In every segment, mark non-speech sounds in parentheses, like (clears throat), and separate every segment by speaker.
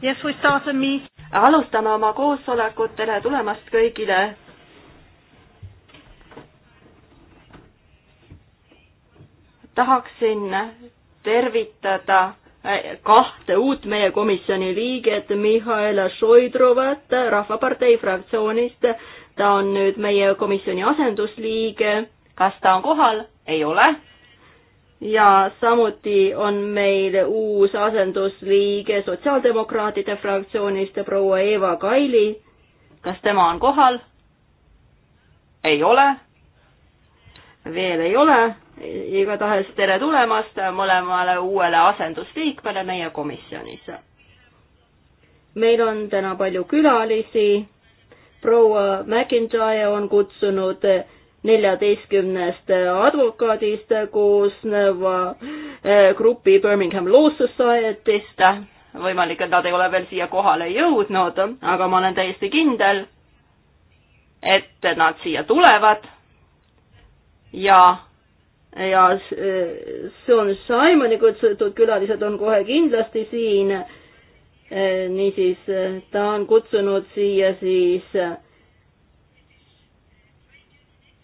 Speaker 1: Yes, we start a meet. alustame oma koosolekut, tere tulemast kõigile. tahaksin tervitada eh, kahte uut meie komisjoni liiget, Mihhail Šoidrovat Rahvapartei fraktsioonist. ta on nüüd meie komisjoni asendusliige. kas ta on kohal? ei ole ja samuti on meil uus asendusliige Sotsiaaldemokraatide fraktsioonist, proua Eva Kaili. kas tema on kohal? ei ole? veel ei ole, igatahes tere tulemast mõlemale uuele asendusliikmele meie komisjonis. meil on täna palju külalisi, proua McIntyre on kutsunud neljateistkümnest advokaadist koosneva eh, grupi Birmingham Law Society'st. võimalik, et nad ei ole veel siia kohale jõudnud, aga ma olen täiesti kindel, et nad siia tulevad ja ja eh, see on Simoni kutsutud külalised on kohe kindlasti siin eh, niisiis ta on kutsunud siia siis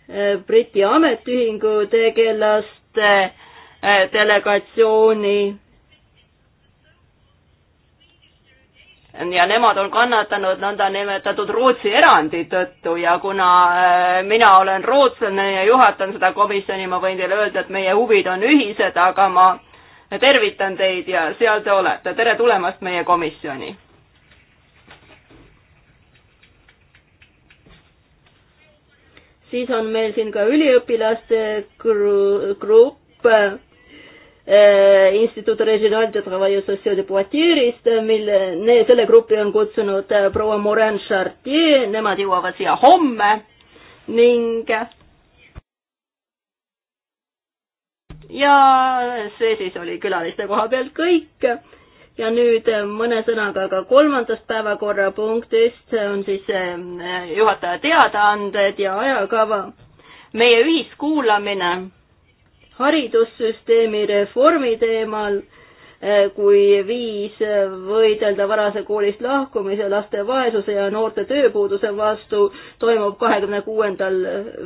Speaker 1: Eh, Briti ametiühingu tegelaste eh, delegatsiooni. ja nemad on kannatanud nõndanimetatud Rootsi erandi tõttu ja kuna eh, mina olen rootslane ja juhatan seda komisjoni, ma võin teile öelda, et meie huvid on ühised, aga ma tervitan teid ja seal te olete. tere tulemast meie komisjoni siis on meil siin ka üliõpilaste gru-, grupp äh, Institut Regional de Travail Social de Poitiers'ist, mille, selle grupi on kutsunud äh, proua Morin Chartier, nemad jõuavad siia homme ning ja see siis oli külaliste koha pealt kõik ja nüüd eh, mõne sõnaga ka kolmandast päevakorrapunktist on siis eh, eh, juhataja teadaanded ja ajakava. meie ühiskuulamine haridussüsteemi reformi teemal Eh, kui viis võidelda varase koolist lahkumise, laste vaesuse ja noorte tööpuuduse vastu toimub kahekümne kuuendal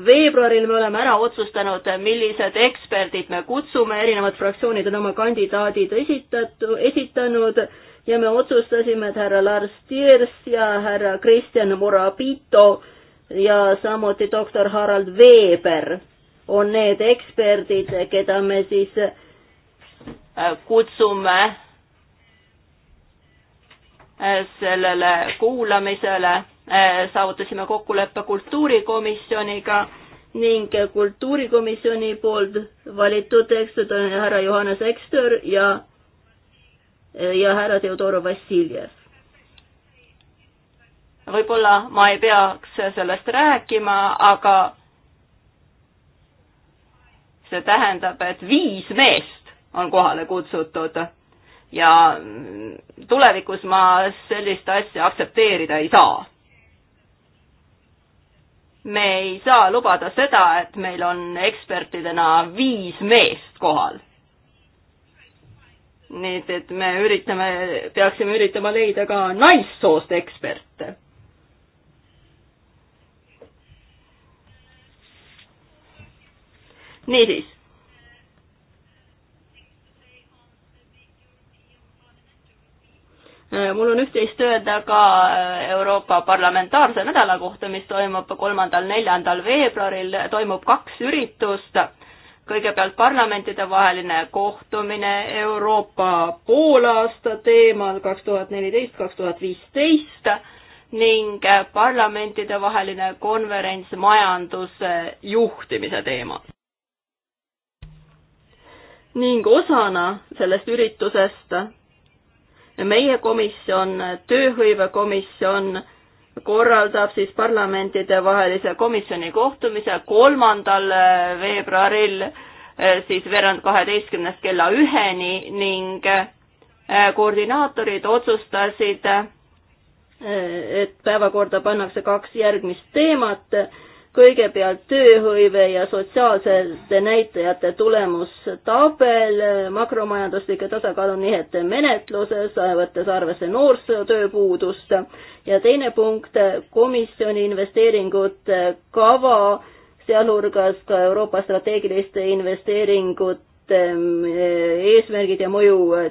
Speaker 1: veebruaril. me oleme ära otsustanud, millised eksperdid me kutsume, erinevad fraktsioonid on oma kandidaadid esitatu, esitanud ja me otsustasime, et härra Lars Tiers ja härra Kristjan Murapito ja samuti doktor Harald Veeber on need eksperdid, keda me siis Äh, kutsume äh, sellele kuulamisele, äh, saavutasime kokkuleppe kultuurikomisjoniga ning kultuurikomisjoni poolt valitud ekstrid härra Johannes Ekster ja, ja härra Theodor Vassiljev. võib-olla ma ei peaks sellest rääkima, aga see tähendab, et viis meest on kohale kutsutud. ja tulevikus ma sellist asja aktsepteerida ei saa. me ei saa lubada seda, et meil on ekspertidena viis meest kohal nii et, et me üritame, peaksime üritama leida ka naissoost eksperte. niisiis, Äh, mul on üht-teist öelda ka äh, Euroopa parlamentaarse nädala kohta, mis toimub kolmandal-neljandal veebruaril, toimub kaks üritust. kõigepealt parlamentidevaheline kohtumine Euroopa poolaasta teemal kaks tuhat neliteist, kaks tuhat viisteist ning äh, parlamentidevaheline konverents majanduse juhtimise teemal. ning osana sellest üritusest meie komisjon, tööhõivekomisjon korraldab siis parlamentidevahelise komisjoni kohtumise kolmandal äh, veebruaril äh, siis veerand kaheteistkümnest kella üheni ning äh, koordinaatorid otsustasid, et päevakorda pannakse kaks järgmist teemat kõigepealt tööhõive ja sotsiaalsete näitajate tulemustabel makromajanduslike tasakaalunihete menetluses, võttes arvesse noorsootööpuudust ja teine punkt, komisjoni investeeringute kava, sealhulgas ka Euroopa strateegiliste investeeringute eesmärgid ja mõju äh,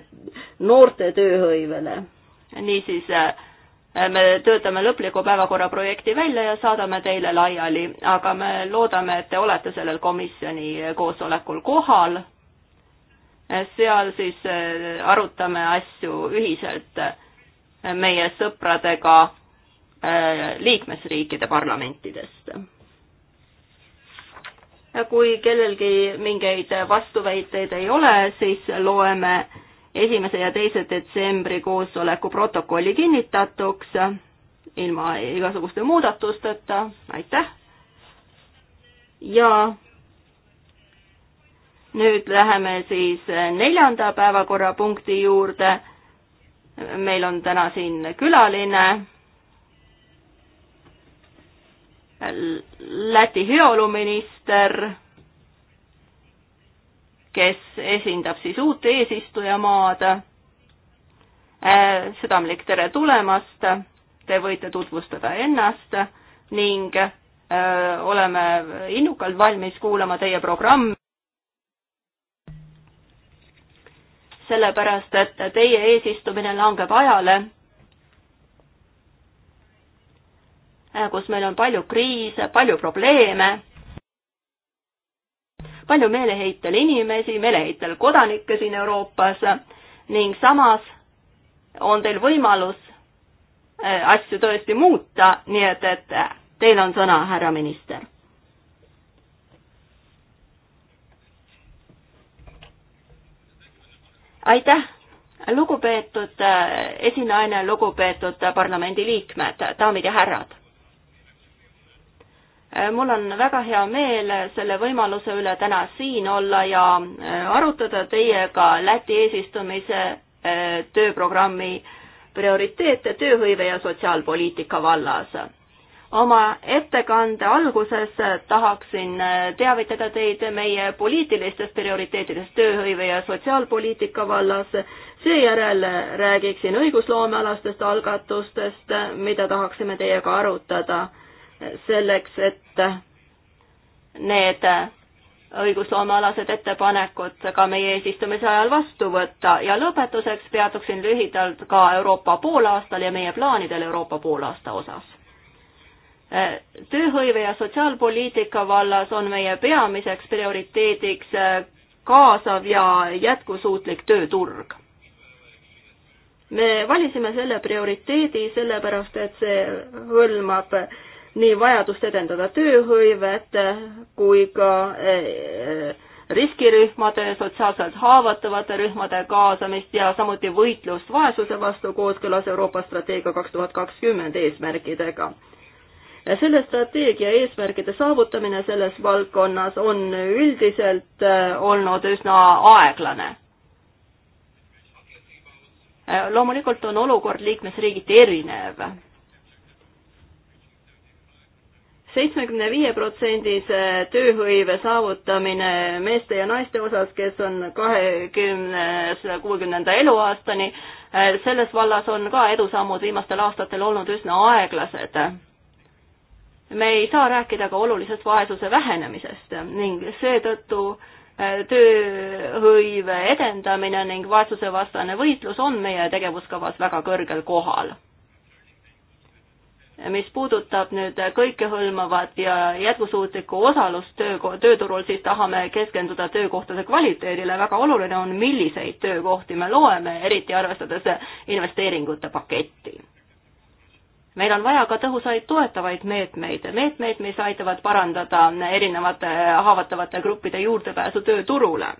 Speaker 1: noorte tööhõivele. niisiis äh, me töötame lõpliku päevakorra projekti välja ja saadame teile laiali, aga me loodame, et te olete sellel komisjoni koosolekul kohal. seal siis eh, arutame asju ühiselt eh, meie sõpradega eh, liikmesriikide parlamentidest. kui kellelgi mingeid vastuväiteid ei ole, siis loeme esimese ja teise detsembri koosoleku protokolli kinnitatuks ilma igasuguste muudatusteta, aitäh. ja nüüd läheme siis neljanda päevakorrapunkti juurde. meil on täna siin külaline. Läti heaoluminister kes esindab siis uut eesistujamaad. Äh, südamlik tere tulemast, te võite tutvustada ennast ning äh, oleme innukalt valmis kuulama teie programmi. sellepärast, et teie eesistumine langeb ajale, kus meil on palju kriise, palju probleeme palju meeleheitel inimesi, meeleheitel kodanikke siin Euroopas ning samas on teil võimalus äh, asju tõesti muuta, nii et, et äh, teil on sõna, härra minister. aitäh, lugupeetud äh, esinaine, lugupeetud parlamendiliikmed, daamid ja härrad mul on väga hea meel selle võimaluse üle täna siin olla ja äh, arutada teiega Läti eesistumise äh, tööprogrammi prioriteete tööhõive ja sotsiaalpoliitika vallas. oma ettekande alguses tahaksin äh, teavitada teid meie poliitilistest prioriteetidest tööhõive ja sotsiaalpoliitika vallas, seejärel räägiksin õigusloomealastest algatustest, mida tahaksime teiega arutada selleks, et need õigusloomealased ettepanekud ka meie eesistumise ajal vastu võtta ja lõpetuseks peatuksin lühidalt ka Euroopa poolaastal ja meie plaanidel Euroopa poolaasta osas. tööhõive ja sotsiaalpoliitika vallas on meie peamiseks prioriteediks kaasav ja jätkusuutlik tööturg. me valisime selle prioriteedi sellepärast, et see hõlmab nii vajadust edendada tööhõivet kui ka e, e, riskirühmade, sotsiaalselt haavatavate rühmade kaasamist ja samuti võitlust vaesuse vastu kooskõlas Euroopa strateegia kaks tuhat kakskümmend eesmärkidega. selle strateegia eesmärkide saavutamine selles valdkonnas on üldiselt e, olnud üsna aeglane. loomulikult on olukord liikmesriigiti erinev seitsmekümne viie protsendise tööhõive saavutamine meeste ja naiste osas, kes on kahekümne, kuuekümnenda eluaastani, selles vallas on ka edusammud viimastel aastatel olnud üsna aeglased. me ei saa rääkida ka olulisest vaesuse vähenemisest ning seetõttu eh, tööhõive edendamine ning vaesusevastane võitlus on meie tegevuskavas väga kõrgel kohal mis puudutab nüüd kõikehõlmavat ja jätkusuutlikku osalust töö, tööturul, siis tahame keskenduda töökohtade kvaliteedile. väga oluline on, milliseid töökohti me loeme, eriti arvestades investeeringute paketti. meil on vaja ka tõhusaid toetavaid meetmeid, meetmeid, mis aitavad parandada erinevate haavatavate gruppide juurdepääsu tööturule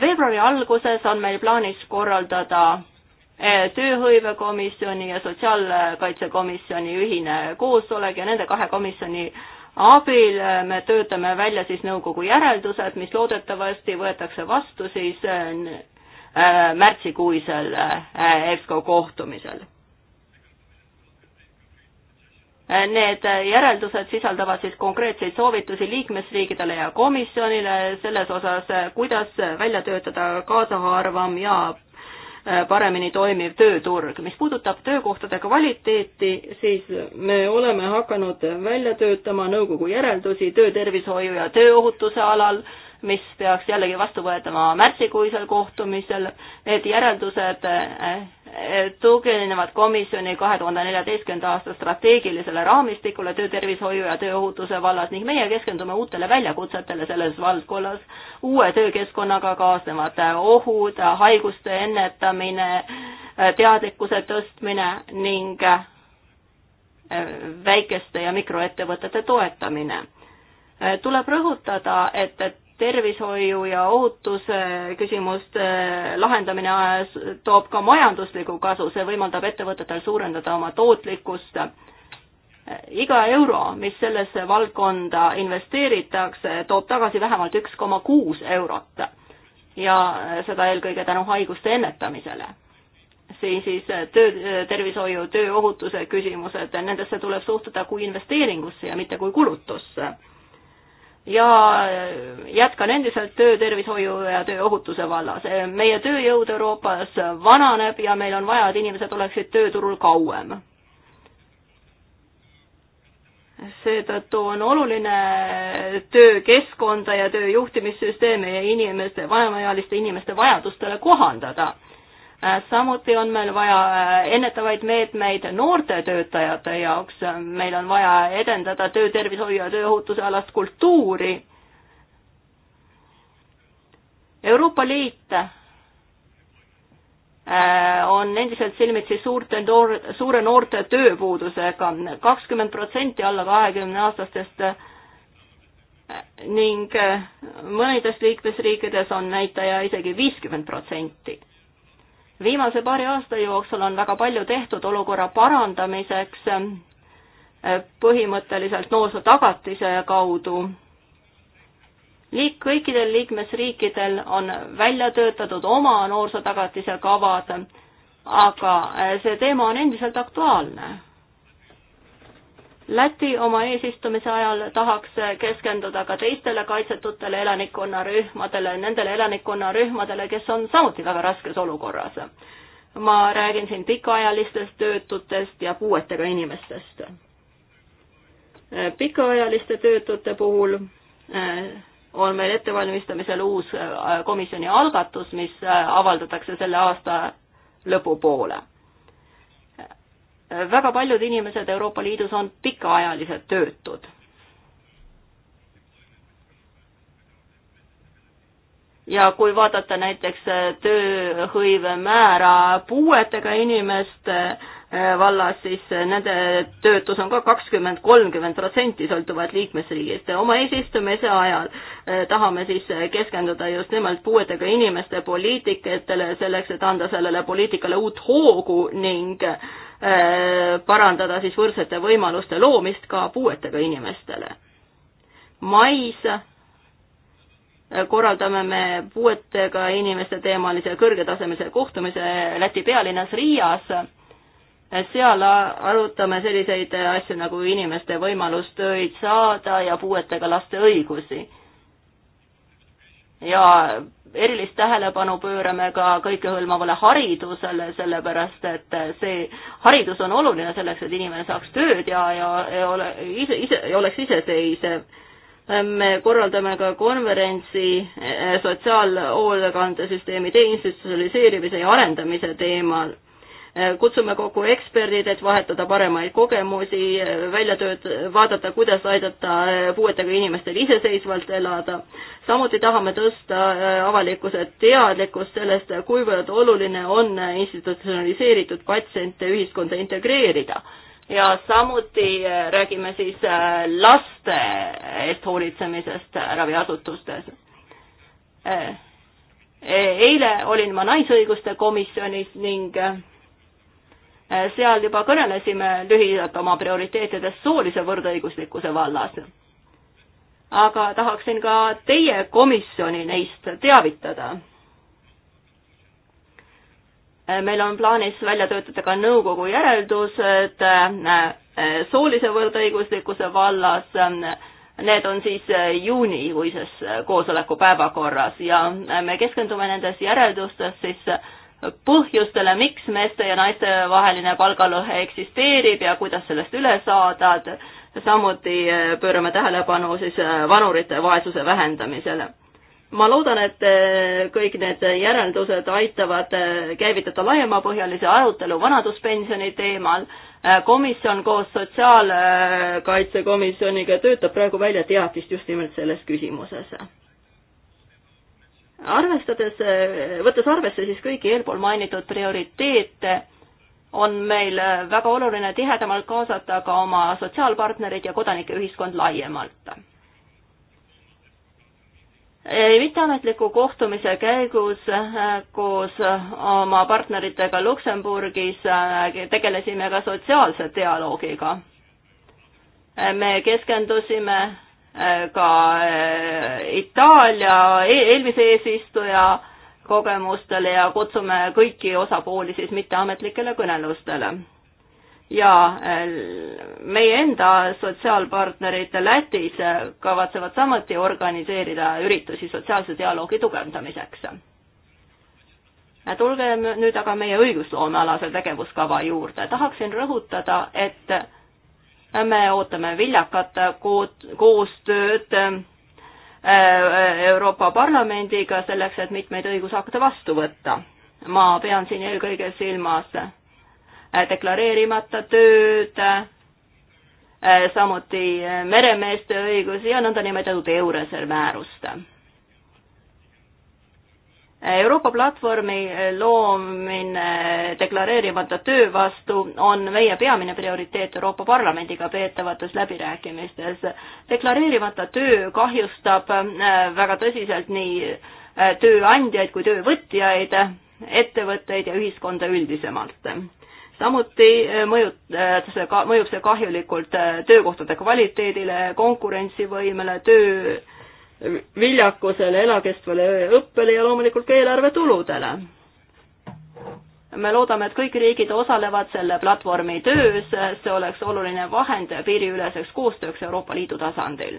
Speaker 1: veebruari alguses on meil plaanis korraldada Eh, tööhõivekomisjoni ja sotsiaalkaitsekomisjoni ühine koosolek ja nende kahe komisjoni abil eh, me töötame välja siis nõukogu järeldused, mis loodetavasti võetakse vastu siis eh, märtsikuisel EBSCO kohtumisel. Need järeldused sisaldavad siis konkreetseid soovitusi liikmesriikidele ja komisjonile selles osas, kuidas välja töötada kaasahaarvam ja paremini toimiv tööturg. mis puudutab töökohtade kvaliteeti, siis me oleme hakanud välja töötama nõukogu järeldusi töötervishoiu ja tööohutuse alal mis peaks jällegi vastu võetama märtsikuisel kohtumisel. Need järeldused tuginevad komisjoni kahe tuhande neljateistkümnenda aasta strateegilisele raamistikule töötervishoiu ja tööohutuse vallas ning meie keskendume uutele väljakutsetele selles valdkonnas. uue töökeskkonnaga kaasnevad ohud, haiguste ennetamine, teadlikkuse tõstmine ning väikeste ja mikroettevõtete toetamine tuleb rõhutada, et, et tervishoiu ja ohutuse küsimuste äh, lahendamine äh, toob ka majandusliku kasu, see võimaldab ettevõtetel suurendada oma tootlikkust. Äh, iga euro, mis sellesse valdkonda investeeritakse, toob tagasi vähemalt üks koma kuus eurot ja seda eelkõige tänu haiguste ennetamisele siin siis töö, tervishoiu, tööohutuse küsimused, nendesse tuleb suhtuda kui investeeringusse ja mitte kui kulutusse ja jätkan endiselt töö tervishoiu ja tööohutuse vallas. meie tööjõud Euroopas vananeb ja meil on vaja, et inimesed oleksid tööturul kauem. seetõttu on oluline töökeskkonda ja tööjuhtimissüsteeme ja inimeste, vanemaealiste inimeste vajadustele kohandada Äh, samuti on meil vaja äh, ennetavaid meetmeid noorte töötajate jaoks, äh, meil on vaja edendada töötervishoiu ja tööohutuse alast kultuuri. Euroopa Liit on endiselt silmitsi suurte noor, suure noorte tööpuudusega, kakskümmend protsenti alla kahekümne aastastest ning mõnedes liikmesriikides on näitaja isegi viiskümmend protsenti viimase paari aasta jooksul on väga palju tehtud olukorra parandamiseks eh, põhimõtteliselt noorsootagatise kaudu. liik-, kõikidel liikmesriikidel on välja töötatud oma noorsootagatise kavad, aga eh, see teema on endiselt aktuaalne Läti oma eesistumise ajal tahaks keskenduda ka teistele kaitsetutele elanikkonnarühmadele, nendele elanikkonnarühmadele, kes on samuti väga raskes olukorras. ma räägin siin pikaajalistest töötutest ja puuetega inimestest. pikaajaliste töötute puhul eh, on meil ettevalmistamisel uus eh, komisjoni algatus, mis eh, avaldatakse selle aasta lõpupoole väga paljud inimesed Euroopa Liidus on pikaajaliselt töötud. ja kui vaadata näiteks tööhõive määra puuetega inimeste Äh, vallas, siis äh, nende töötus on ka kakskümmend, kolmkümmend protsenti sõltuvalt liikmesriigist. oma eesistumise ajal äh, tahame siis keskenduda just nimelt puuetega inimeste poliitikatele, selleks et anda sellele poliitikale uut hoogu ning parandada siis võrdsete võimaluste loomist ka puuetega inimestele. mais korraldame me puuetega inimeste teemalise kõrgetasemelise kohtumise Läti pealinnas Riias seal arutame selliseid asju nagu inimeste võimalus töid saada ja puuetega laste õigusi. ja erilist tähelepanu pöörame ka kõikehõlmavale haridusele, sellepärast et see haridus on oluline selleks, et inimene saaks tööd ja, ja, ja ole, ise, ise, oleks iseseisev. me korraldame ka konverentsi eh, sotsiaalhoolekandesüsteemi deinstitutsionaliseerimise ja arendamise teemal kutsume kokku eksperdid, et vahetada paremaid kogemusi, välja tööd, vaadata, kuidas aidata puuetega inimestel iseseisvalt elada. samuti tahame tõsta äh, avalikkuse teadlikkust sellest, kuivõrd oluline on institutsionaliseeritud patsiente ühiskonda integreerida ja samuti äh, räägime siis äh, laste eest hoolitsemisest raviasutustes e, eile olin ma naisõiguste komisjonis ning Äh, seal juba kõnelesime lühidalt oma prioriteetidest soolise võrdõiguslikkuse vallas. aga tahaksin ka teie komisjoni neist teavitada. Äh, meil on plaanis välja töötada ka nõukogu järeldused äh, soolise võrdõiguslikkuse vallas. Need on siis juunikuises koosoleku päevakorras ja me keskendume nendes järeldustes siis põhjustele, miks meeste ja naiste vaheline palgalõhe eksisteerib ja kuidas sellest üle saada. samuti eh, pöörame tähelepanu siis eh, vanurite vaesuse vähendamisele. ma loodan, et eh, kõik need järeldused aitavad käivitada laiemapõhjalise arutelu vanaduspensioni teemal. komisjon koos Sotsiaalkaitsekomisjoniga töötab praegu välja teatist just nimelt selles küsimuses arvestades, eh, võttes arvesse siis kõiki eelpool mainitud prioriteete, on meil eh, väga oluline tihedamalt kaasata ka oma sotsiaalpartnerid ja kodanikeühiskond laiemalt. mitteametliku kohtumise käigus eh, koos oma partneritega Luksemburgis tegelesime ka sotsiaalse dialoogiga. me keskendusime Äh, ka äh, Itaalia e-, eelmise eesistuja kogemustele ja kutsume kõiki osapooli siis mitteametlikele kõnelustele. ja äh, meie enda sotsiaalpartnerid Lätis kavatsevad samuti organiseerida üritusi sotsiaalse dialoogi tugevdamiseks. tulge nüüd aga meie õigusloomealase tegevuskava juurde, tahaksin rõhutada, et me ootame viljakat koostööd äh, Euroopa Parlamendiga selleks, et mitmeid õigusakte vastu võtta. ma pean siin eelkõige silmas äh, deklareerimata tööd, äh, samuti meremeeste õigusi ja nõndanimetatud EURES-määrust Euroopa platvormi loomine deklareerimata töö vastu on meie peamine prioriteet Euroopa Parlamendiga peetavates läbirääkimistes. deklareerimata töö kahjustab äh, väga tõsiselt nii äh, tööandjaid kui töövõtjaid, ettevõtteid ja ühiskonda üldisemalt samuti äh, mõjub, mõjub see kahjulikult töökohtade kvaliteedile, konkurentsivõimele, töö viljakusele, elakestvale õppele ja loomulikult ka eelarvetuludele. me loodame, et kõik riigid osalevad selle platvormi töös, see oleks oluline vahend piiriüleseks koostööks Euroopa Liidu tasandil.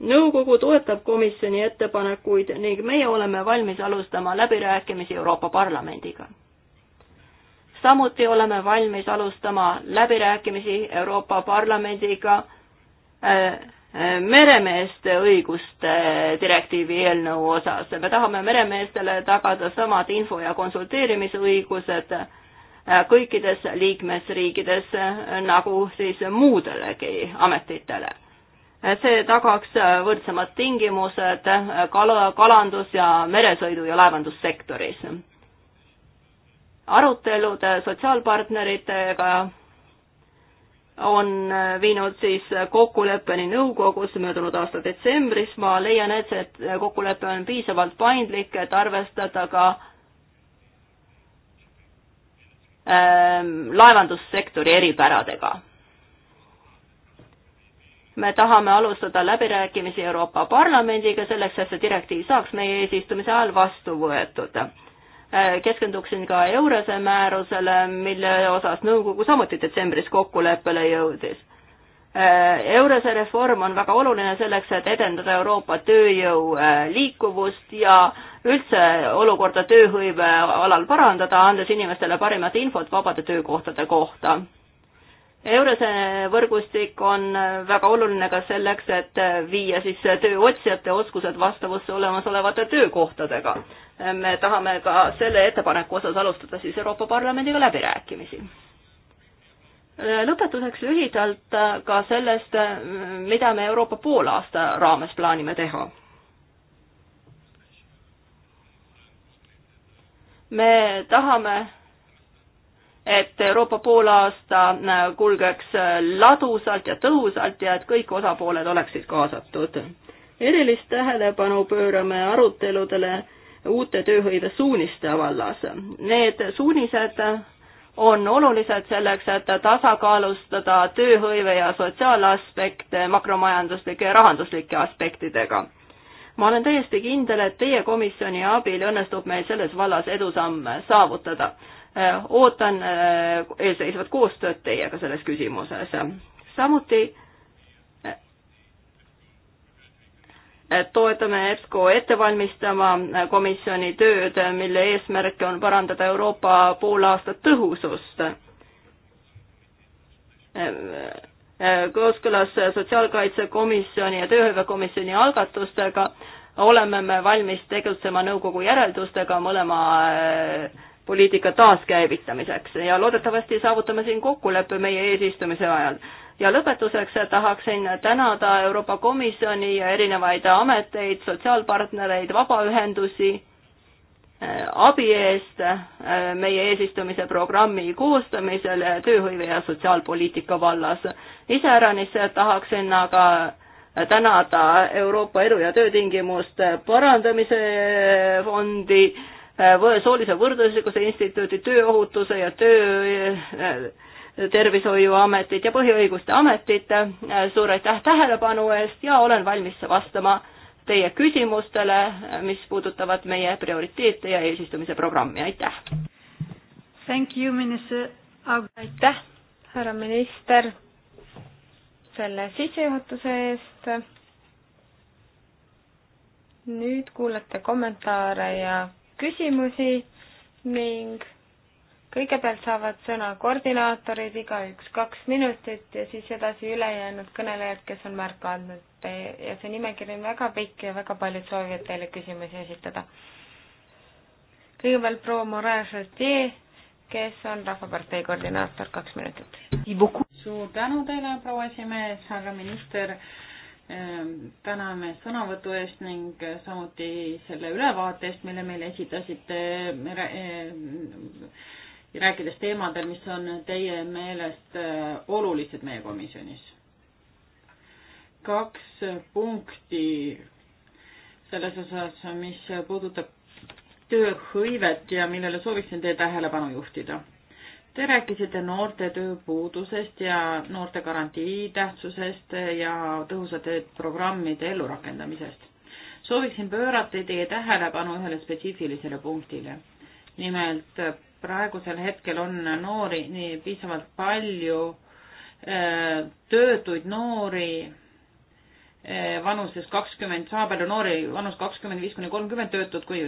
Speaker 1: nõukogu toetab komisjoni ettepanekuid ning meie oleme valmis alustama läbirääkimisi Euroopa Parlamendiga samuti oleme valmis alustama läbirääkimisi Euroopa Parlamendiga äh, meremeeste õiguste direktiivi eelnõu osas. me tahame meremeestele tagada samad info- ja konsulteerimisõigused kõikides liikmesriikides nagu siis muudelegi ametitele. see tagaks võrdsemad tingimused kala, kalandus- ja meresõidu- ja laevandussektoris. arutelud sotsiaalpartneritega on äh, viinud siis kokkuleppeni nõukogus möödunud aasta detsembris. ma leian, et see äh, kokkulepe on piisavalt paindlik, et arvestada ka ähm, laevandussektori eripäradega. me tahame alustada läbirääkimisi Euroopa Parlamendiga selleks, et see direktiiv saaks meie eesistumise ajal vastu võetud keskenduksin ka Eurese määrusele, mille osas nõukogu samuti detsembris kokkuleppele jõudis. Eurese reform on väga oluline selleks, et edendada Euroopa tööjõu äh, liikuvust ja üldse olukorda tööhõive alal parandada, andes inimestele parimat infot vabade töökohtade kohta. Eurese võrgustik on väga oluline ka selleks, et viia siis tööotsijate oskused vastavusse olemasolevate töökohtadega me tahame ka selle ettepaneku osas alustada siis Euroopa Parlamendiga läbirääkimisi. lõpetuseks lühidalt ka sellest, mida me Euroopa poolaasta raames plaanime teha me tahame, et Euroopa poolaasta kulgeks ladusalt ja tõhusalt ja et kõik osapooled oleksid kaasatud. erilist tähelepanu pöörame aruteludele uute tööhõivesuuniste vallas. Need suunised on olulised selleks, et tasakaalustada tööhõive ja sotsiaalaspekte makromajanduslike ja rahanduslike aspektidega. ma olen täiesti kindel, et teie komisjoni abil õnnestub meil selles vallas edusamme saavutada. ootan äh, eelseisvat koostööd teiega selles küsimuses. samuti toetame EBSCO ettevalmistama komisjoni tööd, mille eesmärk on parandada Euroopa poolaasta tõhusust. kooskõlas Sotsiaalkaitsekomisjoni ja Tööhõivekomisjoni algatustega oleme me valmis tegutsema nõukogu järeldustega mõlema eh, poliitika taaskäivitamiseks ja loodetavasti saavutame siin kokkuleppe meie eesistumise ajal ja lõpetuseks tahaksin tänada Euroopa Komisjoni ja erinevaid ameteid, sotsiaalpartnereid, vabaühendusi äh, abi eest äh, meie eesistumise programmi koostamisel tööhõive ja sotsiaalpoliitika vallas. iseäranis tahaksin aga tänada Euroopa Elu- ja Töötingimuste Parandamise Fondi, äh, Soolise Võrdõiguslikkuse Instituudi Tööohutuse ja Töö Tervishoiuametit ja Põhiõiguste Ametit. Äh, suur aitäh tähelepanu eest ja olen valmis vastama teie küsimustele, äh, mis puudutavad meie prioriteete ja eesistumise programmi, aitäh!
Speaker 2: Thank you, minister
Speaker 3: Aug-. aitäh, härra minister, selle sissejuhatuse eest. nüüd kuulate kommentaare ja küsimusi ning kõigepealt saavad sõna koordinaatorid, igaüks kaks minutit ja siis edasi ülejäänud kõnelejad, kes on märku andnud ja see nimekiri on väga pikk ja väga paljud soovivad teile küsimusi esitada. kõigepealt proua Morin Chartier, kes on Rahvapartei koordinaator, kaks minutit.
Speaker 4: suur tänu teile, proua esimees, härra minister ehm, täname sõnavõtu eest ning samuti selle ülevaate eest, mille meile esitasite ehm, rääkides teemadel, mis on teie meelest äh, olulised meie komisjonis. kaks punkti selles osas, mis puudutab tööhõivet ja millele sooviksin teie tähelepanu juhtida. Te rääkisite noorte tööpuudusest ja noorte garantii tähtsusest ja tõhusate programmide ellurakendamisest. sooviksin pöörata teie tähelepanu ühele spetsiifilisele punktile. nimelt praegusel hetkel on noori nii piisavalt palju, äh, töötuid noori äh, vanuses kakskümmend, sama palju noori vanus kakskümmend viis kuni kolmkümmend töötud kui,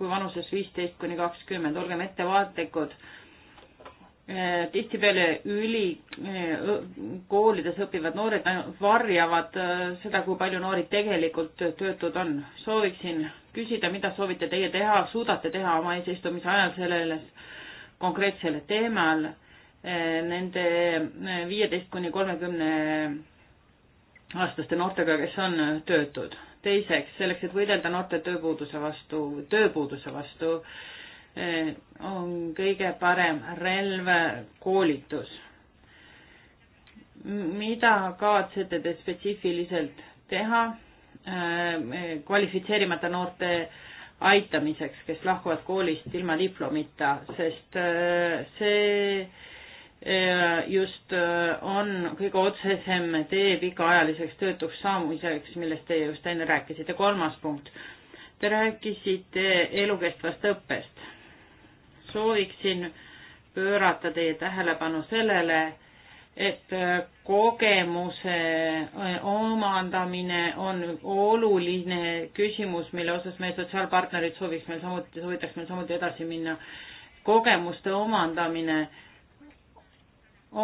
Speaker 4: kui vanuses viisteist kuni kakskümmend, olgem ettevaatlikud. Äh, tihtipeale ülikoolides õppivad noored varjavad seda, kui palju noori tegelikult töötud on. sooviksin küsida, mida soovite teie teha, suudate teha oma eesistumise ajal selles konkreetsel teemal eh, nende eh, viieteist kuni kolmekümne aastaste noortega, kes on töötud. teiseks, selleks, et võidelda noorte tööpuuduse vastu, tööpuuduse vastu, eh, on kõige parem relv koolitus. mida kavatsete te spetsiifiliselt teha kvalifitseerimata noorte äh, aitamiseks, kes lahkuvad koolist ilma diplomita, sest äh, see äh, just äh, on kõige otsesem tee pikaajaliseks töötuks saamiseks, millest te just enne rääkisite. kolmas punkt. Te rääkisite elukestvast õppest. sooviksin pöörata teie tähelepanu sellele, et äh, kogemuse äh, omandamine on oluline küsimus, mille osas meie sotsiaalpartnerid sooviks meil samuti, soovitaks meil samuti edasi minna. kogemuste omandamine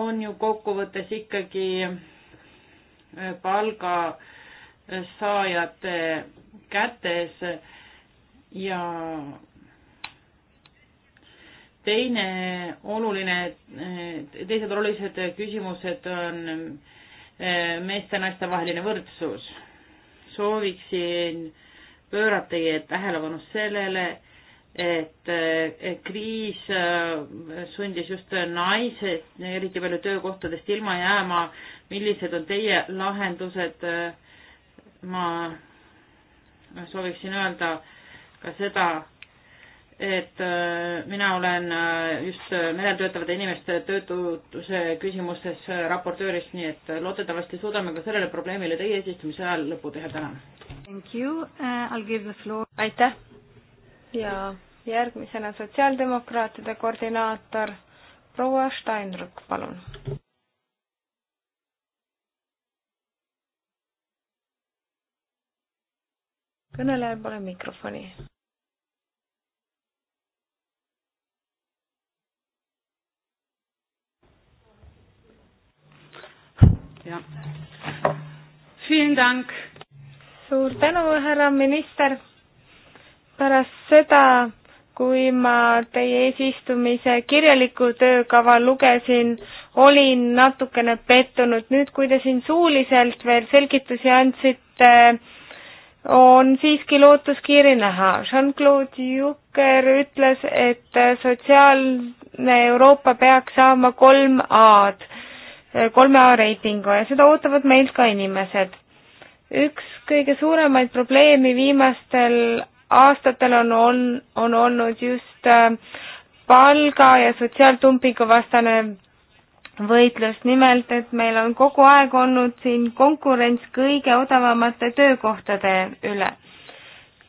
Speaker 4: on ju kokkuvõttes ikkagi äh, palgasaajate kätes ja teine oluline, eh, teised olulised küsimused on eh, meeste ja naiste vaheline võrdsus. sooviksin pöörata teie tähelepanu sellele, et eh, kriis sundis just naised eriti palju töökohtadest ilma jääma. millised on teie lahendused? ma sooviksin öelda ka seda, et äh, mina olen äh, just äh, merel töötavate inimeste töötuse küsimustes raportööriks, nii et loodetavasti suudame ka sellele probleemile teie eesistumise ajal lõpu teha, tänan.
Speaker 3: Uh, aitäh ja järgmisena sotsiaaldemokraatide koordinaator proua Steinruck, palun. kõnelejal pole mikrofoni. jah. suur tänu, härra minister. pärast seda, kui ma teie eesistumise kirjaliku töökava lugesin, olin natukene pettunud. nüüd, kui te siin suuliselt veel selgitusi andsite, on siiski lootuskiiri näha. Jean-Claude Juncker ütles, et sotsiaalne Euroopa peaks saama kolm A-d kolme A reitingu ja seda ootavad meilt ka inimesed. üks kõige suuremaid probleemi viimastel aastatel on, on, on olnud just äh, palga ja sotsiaaltumpingu vastane võitlus, nimelt et meil on kogu aeg olnud siin konkurents kõige odavamate töökohtade üle.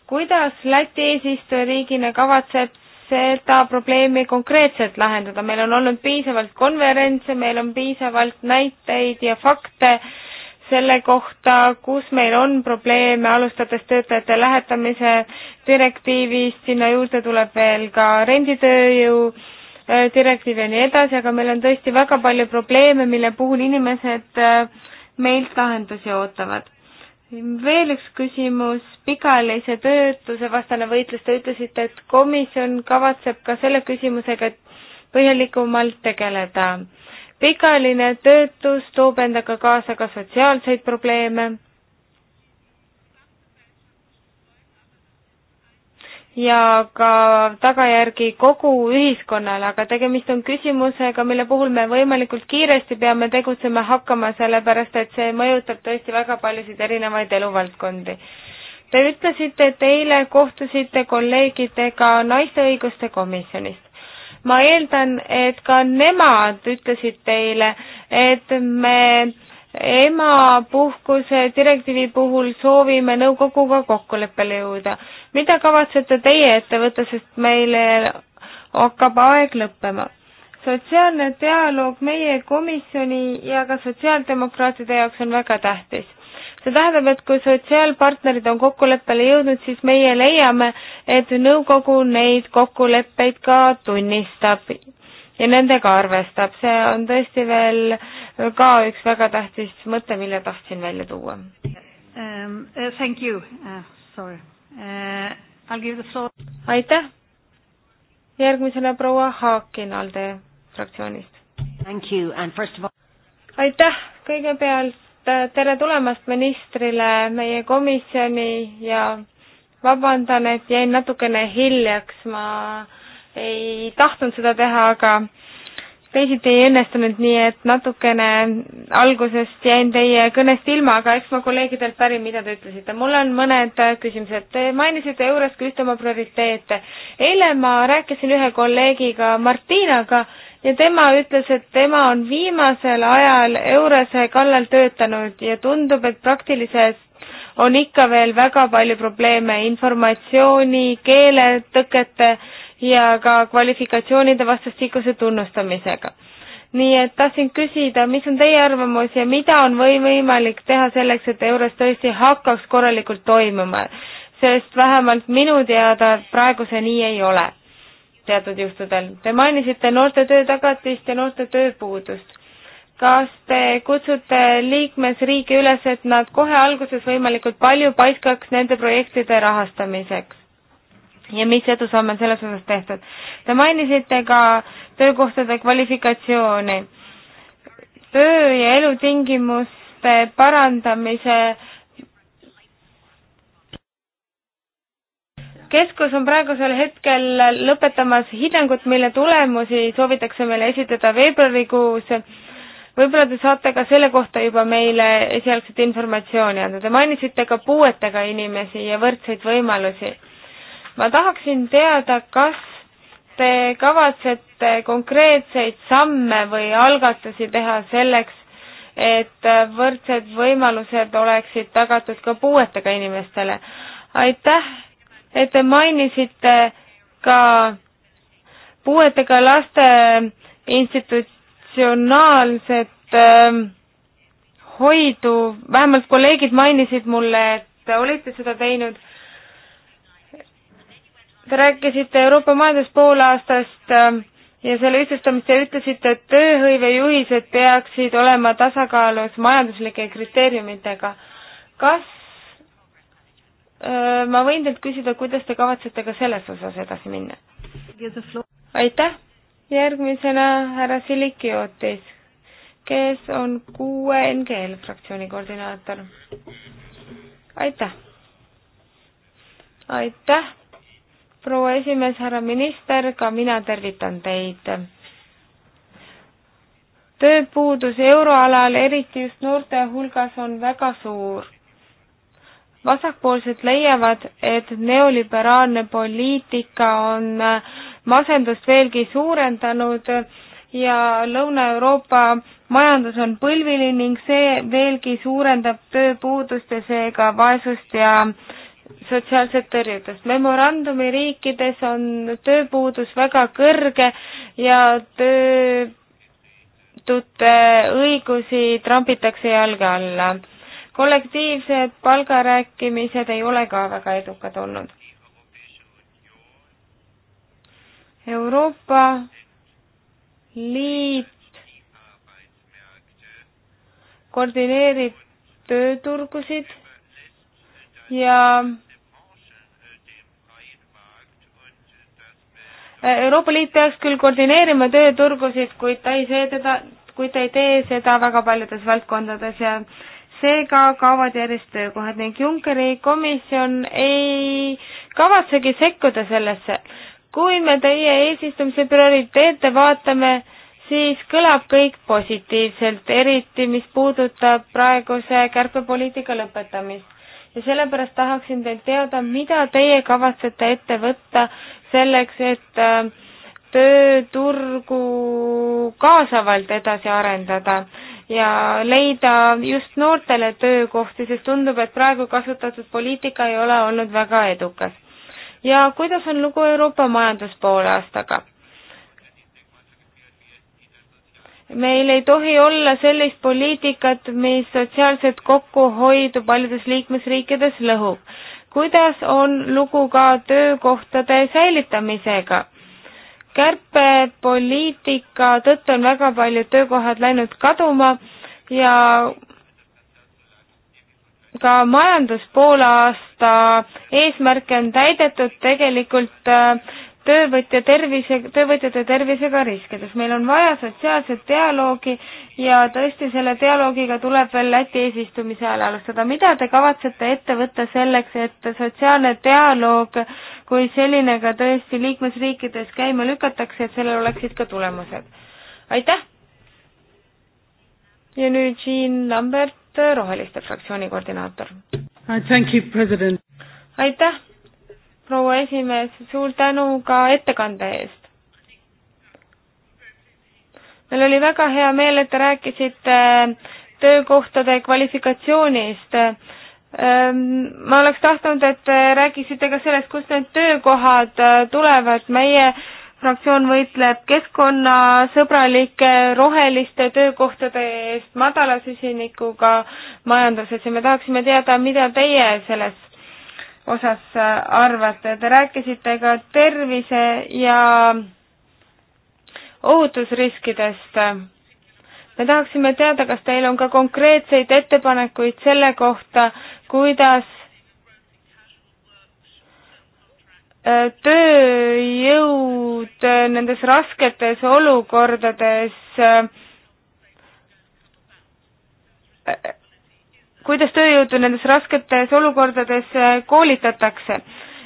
Speaker 3: kuidas Läti eesistujariigina kavatseb seda probleemi konkreetselt lahendada, meil on olnud piisavalt konverentse, meil on piisavalt näiteid ja fakte selle kohta, kus meil on probleeme, alustades töötajate lähetamise direktiivist, sinna juurde tuleb veel ka renditööjõu äh, direktiiv ja nii edasi, aga meil on tõesti väga palju probleeme, mille puhul inimesed äh, meilt lahendusi ootavad veel üks küsimus, pikaajalise töötuse vastane võitlus, te ütlesite, et komisjon kavatseb ka selle küsimusega põhjalikumalt tegeleda. pikaajaline töötus toob endaga kaasa ka sotsiaalseid probleeme ja ka tagajärgi kogu ühiskonnale, aga tegemist on küsimusega, mille puhul me võimalikult kiiresti peame tegutsema hakkama, sellepärast et see mõjutab tõesti väga paljusid erinevaid eluvaldkondi. Te ütlesite, et eile kohtusite kolleegidega naiste õiguste komisjonist. ma eeldan, et ka nemad ütlesid teile, et me emapuhkuse direktiivi puhul soovime nõukoguga kokkuleppele jõuda. mida kavatsete teie ette võtta, sest meile hakkab aeg lõppema? sotsiaalne dialoog meie komisjoni ja ka sotsiaaldemokraatide jaoks on väga tähtis. see tähendab, et kui sotsiaalpartnerid on kokkuleppele jõudnud, siis meie leiame, et nõukogu neid kokkuleppeid ka tunnistab ja nendega arvestab. see on tõesti veel ka üks väga tähtis mõte, mille tahtsin välja tuua um,.
Speaker 2: Uh, thank you uh,, sorry uh,. I will give the floor.
Speaker 3: aitäh. järgmisena proua Haakin ALDE fraktsioonist. Thank you and
Speaker 5: first of all.
Speaker 3: aitäh, kõigepealt äh, tere tulemast ministrile meie komisjoni ja vabandan, et jäin natukene hiljaks, ma ei tahtnud seda teha, aga teisiti ei õnnestunud, nii et natukene algusest jäin teie kõnest ilma, aga eks ma kolleegidelt pärin, mida te ütlesite. mul on mõned äh, küsimused. Te mainisite EURES-i ühte oma prioriteete. eile ma rääkisin ühe kolleegiga, Martinaga, ja tema ütles, et tema on viimasel ajal EURES-e kallal töötanud ja tundub, et praktilises on ikka veel väga palju probleeme informatsiooni, keeletõkete äh, ja ka kvalifikatsioonide vastastikuse tunnustamisega. nii et tahtsin küsida, mis on teie arvamus ja mida on või võimalik teha selleks, et EURES tõesti hakkaks korralikult toimuma, sest vähemalt minu teada praegu see nii ei ole teatud juhtudel. Te mainisite noorte töötagatist ja noorte tööpuudust kas te kutsute liikmesriike üles, et nad kohe alguses võimalikult palju paiskaks nende projektide rahastamiseks? ja mis edusamme on selles osas tehtud. Te mainisite ka töökohtade kvalifikatsiooni. töö ja elutingimuste parandamise keskus on praegusel hetkel lõpetamas hinnangut, mille tulemusi soovitakse meile esitada veebruarikuus. võib-olla te saate ka selle kohta juba meile esialgset informatsiooni anda. Te mainisite ka puuetega inimesi ja võrdseid võimalusi ma tahaksin teada, kas te kavatsete konkreetseid samme või algatusi teha selleks, et võrdsed võimalused oleksid tagatud ka puuetega inimestele. aitäh, et te mainisite ka puuetega laste institutsionaalset äh, hoidu, vähemalt kolleegid mainisid mulle, et olite seda teinud Te rääkisite Euroopa majandus poolaastast ähm, ja selle ühtlustamist ja ütlesite, et tööhõivejuhised peaksid olema tasakaalus majanduslike kriteeriumitega. kas öö, äh, ma võin teilt küsida, kuidas te kavatsete ka selles osas edasi minna? aitäh, järgmisena härra Siliki ootis, kes on kuue NGL fraktsiooni koordinaator. aitäh! aitäh! proua esimees, härra minister, ka mina tervitan teid. tööpuudus euroalal, eriti just noorte hulgas, on väga suur. vasakpoolsed leiavad, et neoliberaalne poliitika on äh, masendust veelgi suurendanud ja Lõuna-Euroopa majandus on põlvili ning see veelgi suurendab tööpuudust ja seega vaesust ja äh, sotsiaalset tõrjutust. memorandumi riikides on tööpuudus väga kõrge ja töötute õigusi trambitakse jalge alla. kollektiivsed palgarääkimised ei ole ka väga edukad olnud. Euroopa Liit koordineerib tööturgusid ja Euroopa Liit peaks küll koordineerima tööturgusid, kuid ta ei see teda, kuid ta ei tee seda väga paljudes valdkondades ja seega kaovad järjest töökohad ning Junckeri komisjon ei kavatsegi sekkuda sellesse. kui me teie eesistumise prioriteete vaatame, siis kõlab kõik positiivselt, eriti mis puudutab praeguse kärpepoliitika lõpetamist ja sellepärast tahaksin teilt teada, mida teie kavatsete ette võtta selleks, et äh, tööturgu kaasavalt edasi arendada ja leida just noortele töökohti, sest tundub, et praegu kasutatud poliitika ei ole olnud väga edukas. ja kuidas on lugu Euroopa majanduspoolaastaga? meil ei tohi olla sellist poliitikat, mis sotsiaalset kokkuhoidu paljudes liikmesriikides lõhub. kuidas on lugu ka töökohtade säilitamisega? kärpepoliitika tõttu on väga paljud töökohad läinud kaduma ja ka majandus poole aasta eesmärke on täidetud, tegelikult äh, töövõtja tervise, töövõtjate tervisega riskides. meil on vaja sotsiaalset dialoogi ja tõesti selle dialoogiga tuleb veel Läti eesistumise ajal alustada. mida te kavatsete ette võtta selleks, et sotsiaalne dialoog kui selline ka tõesti liikmesriikides käima lükatakse, et sellel oleksid ka tulemused? aitäh! ja nüüd Jean Lambert, Roheliste fraktsiooni koordinaator. aitäh! proua esimees, suur tänu ka ettekande eest. meil oli väga hea meel, et te rääkisite äh, töökohtade kvalifikatsioonist. Ähm, ma oleks tahtnud, et te rääkisite ka sellest, kust need töökohad äh, tulevad. meie fraktsioon võitleb keskkonnasõbralike roheliste töökohtade eest madala süsinikuga majanduses ja me tahaksime teada, mida teie sellest osas arvate. Te rääkisite ka tervise ja ohutusriskidest. me tahaksime teada, kas teil on ka konkreetseid ettepanekuid selle kohta, kuidas äh, tööjõud nendes rasketes olukordades äh, kuidas tööjõudu nendes rasketes olukordades äh, koolitatakse?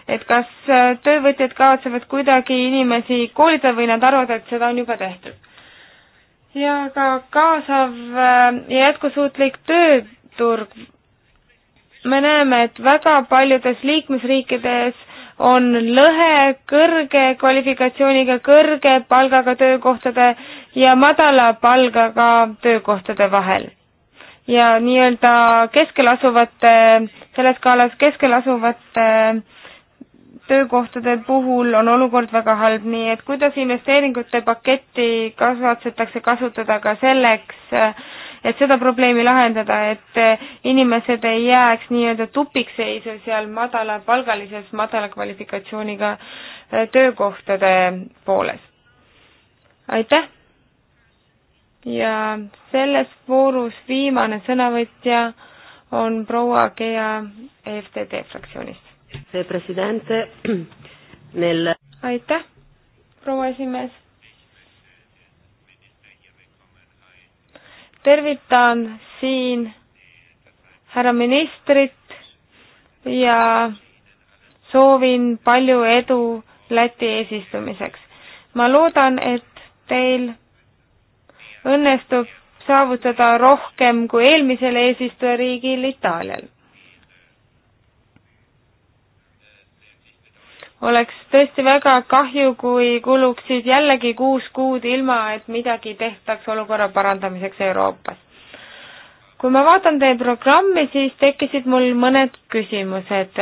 Speaker 3: et kas äh, töövõtjad kavatsevad kuidagi inimesi koolitada või nad arvavad, et seda on juba tehtud? ja ka kaasav äh, ja jätkusuutlik tööturg. me näeme, et väga paljudes liikmesriikides on lõhe kõrge kvalifikatsiooniga, kõrge palgaga töökohtade ja madala palgaga töökohtade vahel ja nii-öelda keskel asuvate, selles skaalas keskel asuvate töökohtade puhul on olukord väga halb, nii et kuidas investeeringute paketti kavatsetakse kasutada ka selleks, et seda probleemi lahendada, et inimesed ei jääks nii-öelda tupikseisu seal madalapalgalises, madala kvalifikatsiooniga töökohtade pooles. aitäh! ja selles voorus viimane sõnavõtja on proua Gea EFTD fraktsioonist. see president neil aitäh, proua esimees. tervitan siin härra ministrit ja soovin palju edu Läti eesistumiseks. ma loodan, et teil õnnestub saavutada rohkem kui eelmisel eesistujariigil Itaalial. oleks tõesti väga kahju, kui kuluksid jällegi kuus kuud, ilma et midagi tehtaks olukorra parandamiseks Euroopas. kui ma vaatan teie programmi, siis tekkisid mul mõned küsimused.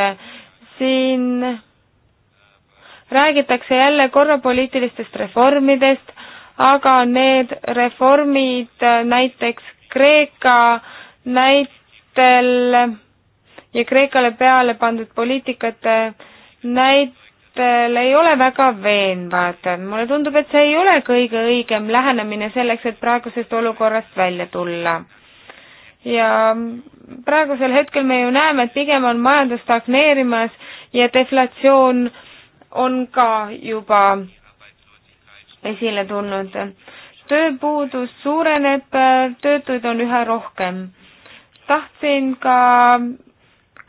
Speaker 3: siin räägitakse jälle korra poliitilistest reformidest, aga need reformid äh, näiteks Kreeka näitel ja Kreekale peale pandud poliitikate näitel ei ole väga veenvad. mulle tundub, et see ei ole kõige õigem lähenemine selleks, et praegusest olukorrast välja tulla ja praegusel hetkel me ju näeme, et pigem on majandus stagneerimas ja deflatsioon on ka juba esile tulnud. tööpuudus suureneb, töötuid on üha rohkem. tahtsin ka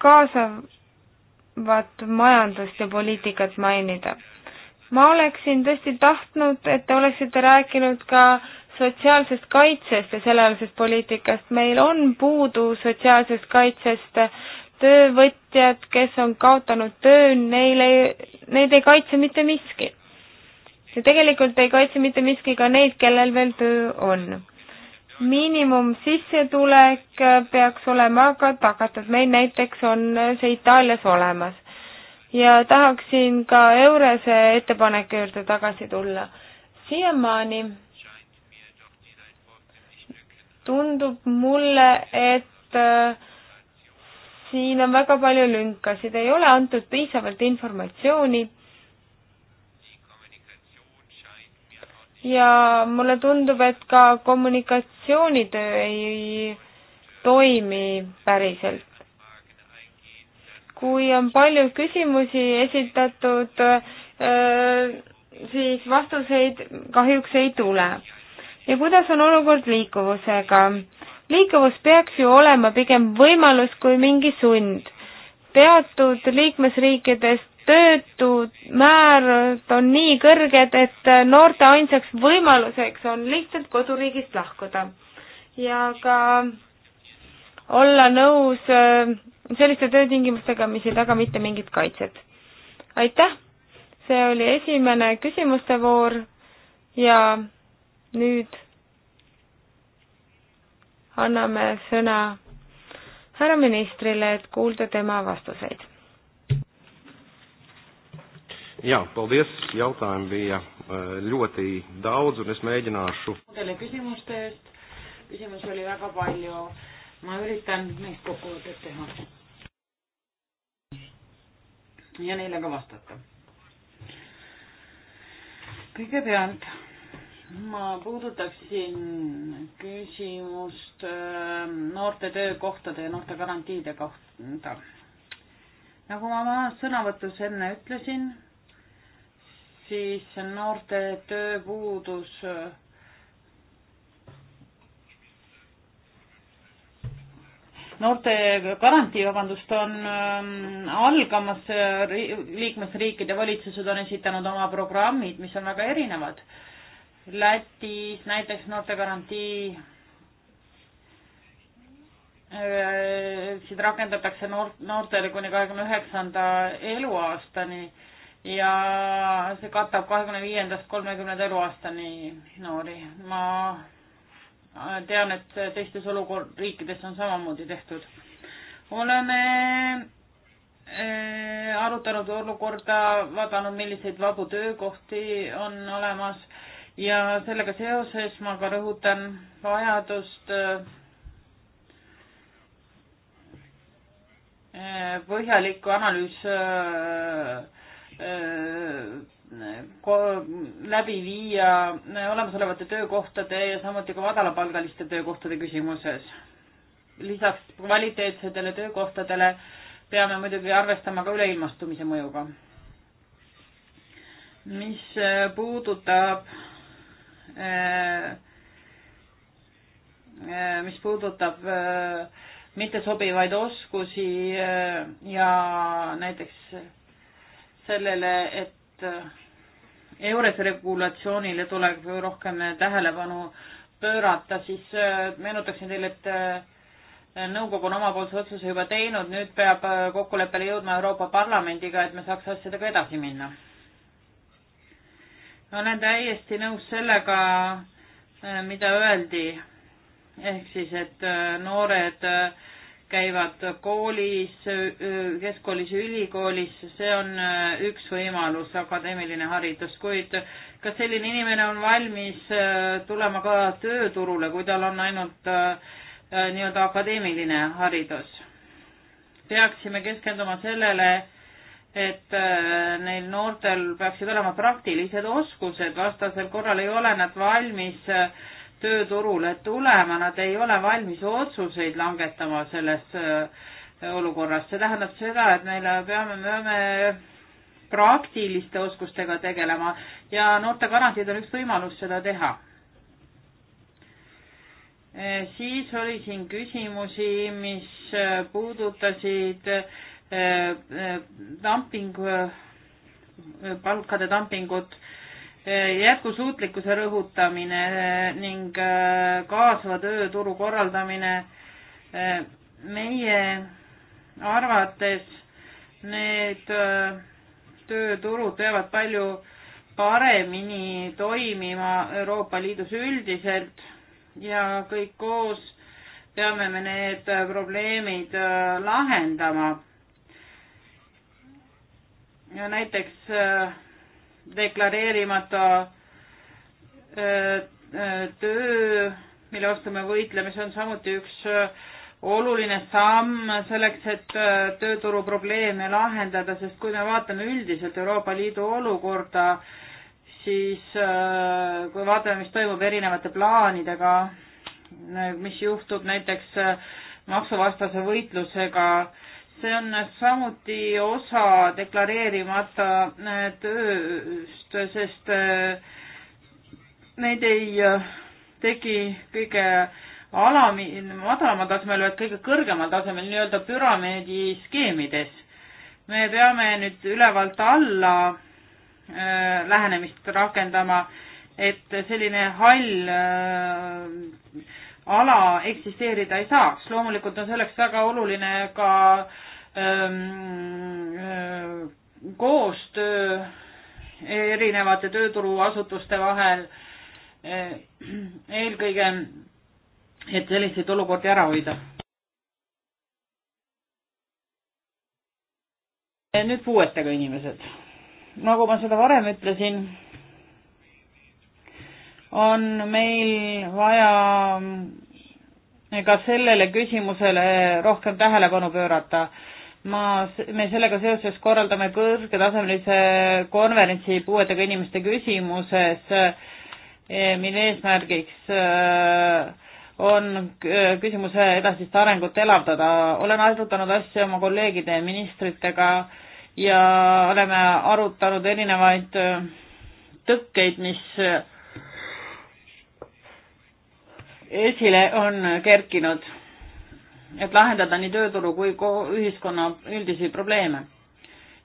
Speaker 3: kaasavat majandust ja poliitikat mainida. ma oleksin tõesti tahtnud, et te oleksite rääkinud ka sotsiaalsest kaitsest ja sellealasest poliitikast. meil on puudu sotsiaalsest kaitsest, töövõtjad, kes on kaotanud töö, neile, neid ei kaitse mitte miski ja tegelikult ei kaitse mitte miski ka neid, kellel veel töö on. miinimumsissetulek peaks olema ka tagatud, meil näiteks on see Itaalias olemas. ja tahaksin ka Eurese ettepaneku juurde tagasi tulla. siiamaani tundub mulle, et äh, siin on väga palju lünkasid, ei ole antud piisavalt informatsiooni ja mulle tundub, et ka kommunikatsioonitöö ei toimi päriselt. kui on palju küsimusi esitatud, äh, siis vastuseid kahjuks ei tule. ja kuidas on olukord liikuvusega? liikuvus peaks ju olema pigem võimalus kui mingi sund. teatud liikmesriikidest töötud määrad on nii kõrged, et noorte ainsaks võimaluseks on lihtsalt koduriigist lahkuda ja ka olla nõus äh, selliste töötingimustega, mis ei taga mitte mingit kaitset. aitäh, see oli esimene küsimuste voor ja nüüd anname sõna härra ministrile, et kuulda tema vastuseid
Speaker 5: Jā, paldies. Jautājumi bija eh, ļoti daudz, un es mēģināšu.
Speaker 4: Teile küsimuste eest. Küsimusi oli väga palju. Ma üritan neist kokkuvõtet teha. Ja neile ka vastata. Kõigepealt ma puudutaksin küsimust ehm, noorte töökohtade ja noorte garantiide kohta. Nagu ma sõnavõtus enne ütlesin, siis noorte tööpuudus noorte garantii, vabandust, on ähm, algamas, liikmesriikide valitsused on esitanud oma programmid, mis on väga erinevad. Lätis näiteks noorte garantii äh, siin rakendatakse noort, noortele kuni kahekümne üheksanda eluaastani ja see katab kahekümne viiendast kolmekümnenda eluaastani noori. ma tean, et teistes olukord-, riikides on samamoodi tehtud. oleme eh, arutanud olukorda, vaadanud, milliseid vabu töökohti on olemas ja sellega seoses ma ka rõhutan vajadust eh, põhjalikku analüüs eh, läbi viia olemasolevate töökohtade ja samuti ka madalapalgaliste töökohtade küsimuses. lisaks kvaliteetsetele töökohtadele peame muidugi arvestama ka üleilmastumise mõjuga. mis puudutab, mis puudutab mittesobivaid oskusi ja näiteks sellele, et äh, EURES regulatsioonile tuleb rohkem tähelepanu pöörata, siis äh, meenutaksin teile, et äh, nõukogu on omapoolse otsuse juba teinud, nüüd peab kokkuleppele jõudma Euroopa Parlamendiga, et me saaks asjadega edasi minna. olen täiesti nõus sellega, mida öeldi, ehk siis, et noored äh, käivad koolis, keskkoolis, ülikoolis, see on äh, üks võimalus, akadeemiline haridus, kuid kas selline inimene on valmis äh, tulema ka tööturule, kui tal on ainult äh, nii-öelda akadeemiline haridus? peaksime keskenduma sellele, et neil noortel peaksid olema praktilised oskused, vastasel korral ei ole nad valmis äh, tööturule tulema, nad ei ole valmis otsuseid langetama selles äh, olukorras, see tähendab seda, et meile peame, me peame praktiliste oskustega tegelema ja noortegarantiid on üks võimalus seda teha. Äh, siis oli siin küsimusi, mis äh, puudutasid dumping, palkade dumpingut jätkusuutlikkuse rõhutamine eh, ning eh, kaasava tööturu korraldamine. Eh, meie arvates need tööturud peavad palju paremini toimima Euroopa Liidus üldiselt ja kõik koos peame me need probleemid lahendama. ja näiteks äh, deklareerimata äh, äh, töö, mille vastu me võitleme, see on samuti üks äh, oluline samm selleks, et tööturu probleeme lahendada, sest kui me vaatame üldiselt Euroopa Liidu olukorda, siis kui vaatame, mis toimub erinevate plaanidega, mis juhtub näiteks maksuvastase võitlusega, see on samuti osa deklareerimata äh, tööst, sest neid äh, ei äh, tegi kõige alami, madalamal tasemel, vaid kõige kõrgemal tasemel nii-öelda püramiidi skeemides. me peame nüüd ülevalt alla äh, lähenemist rakendama, et selline hall äh, ala eksisteerida ei saaks. loomulikult on selleks väga oluline ka ähm, äh, koostöö erinevate tööturuasutuste vahel, äh, eelkõige, et selliseid olukordi ära hoida. nüüd puuetega inimesed. nagu ma seda varem ütlesin on meil vaja ka sellele küsimusele rohkem tähelepanu pöörata. ma, me sellega seoses korraldame kõrgetasemelise konverentsi puuetega inimeste küsimuses, mille eesmärgiks äh, on äh, küsimuse edasist arengut elavdada. olen arutanud asju oma kolleegide ja ministritega ja oleme arutanud erinevaid äh, tõkkeid, mis esile on kerkinud, et lahendada nii tööturu kui ühiskonna üldisi probleeme.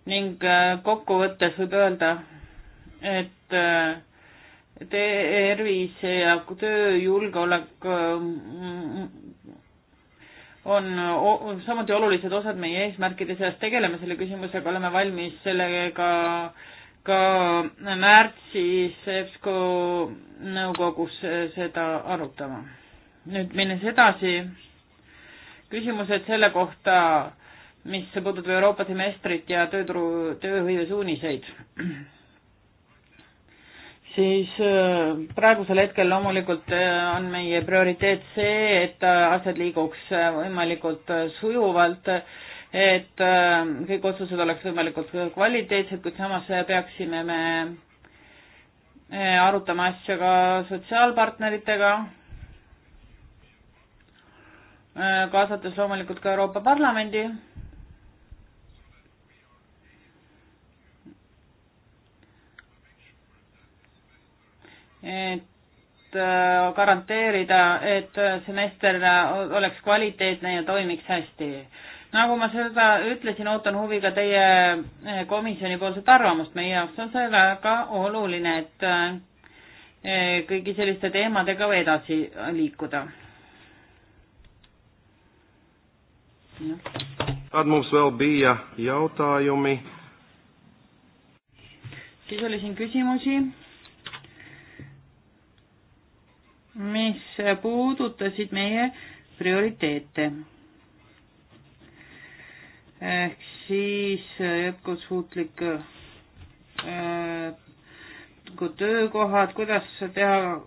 Speaker 4: ning äh, kokkuvõttes võib öelda, et äh, tervise ja tööjulgeolek äh, on samuti olulised osad meie eesmärkide seas, tegeleme selle küsimusega, oleme valmis sellega äh, ka märtsis EBSCO nõukogus seda arutama. nüüd minnes edasi, küsimused selle kohta, mis puudutab Euroopa semestrit ja tööturu, tööhõive suuniseid, siis äh, praegusel hetkel loomulikult äh, on meie prioriteet see, et äh, asjad liiguks võimalikult sujuvalt et äh, kõik otsused oleks võimalikult kvaliteetsed, kuid samas peaksime me äh, arutama asja ka sotsiaalpartneritega, äh, kaasates loomulikult ka Euroopa Parlamendi. et garanteerida, et semester oleks kvaliteetne ja toimiks hästi nagu ma seda ütlesin, ootan huviga teie eh, komisjonipoolset arvamust, meie jaoks on see väga oluline, et eh, kõigi selliste teemadega edasi liikuda.
Speaker 5: Tad mums vēl bija jautājumi.
Speaker 4: Siis oli siin küsimusi, mis puudutasid meie prioriteete ehk siis äh, jätkusuutlik äh, töökohad, kuidas teha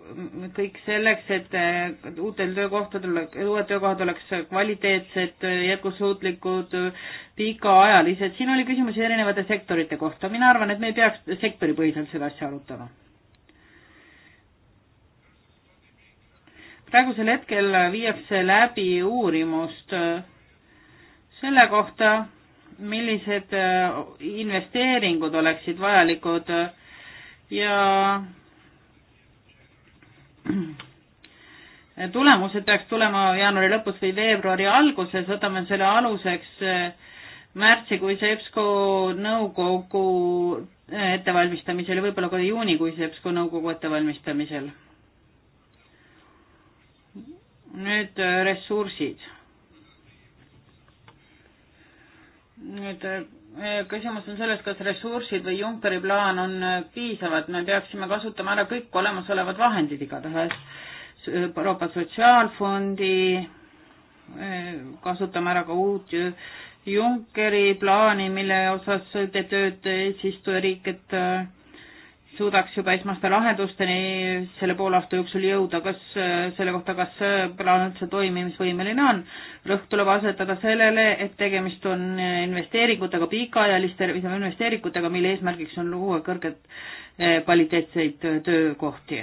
Speaker 4: kõik selleks, et äh, uutel töökohtadel, uued töökohad oleks kvaliteetsed, jätkusuutlikud, pikaajalised. siin oli küsimusi erinevate sektorite kohta. mina arvan, et me ei peaks sektoripõhiselt seda asja arutama. praegusel hetkel viiakse läbi uurimust selle kohta, millised äh, investeeringud oleksid vajalikud ja
Speaker 5: (clears throat)
Speaker 4: tulemused peaks tulema jaanuari lõpus või veebruari alguses, võtame selle aluseks äh, märtsikuise EBSCO nõukogu äh, ettevalmistamisel ja võib-olla ka juunikuise EBSCO nõukogu ettevalmistamisel. nüüd ressursid nüüd eh, küsimus on selles, kas ressursid või Junckeri plaan on eh, piisavad, me peaksime kasutama ära kõik olemasolevad vahendid igatahes, Euroopa Sotsiaalfondi, eh, kasutame ära ka uut Junckeri plaani, mille osas te tööd eesistujariik, et suudaks juba esmaste lahendusteni selle poole aasta jooksul jõuda, kas äh, selle kohta, kas äh, plaan üldse toimimisvõimeline on. rõhk tuleb asetada sellele, et tegemist on äh, investeeringutega, pikaajaliste investeeringutega, mille eesmärgiks on luua kõrget kvaliteetseid töökohti.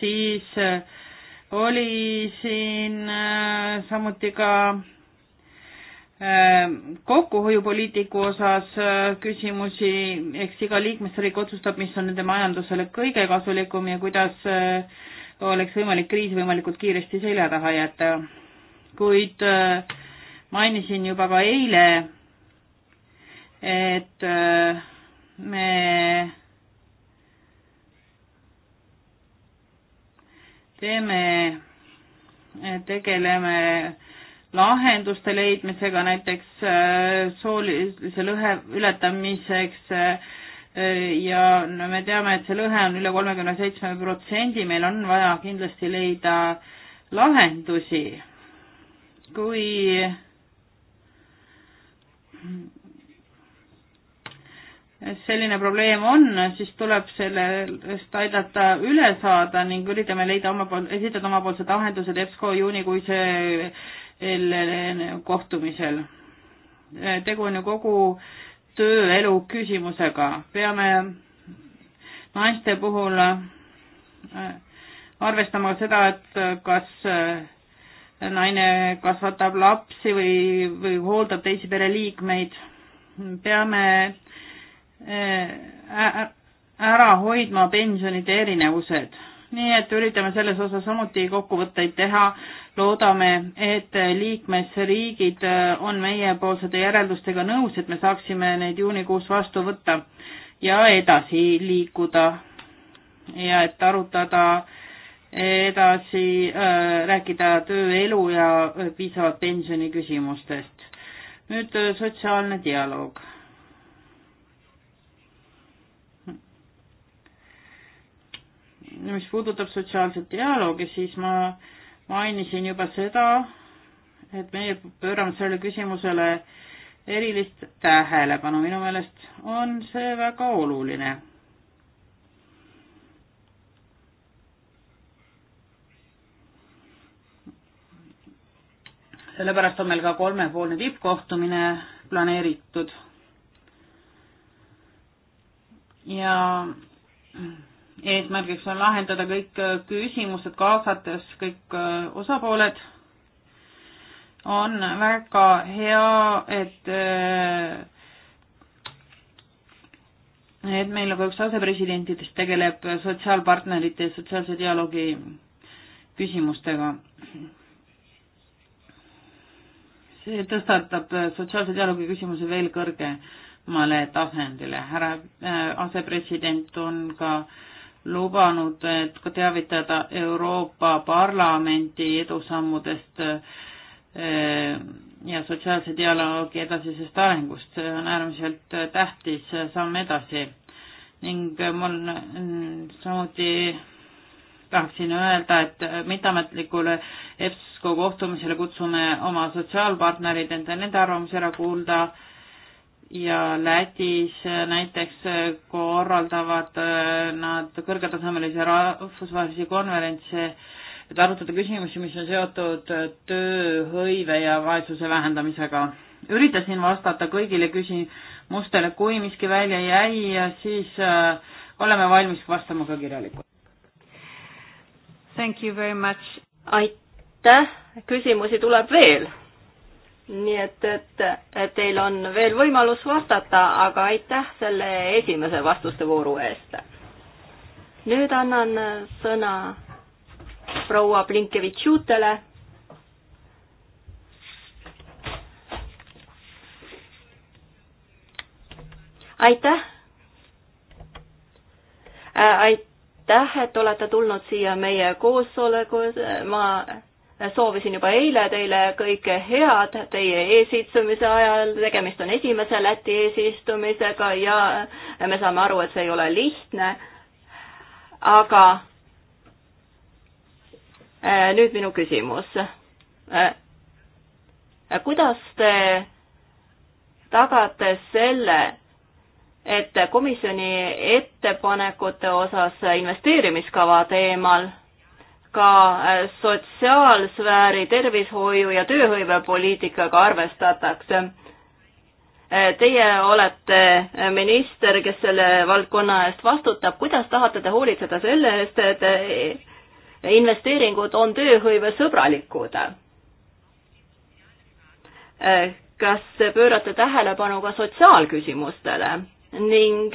Speaker 4: siis oli siin samuti ka Ehm, kokkuhoiupoliitiku osas eh, küsimusi, eks iga liikmesriik otsustab, mis on nende majandusele kõige kasulikum ja kuidas eh, oleks võimalik kriis võimalikult kiiresti selja taha jätta. kuid eh, mainisin juba ka eile, et me teeme, tegeleme lahenduste leidmisega, näiteks äh, soolise lõhe ületamiseks äh, ja no me teame, et see lõhe on üle kolmekümne seitsme protsendi, meil on vaja kindlasti leida lahendusi. kui selline probleem on, siis tuleb sellest aidata üle saada ning üritame leida oma, esitada omapoolsed lahendused EBSCO juunikuise kohtumisel. Äh, tegu on ju kogu tööelu küsimusega, peame naiste puhul äh, arvestama seda, et äh, kas naine kasvatab lapsi või, või hooldab teisi pereliikmeid. peame ära hoidma pensionide erinevused nii et üritame selles osas samuti kokkuvõtteid teha. loodame, et liikmesriigid äh, on meiepoolsete järeldustega nõus, et me saaksime neid juunikuus vastu võtta ja edasi liikuda ja et arutada edasi äh,, rääkida tööelu ja äh, piisava pensioni küsimustest. nüüd äh, sotsiaalne dialoog mis puudutab sotsiaalset dialoogi, siis ma mainisin juba seda, et meie pöörame sellele küsimusele erilist tähelepanu, minu meelest on see väga oluline. sellepärast on meil ka kolmepoolne tippkohtumine planeeritud ja eesmärgiks on lahendada kõik äh, küsimused, kaasates kõik äh, osapooled. on väga hea, et äh, et meil ka üks asepresidentidest tegeleb sotsiaalpartnerite ja sotsiaalse dialoogi küsimustega. see tõstatab sotsiaalse dialoogi küsimuse veel kõrgemale tasandile. härra asepresident on ka äh, lubanud ka teavitada Euroopa Parlamenti edusammudest eh, ja sotsiaalse dialoogi edasisest arengust, see on äärmiselt tähtis samm edasi. ning mul mm, samuti tahaksin öelda, et mitteametlikule EBSCO kohtumisele kutsume oma sotsiaalpartnerid, et nende arvamus ära kuulda ja Lätis äh, näiteks äh, korraldavad äh, nad kõrgetasemelisi rahvusvahelisi konverentse, et arutada küsimusi, mis on seotud tööhõive ja vaesuse vähendamisega. üritasin vastata kõigile küsimustele, kui miski välja jäi, siis oleme valmis vastama ka kirjalikult. Thank you very much.
Speaker 1: aitäh, küsimusi tuleb veel nii et, et, et teil on veel võimalus vastata, aga aitäh selle esimese vastuste vooru eest. nüüd annan sõna proua Blinkevitšutele. aitäh. Äh, aitäh, et olete tulnud siia meie koosolekule, ma soovisin juba eile teile kõike head teie eesistumise ajal, tegemist on esimese Läti eesistumisega ja me saame aru, et see ei ole lihtne. aga eh, nüüd minu küsimus. Eh, kuidas te tagate selle, et komisjoni ettepanekute osas investeerimiskava teemal ka äh, sotsiaalsfääri tervishoiu ja tööhõivepoliitikaga arvestatakse. Äh, teie olete äh, minister, kes selle valdkonna eest vastutab, kuidas tahate te hoolitseda selle eest, et investeeringud on tööhõivesõbralikud? kas pöörate tähelepanu ka sotsiaalküsimustele ning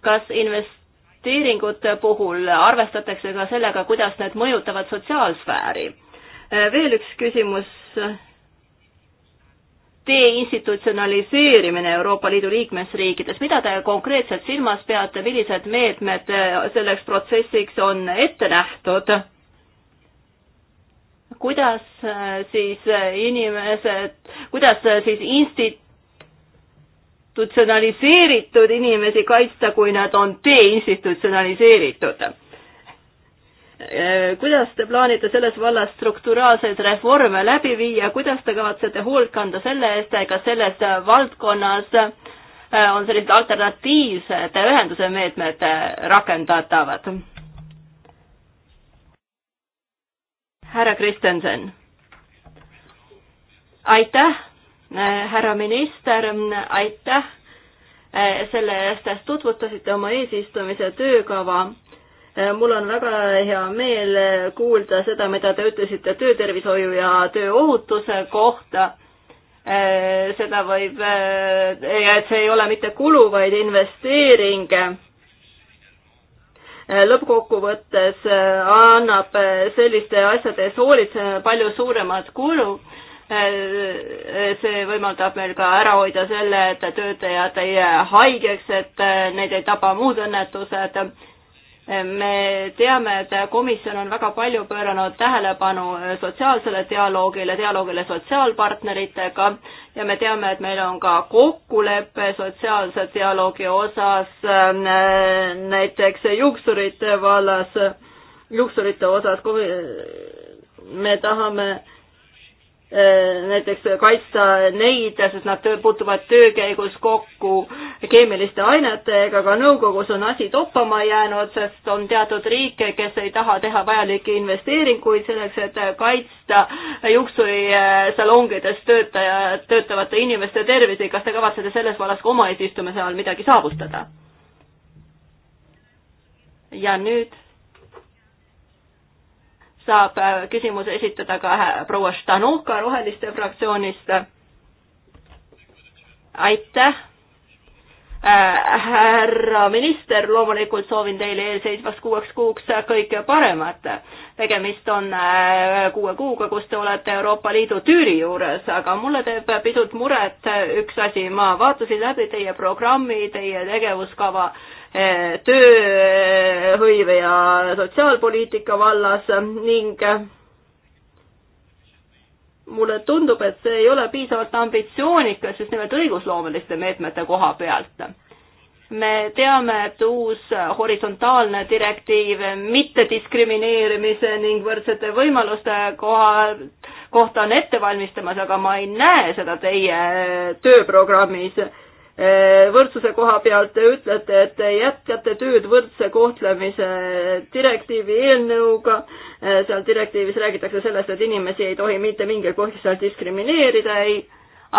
Speaker 1: kas invest-, investeeringute puhul arvestatakse ka sellega, kuidas need mõjutavad sotsiaalsfääri. Äh, veel üks küsimus. deinstitutsionaliseerimine Euroopa Liidu liikmesriikides, mida te konkreetselt silmas peate, millised meetmed äh, selleks protsessiks on ette nähtud? kuidas äh, siis inimesed, kuidas siis instit-, institutsionaliseeritud inimesi kaitsta, kui nad on deinstitutsionaliseeritud. Äh, kuidas te plaanite selles vallas strukturaalseid reforme läbi viia, kuidas te kavatsete hoolt kanda selle eest, kas selles valdkonnas äh, on sellised alternatiivsed ühenduse meetmed äh, rakendatavad? härra Kristensen. aitäh Äh, härra minister, aitäh äh, selle eest, et tutvutasite oma eesistumise töökava. Äh, mul on väga hea meel kuulda seda, mida te ütlesite töötervishoiu ja tööohutuse kohta. seda võib, ja et see ei ole mitte kulu, vaid investeering lõppkokkuvõttes annab selliste asjade ees hoolitsema palju suuremat kulu Eh, eh, see võimaldab meil ka ära hoida selle, et töötajad ei jää haigeks, et eh, neid ei taba muud õnnetused. me teame, et komisjon on väga palju pööranud tähelepanu sotsiaalsele dialoogile, dialoogile sotsiaalpartneritega ja me teame, et meil on ka kokkulepe sotsiaalse dialoogi osas, näiteks juuksurite vallas, juuksurite osas, me tahame äh, Äh, näiteks kaitsta neid, sest nad töö, puutuvad töö käigus kokku keemiliste ainetega, aga nõukogus on asi toppama jäänud, sest on teatud riike, kes ei taha teha vajalikke investeeringuid selleks, et kaitsta juuksurisalongides äh, töötaja, töötavate inimeste tervisi. kas te kavatsete selles vallas ka oma eesistumise ajal midagi saavutada? ja nüüd saab äh, küsimuse esitada ka äh, proua Štanuka Roheliste fraktsioonist. aitäh äh, härra minister, loomulikult soovin teile eelseisvaks kuueks kuuks kõike paremat. tegemist on kuue kuuga, kus te olete Euroopa Liidu tüüri juures, aga mulle teeb pisut muret üks asi, ma vaatasin läbi teie programmi, teie tegevuskava tööhõive ja sotsiaalpoliitika vallas ning mulle tundub, et see ei ole piisavalt ambitsioonikas just nimelt õigusloomeliste meetmete koha pealt me teame, et uus horisontaalne direktiiv mittediskrimineerimise ning võrdsete võimaluste koha, kohta on ette valmistamas, aga ma ei näe seda teie tööprogrammis Äh, võrdsuse koha pealt te ütlete, et te jätkate tööd võrdse kohtlemise direktiivi eelnõuga. Äh, seal direktiivis räägitakse sellest, et inimesi ei tohi mitte mingil põhjusel diskrimineerida, ei.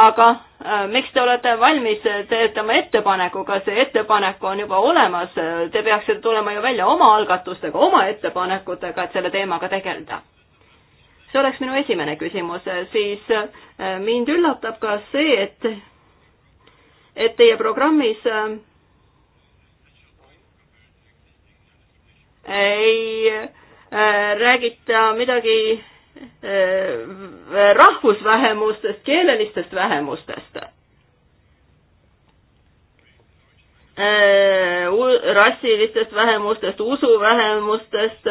Speaker 1: aga äh, miks te olete valmis teetama ettepaneku, kas see ettepanek on juba olemas, te peaksite tulema ju välja oma algatustega, oma ettepanekutega, et selle teemaga tegeleda see oleks minu esimene küsimus, siis mind üllatab ka see, et et teie programmis äh, ei äh, räägita midagi äh, rahvusvähemustest, keelelistest vähemustest rassilistest vähemustest, usuvähemustest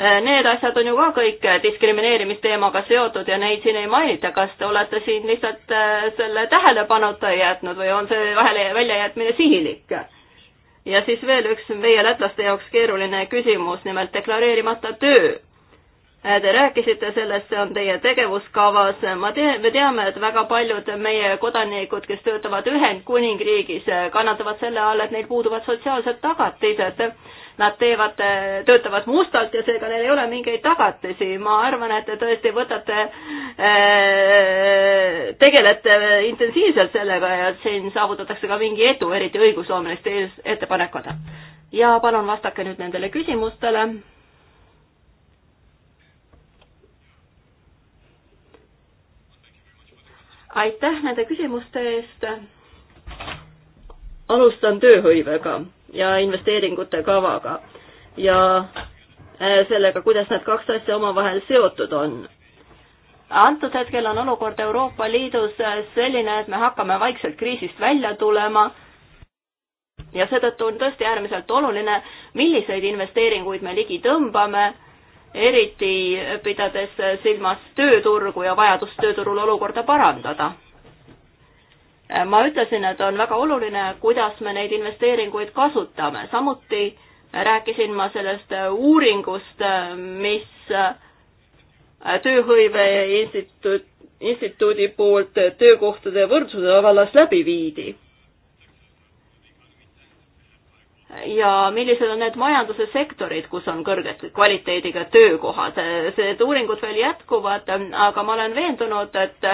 Speaker 1: Äh, need asjad on ju ka kõik äh, diskrimineerimisteemaga seotud ja neid siin ei mainita. kas te olete siin lihtsalt äh, selle tähelepanuta jätnud või on see vahele väljajätmine sihilik? ja siis veel üks meie lätlaste jaoks keeruline küsimus, nimelt deklareerimata töö. Te rääkisite sellest, see on teie tegevuskavas, ma te-, me teame, et väga paljud meie kodanikud, kes töötavad Ühendkuningriigis, kannatavad selle all, et neil puuduvad sotsiaalsed tagatised nad teevad, töötavad mustalt ja seega neil ei ole mingeid tagatisi. ma arvan, et te tõesti võtate,
Speaker 2: äh,
Speaker 1: tegelete intensiivselt sellega ja siin saavutatakse ka mingi edu, eriti õigusloomeliste ettepanekutega. ja palun vastake nüüd nendele küsimustele aitäh nende küsimuste eest. alustan tööhõivega ja investeeringute kavaga ja äh, sellega, kuidas need kaks asja omavahel seotud on. antud hetkel on olukord Euroopa Liidus äh, selline, et me hakkame vaikselt kriisist välja tulema ja seetõttu on tõesti äärmiselt oluline, milliseid investeeringuid me ligi tõmbame, eriti pidades silmas tööturgu ja vajadust tööturul olukorda parandada ma ütlesin, et on väga oluline, kuidas me neid investeeringuid kasutame, samuti rääkisin ma sellest uuringust, mis Tööhõive instituut, instituudi poolt töökohtade võrdsuse vallas läbi viidi. ja millised on need majanduse sektorid, kus on kõrget kvaliteediga töökohad, need uuringud veel jätkuvad, aga ma olen veendunud, et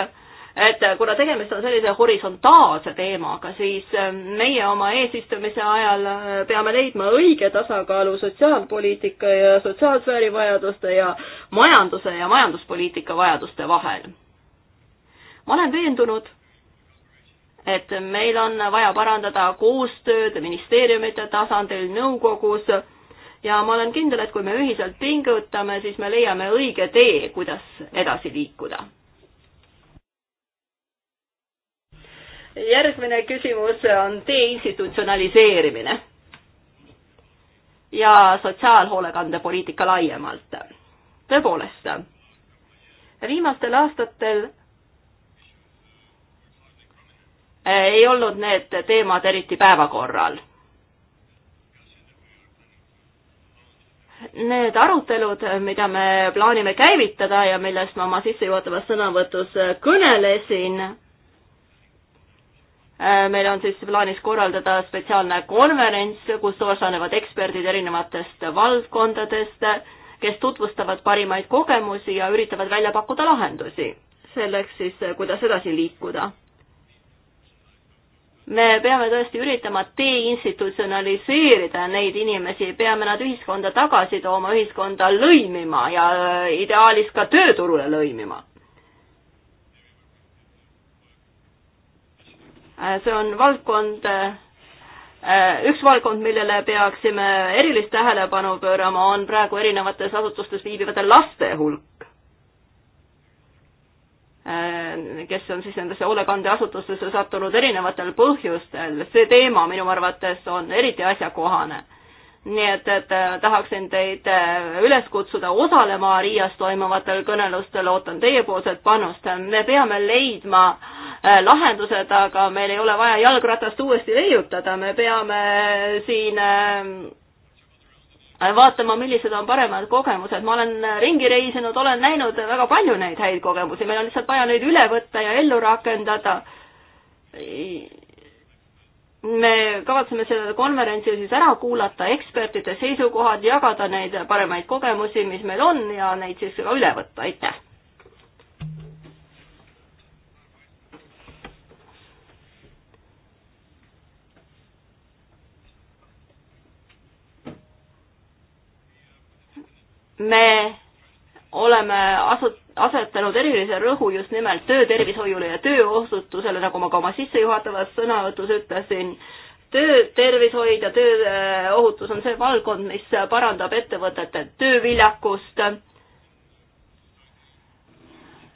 Speaker 1: et kuna tegemist on sellise horisontaalse teemaga, siis äh, meie oma eesistumise ajal äh, peame leidma õige tasakaalu sotsiaalpoliitika ja sotsiaalsfääri vajaduste ja majanduse ja majanduspoliitika vajaduste vahel. ma olen veendunud, et meil on vaja parandada koostööd ministeeriumite tasandil, nõukogus ja ma olen kindel, et kui me ühiselt pingutame, siis me leiame õige tee, kuidas edasi liikuda järgmine küsimus on deinstitutsionaliseerimine ja sotsiaalhoolekandepoliitika laiemalt. tõepoolest, viimastel aastatel ei olnud need teemad eriti päevakorral. Need arutelud, mida me plaanime käivitada ja millest ma oma sissejuhatavas sõnavõtus kõnelesin, Äh, meil on siis plaanis korraldada spetsiaalne konverents, kus osalevad eksperdid erinevatest valdkondadest, kes tutvustavad parimaid kogemusi ja üritavad välja pakkuda lahendusi selleks siis, äh, kuidas edasi liikuda. me peame tõesti üritama deinstitutsionaliseerida neid inimesi, peame nad ühiskonda tagasi tooma, ühiskonda lõimima ja äh, ideaalis ka tööturule lõimima Äh, see on valdkond, äh, üks valdkond, millele peaksime erilist tähelepanu pöörama, on praegu erinevates asutustes viibivate laste hulk, äh, kes on siis nendesse hoolekandeasutustesse sattunud erinevatel põhjustel. see teema minu arvates on eriti asjakohane nii et, et äh, tahaksin teid äh, üles kutsuda osalema Riias toimuvatel kõnelustel, ootan teiepoolset panust. me peame leidma äh, lahendused, aga meil ei ole vaja jalgratast uuesti leiutada, me peame siin vaatama, millised on paremad kogemused. ma olen ringi reisinud, olen näinud väga palju neid häid kogemusi, meil on lihtsalt vaja neid üle võtta ja ellu rakendada me kavatseme sellel konverentsil siis ära kuulata ekspertide seisukohad, jagada neid paremaid kogemusi, mis meil on ja neid siis ka üle võtta, aitäh! me oleme asu-, asetanud erilise rõhu just nimelt töötervishoiule ja tööohutusele, nagu ma ka oma sissejuhatavas sõnavõtus ütlesin. töötervishoid ja tööohutus on see valdkond, mis parandab ettevõtete tööviljakust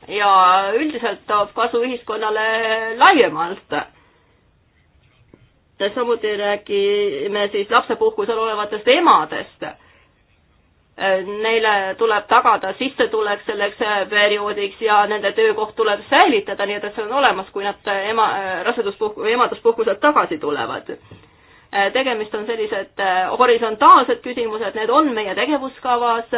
Speaker 1: ja üldiselt toob kasu ühiskonnale laiemalt samuti räägime siis lapsepuhkusel olevatest emadest Äh, neile tuleb tagada sissetulek selleks äh, perioodiks ja nende töökoht tuleb säilitada, nii et, et see on olemas, kui nad äh, ema, raseduspuhku, emaduspuhkuselt tagasi tulevad. tegemist on sellised horisontaalsed küsimused, need on meie tegevuskavas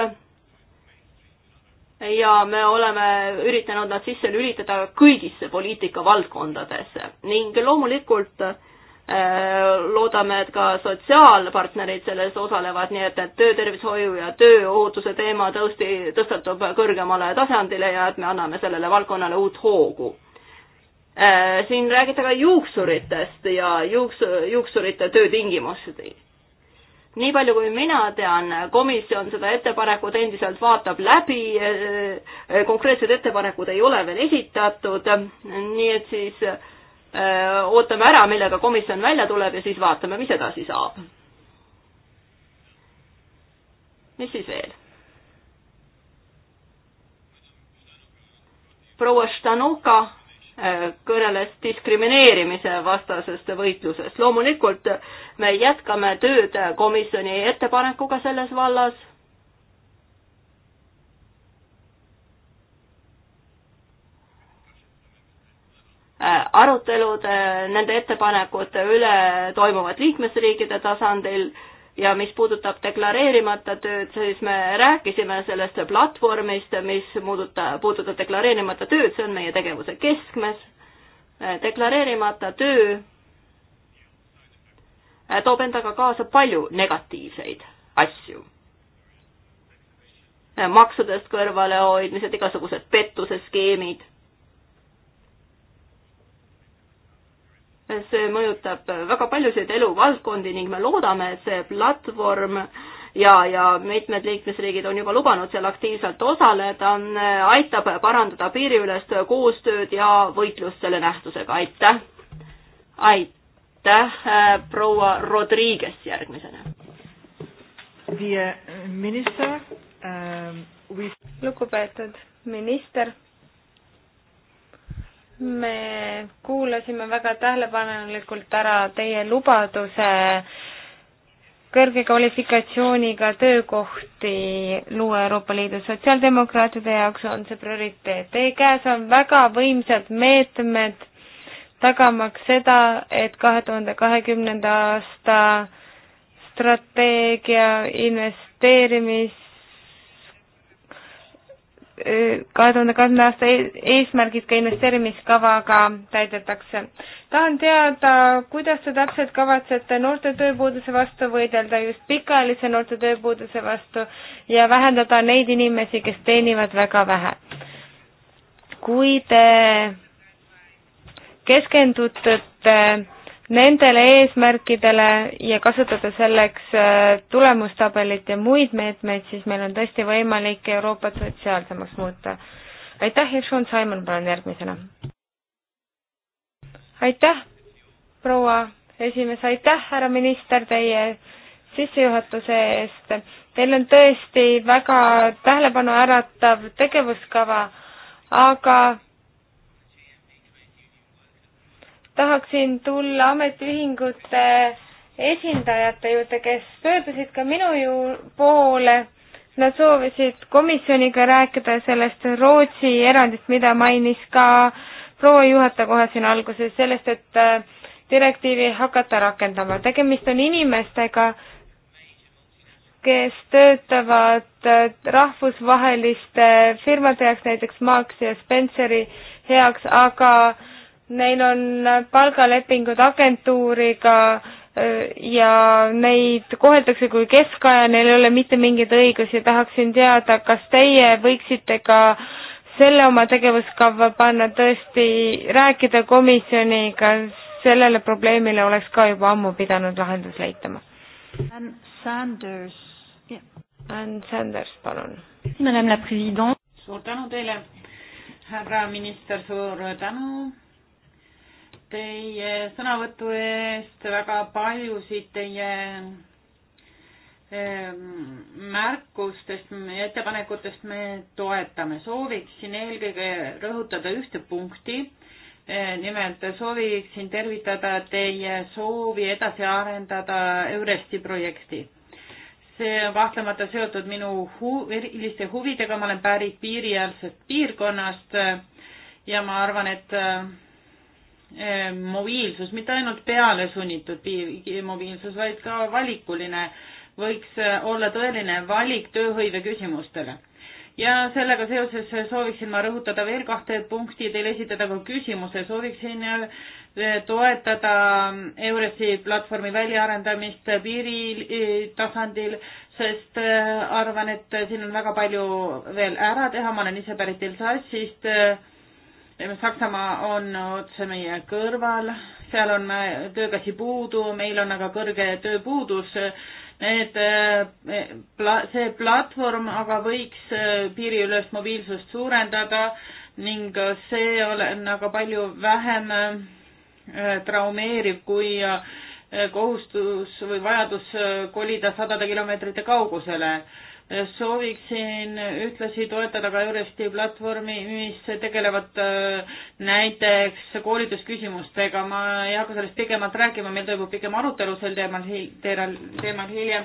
Speaker 1: ja me oleme üritanud nad sisse lülitada kõigisse poliitikavaldkondadesse ning loomulikult äh, Äh, loodame, et ka sotsiaalpartnerid selles osalevad, nii et, et töötervishoiu ja tööohutuse teema tõesti tõstatub kõrgemale tasandile ja et me anname sellele valdkonnale uut hoogu. Äh, siin räägite ka juuksuritest ja juuks-, juuksurite töötingimust. nii palju, kui mina tean, komisjon seda ettepanekut endiselt vaatab läbi, äh, konkreetsed ettepanekud ei ole veel esitatud, nii et siis Äh, ootame ära, millega komisjon välja tuleb ja siis vaatame, mis edasi saab. mis siis veel? proua Štanuka äh, kõneles diskrimineerimise vastasest võitlusest. loomulikult me jätkame tööd komisjoni ettepanekuga selles vallas Äh, arutelud äh, nende ettepanekute üle toimuvad liikmesriikide tasandil ja mis puudutab deklareerimata tööd, siis me rääkisime sellest platvormist, mis puudutab, puudutab deklareerimata tööd, see on meie tegevuse keskmes. Äh, deklareerimata töö toob endaga kaasa palju negatiivseid asju. maksudest kõrvalehoidmised, igasugused pettuseskeemid see mõjutab väga paljusid eluvaldkondi ning me loodame, et see platvorm ja, ja mitmed liikmesriigid on juba lubanud seal aktiivselt osaleda, aitab parandada piiriülest koostööd ja võitlust selle nähtusega, aitäh! aitäh, äh, proua Rodriguez järgmisena.
Speaker 3: Minister ähm, um, with... lugupeetud minister me kuulasime väga tähelepanelikult ära teie lubaduse kõrge kvalifikatsiooniga töökohti luua Euroopa Liidus. sotsiaaldemokraatide jaoks on see prioriteet. Teie käes on väga võimsad meetmed tagamaks seda, et kahe tuhande kahekümnenda aasta strateegia investeerimis kahe tuhande kahekümne aasta e-, eesmärgid ka investeerimiskavaga täidetakse. tahan teada, kuidas te täpselt kavatsete noorte tööpuuduse vastu võidelda, just pikaajalise noorte tööpuuduse vastu ja vähendada neid inimesi, kes teenivad väga vähe. kui te keskendutute nendele eesmärkidele ja kasutada selleks äh, tulemustabelit ja muid meetmeid, siis meil on tõesti võimalik Euroopat sotsiaalsemaks muuta. aitäh ja Sean Simon, palun järgmisena. aitäh, proua esimees, aitäh, härra minister, teie sissejuhatuse eest. Teil on tõesti väga tähelepanu äratav tegevuskava, aga tahaksin tulla ametiühingute esindajate juurde, kes pöördusid ka minu ju poole. Nad soovisid komisjoniga rääkida sellest Rootsi erandist, mida mainis ka proua juhataja kohe siin alguses, sellest, et äh, direktiivi hakata rakendama. tegemist on inimestega, kes töötavad äh, rahvusvaheliste firmade jaoks, näiteks Marx ja Spenceri heaks, aga äh, neil on palgalepingud agentuuriga ja neid koheldakse kui keskaja, neil ei ole mitte mingeid õigusi, tahaksin teada, kas teie võiksite ka selle oma tegevuskava panna tõesti, rääkida komisjoniga, sellele probleemile oleks ka juba ammu pidanud lahendus leitama.
Speaker 2: Ann Sanders yeah.. Ann Sanders, palun.
Speaker 4: suur tänu teile, härra minister, suur tänu teie sõnavõtu eest, väga paljusid teie ehm, märkustest ja ettepanekutest me toetame. sooviksin eelkõige rõhutada ühte punkti. Eh, nimelt sooviksin tervitada teie soovi edasi arendada Euresti projekti. see on kahtlemata seotud minu hu-, eriliste huvidega, ma olen pärit piiriäärsest piirkonnast eh, ja ma arvan, et eh, Ehm, mobiilsus, mitte ainult pealesunnitud mobiilsus, vaid ka valikuline, võiks äh, olla tõeline valik tööhõive küsimustele. ja sellega seoses äh, sooviksin ma rõhutada veel kahte punkti, teile esitada ka küsimuse, sooviksin äh, toetada ähm, Euresi platvormi väljaarendamist piiritasandil, sest arvan, et siin on väga palju veel ära teha, ma olen ise pärit Elsassist Saksamaa on otse meie kõrval, seal on äh, töökäsi puudu, meil on aga kõrge tööpuudus. Need, äh, see platvorm aga võiks äh, piiriülest mobiilsust suurendada ning see on aga palju vähem traumeeriv kui kohustus või vajadus kolida sadade kilomeetrite kaugusele sooviksin ühtlasi toetada ka Euresti platvormi, mis tegelevad äh, näiteks koolitusküsimustega. ma ei hakka sellest pikemalt rääkima, meil toimub pikem arutelu sel teemal, teemal hiljem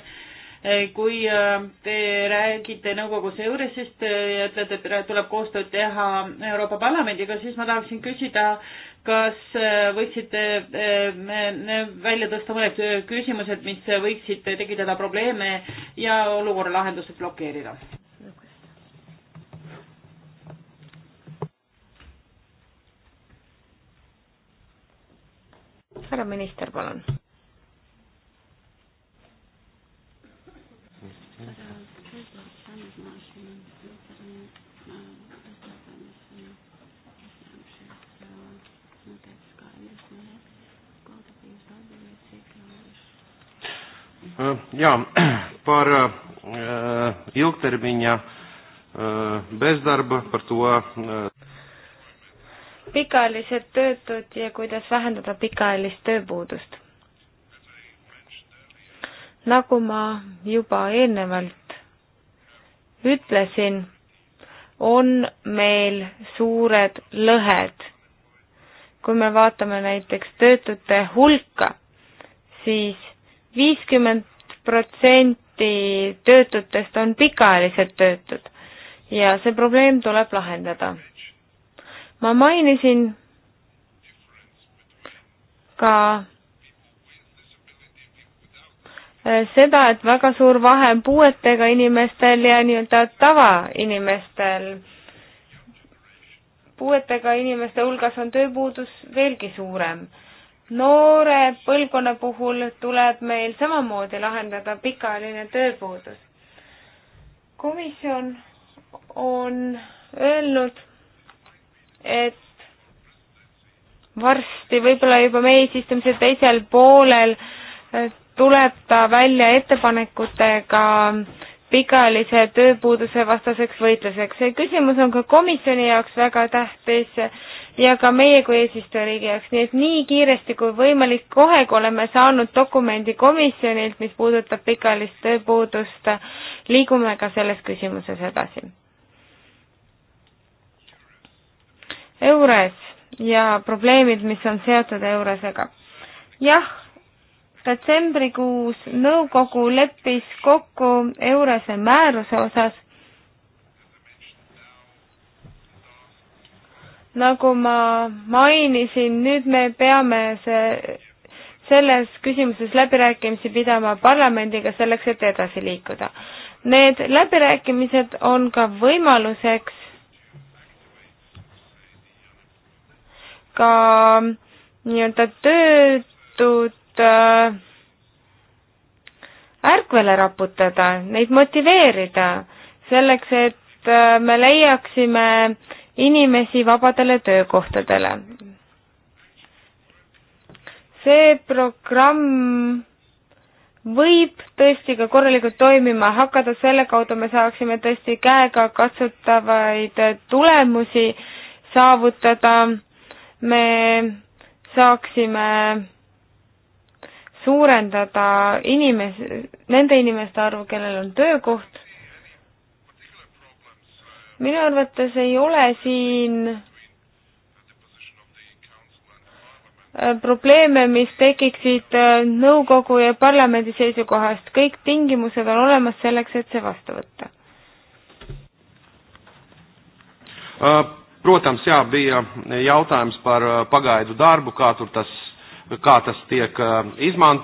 Speaker 4: Eh, kui eh, te räägite nõukogus EURES-ist eh, ja ütlete, et tuleb koostööd teha Euroopa Parlamendiga, siis ma tahaksin küsida, kas võiksite välja tõsta mõned küsimused, mis võiksid tekitada probleeme ja olukorra lahendused blokeerida?
Speaker 3: härra minister, palun
Speaker 5: Äh, jā, (clears throat) par äh, ilgtermiņa äh, bezdarba, par to
Speaker 3: pikaajalised töötud ja kuidas vähendada pikaajalist tööpuudust. nagu ma juba eelnevalt ütlesin, on meil suured lõhed. kui me vaatame näiteks töötute hulka, siis viiskümmend protsenti töötutest on pikaajalised töötud ja see probleem tuleb lahendada. ma mainisin ka äh, seda, et väga suur vahe on puuetega inimestel ja nii-öelda tavainimestel. puuetega inimeste hulgas on tööpuudus veelgi suurem noore põlvkonna puhul tuleb meil samamoodi lahendada pikaajaline tööpuudus. komisjon on öelnud, et varsti, võib-olla juba meie eesistumise teisel poolel tuleb ta välja ettepanekutega pikaajalise tööpuuduse vastaseks võitluseks. see küsimus on ka komisjoni jaoks väga tähtis ja ka meie kui eesistujariigi jaoks, nii et nii kiiresti kui võimalik, kohe kui oleme saanud dokumendi komisjonilt, mis puudutab pikaajalist tööpuudust, liigume ka selles küsimuses edasi. EURES ja probleemid, mis on seotud EURES-ega. jah, detsembrikuus nõukogu leppis kokku EURES-e määruse osas nagu ma mainisin, nüüd me peame see, selles küsimuses läbirääkimisi pidama parlamendiga selleks, et edasi liikuda. Need läbirääkimised on ka võimaluseks ka nii-öelda töötud äh, ärkvele raputada, neid motiveerida selleks, et äh, me leiaksime inimesi vabadele töökohtadele. see programm võib tõesti ka korralikult toimima hakata, selle kaudu me saaksime tõesti käegakatsutavaid tulemusi saavutada, me saaksime suurendada inimes-, nende inimeste arvu, kellel on töökoht minu arvates ei ole siin äh, probleeme, mis tekiksid äh, nõukogu ja parlamendi seisukohast. kõik tingimused on olemas selleks, et see vastu võtta
Speaker 5: uh,. Protams, jā, bija jautājums par pagaidu darbu, kā tur tas, kā tas tiek izmant-.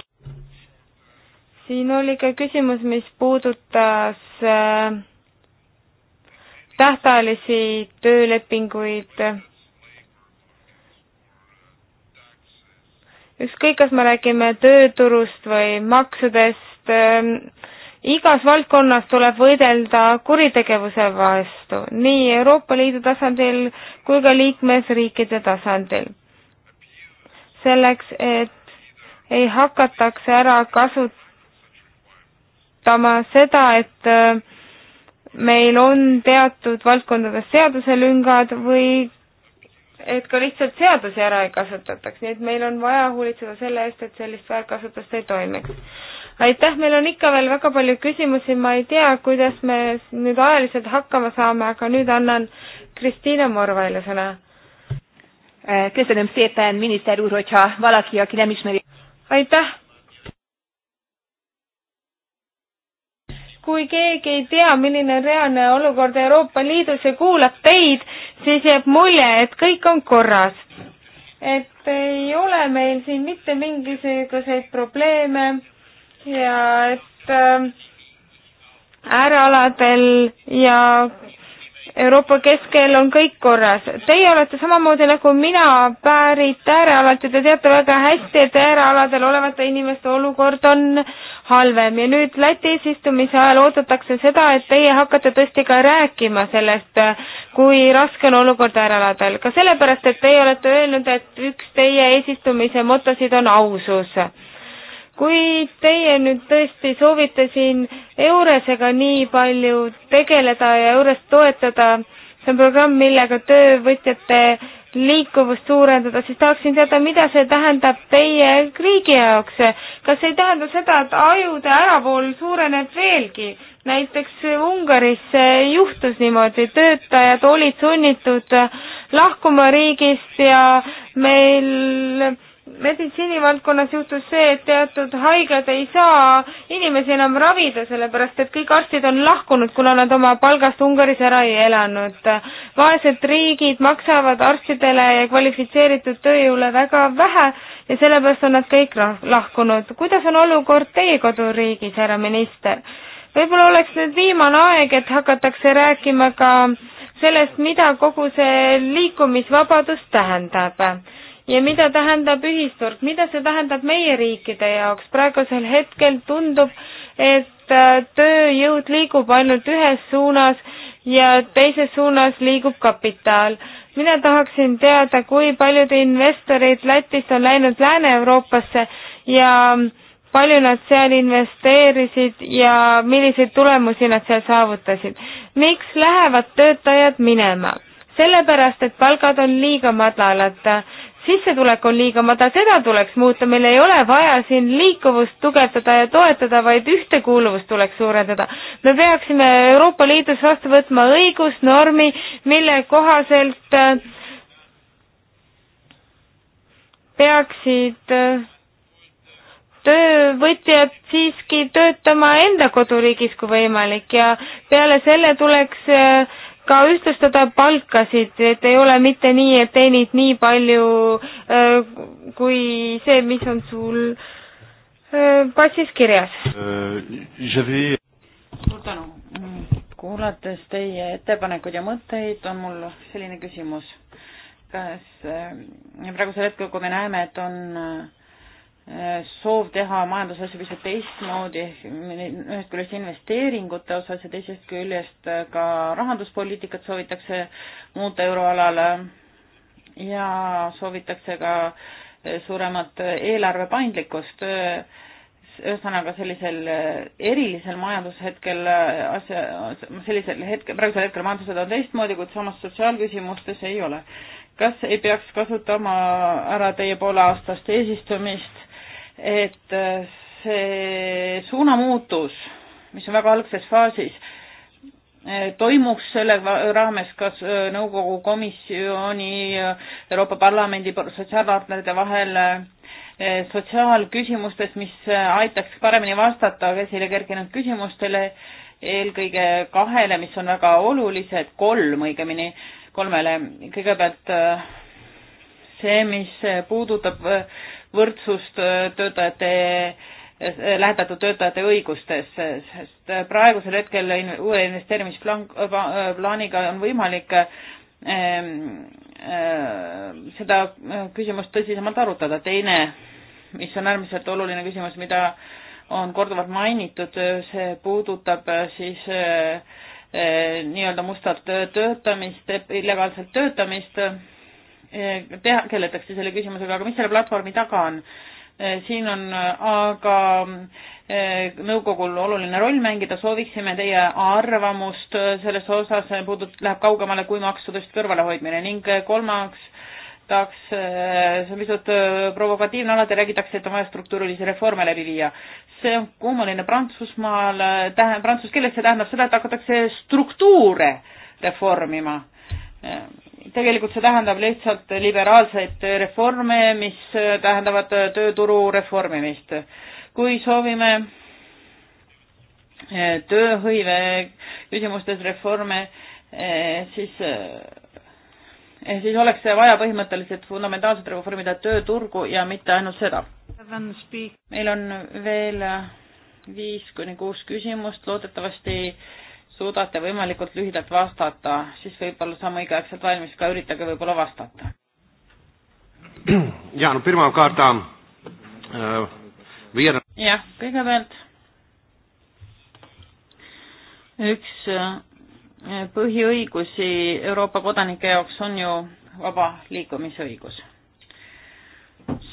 Speaker 3: siin oli ka küsimus, mis puudutas uh, tähtajalisi töölepinguid. ükskõik, kas me räägime tööturust või maksudest, ähm, igas valdkonnas tuleb võidelda kuritegevuse vastu, nii Euroopa Liidu tasandil kui ka liikmesriikide tasandil. selleks, et ei hakataks ära kasutama seda, et äh, meil on teatud valdkondades seaduselüngad või et ka lihtsalt seadusi ära ei kasutataks, nii et meil on vaja hoolitseda selle eest, et sellist väärkasutust ei toimeks. aitäh, meil on ikka veel väga palju küsimusi, ma ei tea, kuidas me nüüd ajaliselt hakkama saame, aga nüüd annan Kristiina Morvaile sõna. Köszönöm szépen, miniszter úr, hogyha valaki, aki nem ismeri. Aitäh! kui keegi ei tea, milline on reaalne olukord Euroopa Liidus ja kuulab teid, siis jääb mulje, et kõik on korras. et ei ole meil siin mitte mingisuguseid probleeme ja et äh, äärealadel ja Euroopa keskel on kõik korras. Teie olete samamoodi nagu mina pärit äärealalt ja te teate väga hästi, et äärealadel olevate inimeste olukord on halvem ja nüüd Läti eesistumise ajal oodatakse seda, et teie hakkate tõesti ka rääkima sellest, äh, kui raske on olukorda ära elada, ka sellepärast, et teie olete öelnud, et üks teie eesistumise motosid on ausus kui teie nüüd tõesti soovite siin Euresega nii palju tegeleda ja Eures toetada, see on programm, millega töövõtjate liikuvust suurendada, siis tahaksin teada, mida see tähendab teie riigi jaoks. kas see ei tähenda seda, et ajude äravool suureneb veelgi? näiteks Ungaris juhtus niimoodi, töötajad olid sunnitud lahkuma riigist ja meil meditsiinivaldkonnas juhtus see, et teatud haiglad ei saa inimesi enam ravida, sellepärast et kõik arstid on lahkunud, kuna nad oma palgast Ungaris ära ei elanud. vaesed riigid maksavad arstidele ja kvalifitseeritud tööjõule väga vähe ja sellepärast on nad kõik lahkunud. kuidas on olukord teie koduriigis, härra minister? võib-olla oleks nüüd viimane aeg, et hakatakse rääkima ka sellest, mida kogu see liikumisvabadus tähendab ja mida tähendab ühisturg, mida see tähendab meie riikide jaoks. praegusel hetkel tundub, et äh, tööjõud liigub ainult ühes suunas ja teises suunas liigub kapitaal. mina tahaksin teada, kui paljud investorid Lätist on läinud Lääne-Euroopasse ja palju nad seal investeerisid ja milliseid tulemusi nad seal saavutasid. miks lähevad töötajad minema? sellepärast, et palgad on liiga madalad sissetulek on liiga madal, seda tuleks muuta, meil ei ole vaja siin liikuvust tugevdada ja toetada, vaid ühtekuuluvust tuleks suurendada. me peaksime Euroopa Liidus vastu võtma õigusnormi, mille kohaselt äh, peaksid äh, töövõtjad siiski töötama enda koduriigis, kui võimalik ja peale selle tuleks äh, ka ühtlustada palkasid, et ei ole mitte nii, et teenid nii palju äh, kui
Speaker 4: see, mis on sul äh, passis kirjas.
Speaker 5: Äh,
Speaker 4: suur tänu. kuulates teie ettepanekuid ja mõtteid, on mul selline küsimus. kas praegusel hetkel, kui me näeme, et on äh, soov teha majandusasju pisut teistmoodi ehk ühest küljest investeeringute osas ja teisest küljest ka rahanduspoliitikat soovitakse muuta euroalal ja soovitakse ka suuremat eelarve paindlikkust. ühesõnaga sellisel erilisel majandushetkel asja, sellisel hetkel, praegusel hetkel majandused on teistmoodi, kuid samas sotsiaalküsimustes ei ole. kas ei peaks kasutama ära teie pooleaastast eesistumist et äh, see suunamuutus, mis on väga algses faasis, äh, toimuks selle raames kas äh, nõukogu komisjoni, Euroopa Parlamendi sotsiaalpartnerite vahel sotsiaalküsimustes, mis aitaks paremini vastata esile kerkinud küsimustele, eelkõige kahele, mis on väga olulised, kolm õigemini, kolmele. kõigepealt see, mis puudutab äh, võrdsust äh, töötajate äh, lähetatud töötajate õigustes, sest äh, praegusel hetkel uue investeerimisplaaniga on võimalik ähm, seda küsimust tõsisemalt arutada. teine, mis on äärmiselt oluline küsimus, mida on korduvalt mainitud, see puudutab siis nii-öelda mustalt töötamist, illegaalselt töötamist Eh, teha, tegeletakse selle küsimusega, aga mis selle platvormi taga on? Eh, siin on eh, aga nõukogul oluline roll mängida, sooviksime teie arvamust selles osas, puudut-, läheb kaugemale kui maksudest kõrvalehoidmine ning kolmaks tahaks, see on pisut provokatiivne, alati räägitakse, et on vaja struktuurilisi reforme läbi viia. see on kummaline Prantsusmaal, tähendab, prantsuse keeles see tähendab seda, et hakatakse struktuure reformima tegelikult see tähendab lihtsalt liberaalseid reforme, mis tähendavad tööturu reformimist. kui soovime eh, tööhõive küsimustes reforme, eh, siis, eh, siis oleks vaja põhimõtteliselt fundamentaalselt reformida tööturgu ja mitte ainult seda. meil on veel viis kuni kuus küsimust, loodetavasti äh, suudate võimalikult lühidalt vastata, siis võib-olla saame õigeaegselt valmis ka, üritage võib-olla vastata.
Speaker 5: (clears throat) ja no firma kaarta äh, viie.
Speaker 4: jah, kõigepealt üks äh, põhiõigusi Euroopa kodanike jaoks on ju vaba liikumisõigus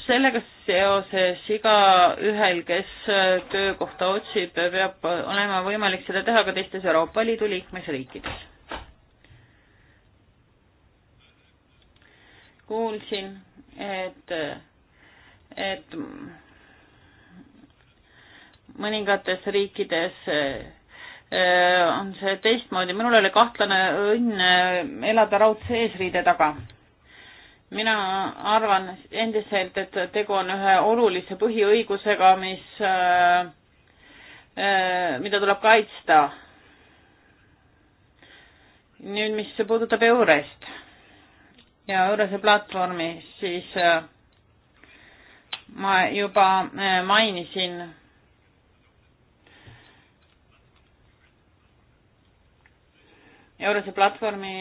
Speaker 4: sellega seoses igaühel, kes äh, töökohta otsib, peab olema võimalik seda teha ka teistes Euroopa Liidu liikmesriikides. kuulsin, et, et mõningates riikides äh, on see teistmoodi, minul oli kahtlane õnn äh, elada raudse eesriide taga mina arvan endiselt, et tegu on ühe olulise põhiõigusega, mis, äh, mida tuleb kaitsta. nüüd, mis puudutab Eurest ja Eurese platvormi, siis äh, ma juba äh, mainisin Eurose platvormi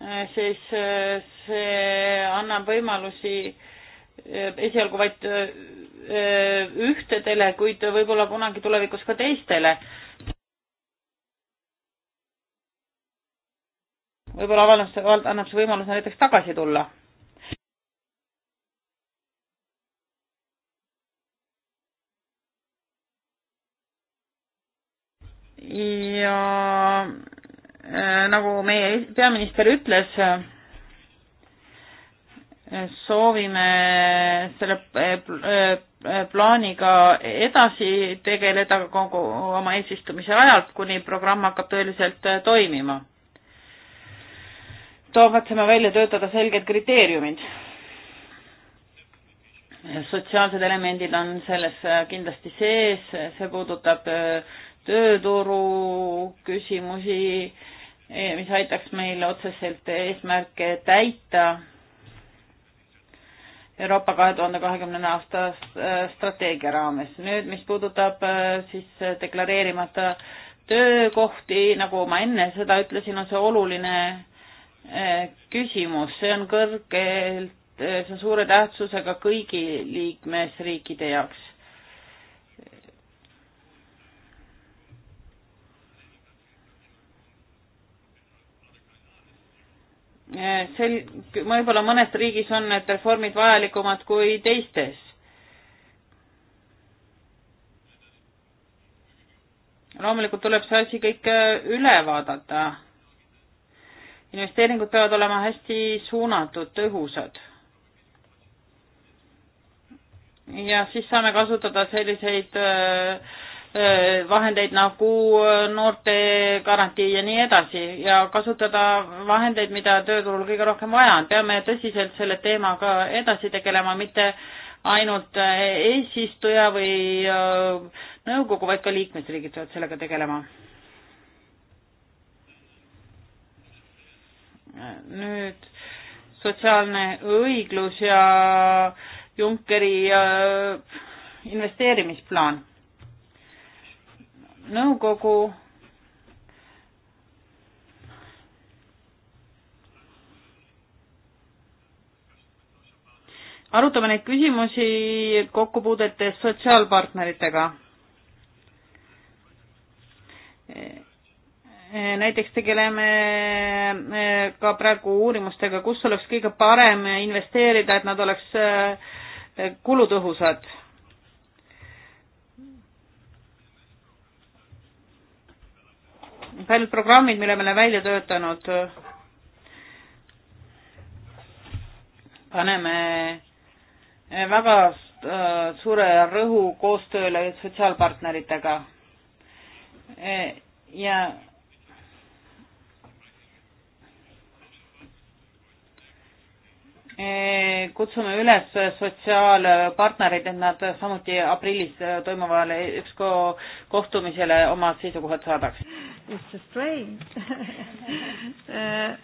Speaker 4: Äh, siis äh, see annab võimalusi äh, esialgu vaid ühtedele, kuid võib-olla kunagi tulevikus ka teistele. võib-olla avaldus, annab see võimaluse näiteks tagasi tulla ja Äh, nagu meie peaminister ütles, äh, soovime selle äh, plaaniga edasi tegeleda kogu oma eesistumise ajalt, kuni programm hakkab tõeliselt toimima. toovataksime välja töötada selged kriteeriumid. sotsiaalsed elemendid on selles kindlasti sees, see puudutab tööturu küsimusi äh,, Eh, mis aitaks meil otseselt eesmärke täita Euroopa kahe tuhande kahekümnenda aasta strateegia raames. nüüd, mis puudutab eh, siis deklareerimata töökohti, nagu ma enne seda ütlesin, on see oluline eh, küsimus, see on kõrgelt, see on suure tähtsusega kõigi liikmesriikide jaoks. Eh, sel-, võib-olla mõnes riigis on need reformid vajalikumad kui teistes. loomulikult tuleb see asi kõik eh, üle vaadata. investeeringud peavad olema hästi suunatud, tõhusad. ja siis saame kasutada selliseid äh, Äh, vahendeid nagu äh, noorte garantii ja nii edasi ja kasutada vahendeid, mida tööturul kõige rohkem vaja on. peame tõsiselt selle teemaga edasi tegelema, mitte ainult äh, eesistuja või nõukogu, vaid ka liikmesriigid peavad sellega tegelema. nüüd sotsiaalne õiglus ja Junckeri investeerimisplaan nõukogu arutame neid küsimusi kokkupuudetes sotsiaalpartneritega. näiteks tegeleme e, ka praegu uurimustega, kus oleks kõige parem investeerida, et nad oleks e, kulutõhusad paljud programmid, mille me oleme välja töötanud, paneme väga äh, suure rõhu koostööle sotsiaalpartneritega. E, ja Eh, kutsume üles sotsiaalpartnereid, et nad samuti aprillis toimuvale EBSCO kohtumisele oma seisukohad saadaks. It's a strain (laughs) uh,.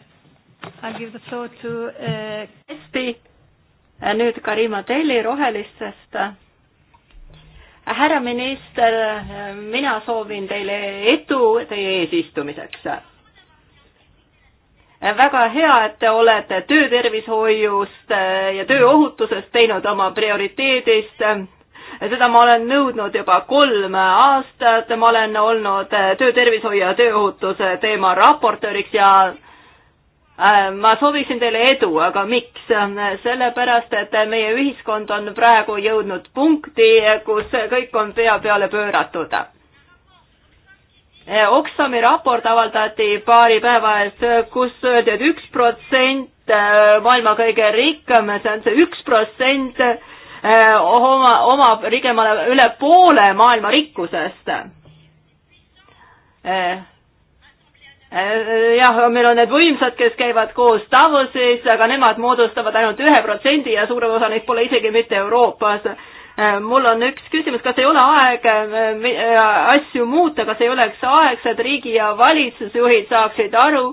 Speaker 1: I give the floor to uh... Esti, nüüd Karima Telli Rohelistest. härra minister, mina soovin teile edu teie eesistumiseks väga hea, et te olete töötervishoiust äh, ja tööohutusest teinud oma prioriteedist. seda ma olen nõudnud juba kolm aastat, ma olen olnud äh, töötervishoiu ja tööohutuse teema raportööriks ja äh, ma sooviksin teile edu, aga miks? sellepärast, et meie ühiskond on praegu jõudnud punkti, kus kõik on pea peale pööratud Eh, Oxfami raport avaldati paari päeva eest, eh, kus öeldi, et üks protsent eh, maailma kõige rikkam, see on see üks protsent oma, omab ligemale üle poole maailma rikkusest. jah, meil on need võimsad, kes käivad koos Davosis, aga nemad moodustavad ainult ühe protsendi ja suurem osa neist pole isegi mitte Euroopas Äh, mul on üks küsimus, kas ei ole aeg äh, äh, asju muuta, kas ei oleks aeg, et riigi ja valitsusjuhid saaksid aru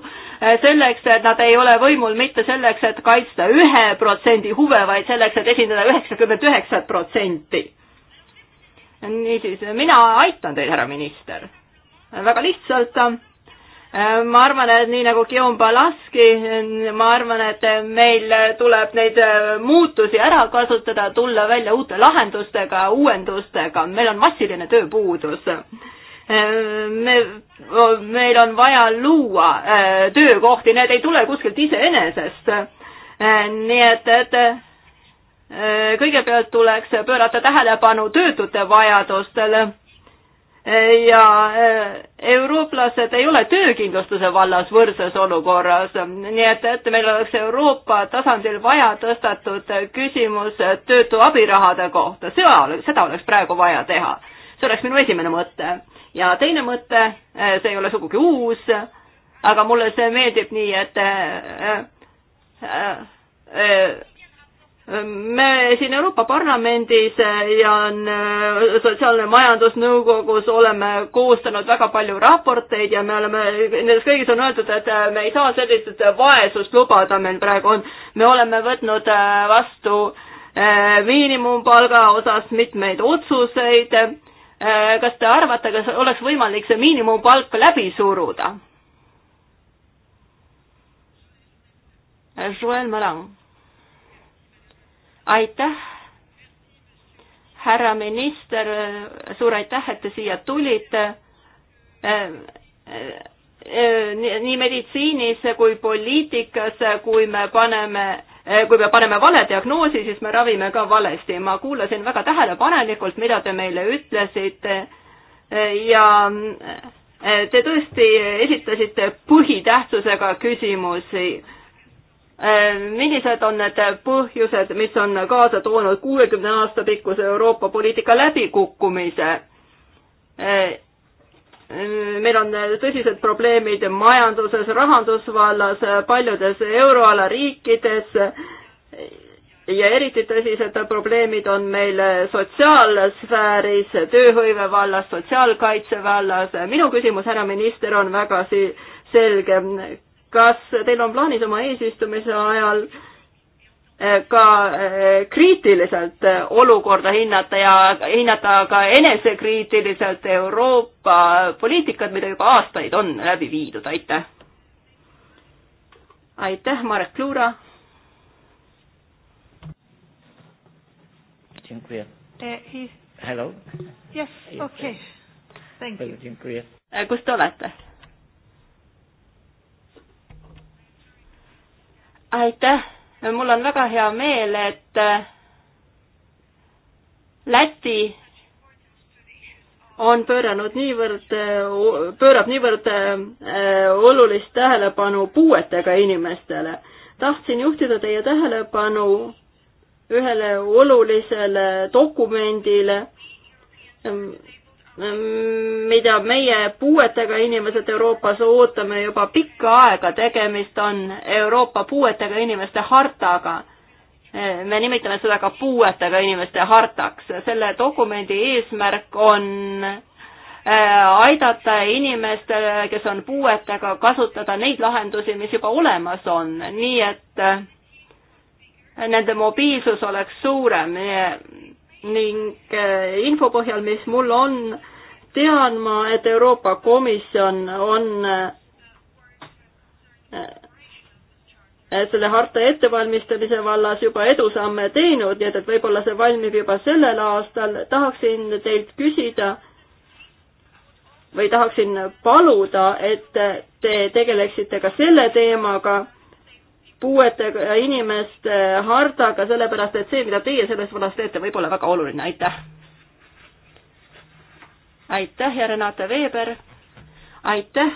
Speaker 1: selleks, et nad ei ole võimul mitte selleks, et kaitsta ühe protsendi huve, vaid selleks, et esindada üheksakümmend üheksat protsenti. niisiis, mina aitan teid, härra minister. väga lihtsalt Äh, ma arvan, et nii nagu Guillaume Balaski, ma arvan, et meil tuleb neid äh, muutusi ära kasutada, tulla välja uute lahendustega, uuendustega, meil on massiline tööpuudus. Äh, me, meil on vaja luua töökohti, need ei tule kuskilt iseenesest. nii et, et kõigepealt tuleks pöörata tähelepanu töötute vajadustele ja eh, eurooplased ei ole töökindlustuse vallas võrdses olukorras, nii et, et meil oleks Euroopa tasandil vaja tõstatud küsimus töötu abirahade kohta, seda, seda oleks praegu vaja teha. see oleks minu esimene mõte. ja teine mõte, eh, see ei ole sugugi uus, aga mulle see meeldib nii, et äh, äh, me siin Euroopa Parlamendis ja äh, Sotsiaalne Majandusnõukogus oleme koostanud väga palju raporteid ja me oleme, nendes kõigis on öeldud, et äh, me ei saa sellist vaesust lubada, meil praegu on, me oleme võtnud äh, vastu miinimumpalga osas mitmeid otsuseid. kas te arvate, kas oleks võimalik see miinimumpalk läbi suruda? Joel Malang aitäh, härra minister, suur aitäh, et te siia tulite äh, äh, äh, nii meditsiinis kui poliitikas, kui me paneme, kui me paneme vale diagnoosi, siis me ravime ka valesti. ma kuulasin väga tähelepanelikult, mida te meile ütlesite ja te tõesti esitasite põhitähtsusega küsimusi Äh, millised on need põhjused, mis on kaasa toonud kuuekümne aasta pikkuse Euroopa poliitika läbikukkumise? Äh, äh, meil on tõsised probleemid majanduses, rahandusvallas, paljudes euroala riikides ja eriti tõsised probleemid on meil sotsiaalsfääris, tööhõive vallas, sotsiaalkaitse vallas. minu küsimus, härra minister, on väga si-, selge kas teil on plaanis oma eesistumise ajal eh, ka eh, kriitiliselt eh, olukorda hinnata ja hinnata ka enesekriitiliselt Euroopa poliitikat, mida juba aastaid on läbi viidud, aitäh! aitäh, Marek Luura! Dziękuję. E, Hello? Yes, okei okay..
Speaker 2: Thank you.
Speaker 1: E, kus te olete? aitäh, mul on väga hea meel, et äh, Läti on pööranud niivõrd, äh, pöörab niivõrd äh, olulist tähelepanu puuetega inimestele. tahtsin juhtida teie tähelepanu ühele olulisele dokumendile, mida meie puuetega inimesed Euroopas ootame juba pikka aega, tegemist on Euroopa puuetega inimeste hartaga. me nimetame seda ka puuetega inimeste hartaks. selle dokumendi eesmärk on äh, aidata inimestel, kes on puuetega, kasutada neid lahendusi, mis juba olemas on, nii et äh, nende mobiilsus oleks suurem ning eh, info põhjal, mis mul on, tean ma, et Euroopa Komisjon on eh, eh, selle harta ettevalmistamise vallas juba edusamme teinud, nii et, et võib-olla see valmib juba sellel aastal. tahaksin teilt küsida või tahaksin paluda, et te tegeleksite ka selle teemaga puuetega inimeste hardaga, sellepärast et see, mida teie selles vallas teete, võib olla väga oluline, aitäh! aitäh ja Renate Veeber, aitäh!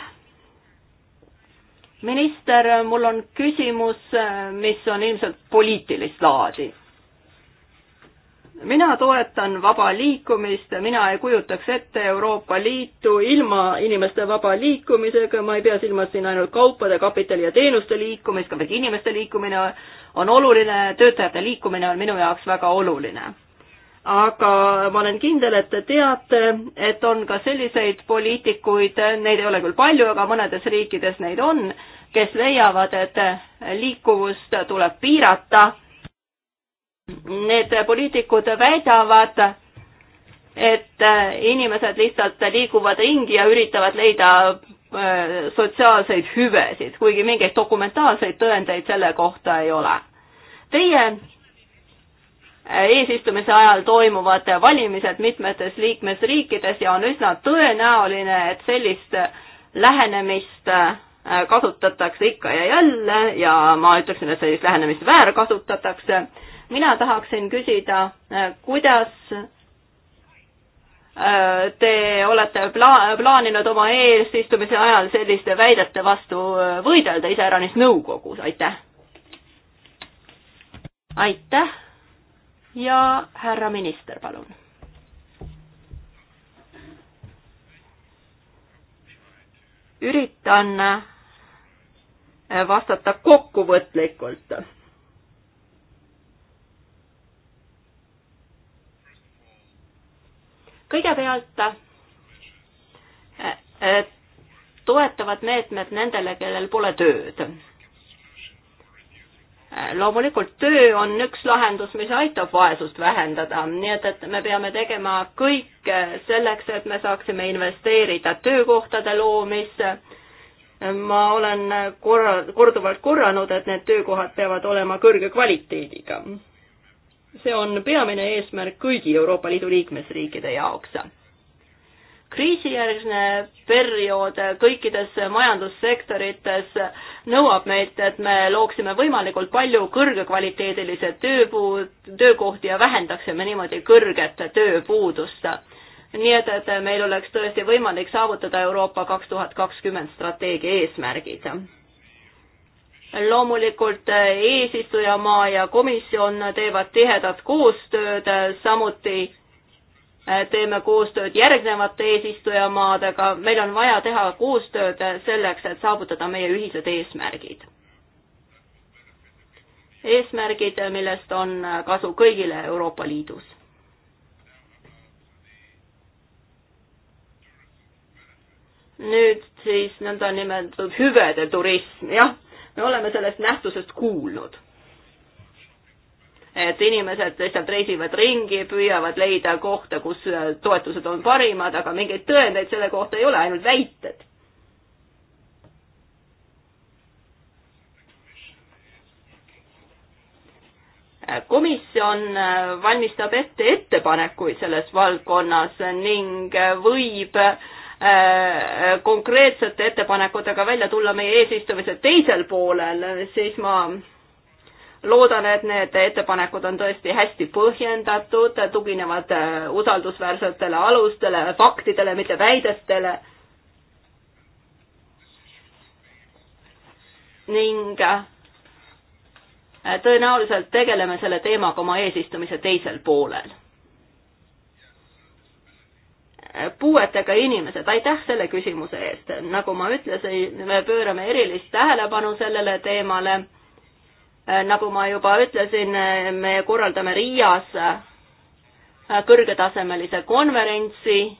Speaker 1: minister, mul on küsimus, mis on ilmselt poliitilist laadi mina toetan vaba liikumist, mina ei kujutaks ette Euroopa Liitu ilma inimeste vaba liikumisega, ma ei pea silmas siin ainult kaupade, kapitali ja teenuste liikumist, ka muidugi inimeste liikumine on oluline, töötajate liikumine on minu jaoks väga oluline. aga ma olen kindel, et te teate, et on ka selliseid poliitikuid, neid ei ole küll palju, aga mõnedes riikides neid on, kes leiavad, et liikuvust tuleb piirata need poliitikud väidavad, et inimesed lihtsalt liiguvad ringi ja üritavad leida äh, sotsiaalseid hüvesid, kuigi mingeid dokumentaalseid tõendeid selle kohta ei ole. Teie äh, eesistumise ajal toimuvad valimised mitmetes liikmesriikides ja on üsna tõenäoline, et sellist lähenemist äh, kasutatakse ikka ja jälle ja ma ütleksin, et sellist lähenemist väärkasutatakse mina tahaksin küsida, äh, kuidas äh, te olete pla-, plaaninud oma eesistumise ajal selliste väidete vastu äh, võidelda, iseäranis nõukogus, aitäh! aitäh ja härra minister, palun! üritan vastata kokkuvõtlikult kõigepealt äh, äh, toetavad meetmed nendele, kellel pole tööd. Äh, loomulikult töö on üks lahendus, mis aitab vaesust vähendada, nii et, et me peame tegema kõik selleks, et me saaksime investeerida töökohtade loomisse. ma olen korra, korduvalt korranud, et need töökohad peavad olema kõrge kvaliteediga see on peamine eesmärk kõigi Euroopa Liidu liikmesriikide jaoks. kriisijärgne periood kõikides majandussektorites nõuab meilt, et me looksime võimalikult palju kõrgekvaliteedilisi tööpuud, töökohti ja vähendaksime niimoodi kõrget tööpuudust. nii et, et meil oleks tõesti võimalik saavutada Euroopa kaks tuhat kakskümmend strateegia eesmärgid loomulikult eh, eesistujamaa ja komisjon teevad tihedat koostööd, eh, samuti eh, teeme koostööd järgnevate eesistujamaadega, meil on vaja teha koostööd selleks, et saavutada meie ühised eesmärgid. eesmärgid, millest on kasu kõigile Euroopa Liidus. nüüd siis nõndanimetatud hüvede turism, jah me oleme sellest nähtusest kuulnud. et inimesed lihtsalt reisivad ringi, püüavad leida kohta, kus äh, toetused on parimad, aga mingeid tõendeid selle kohta ei ole, ainult väited. komisjon äh, valmistab ette ettepanekuid selles valdkonnas ning äh, võib äh, Äh, äh, konkreetsete ettepanekutega välja tulla meie eesistumise teisel poolel, siis ma loodan, et need ettepanekud on tõesti hästi põhjendatud, tuginevad äh, usaldusväärsetele alustele, faktidele, mitte väidetele. ning tõenäoliselt tegeleme selle teemaga oma eesistumise teisel poolel puuetega inimesed, aitäh selle küsimuse eest. nagu ma ütlesin, me pöörame erilist tähelepanu sellele teemale. nagu ma juba ütlesin, me korraldame Riias kõrgetasemelise konverentsi.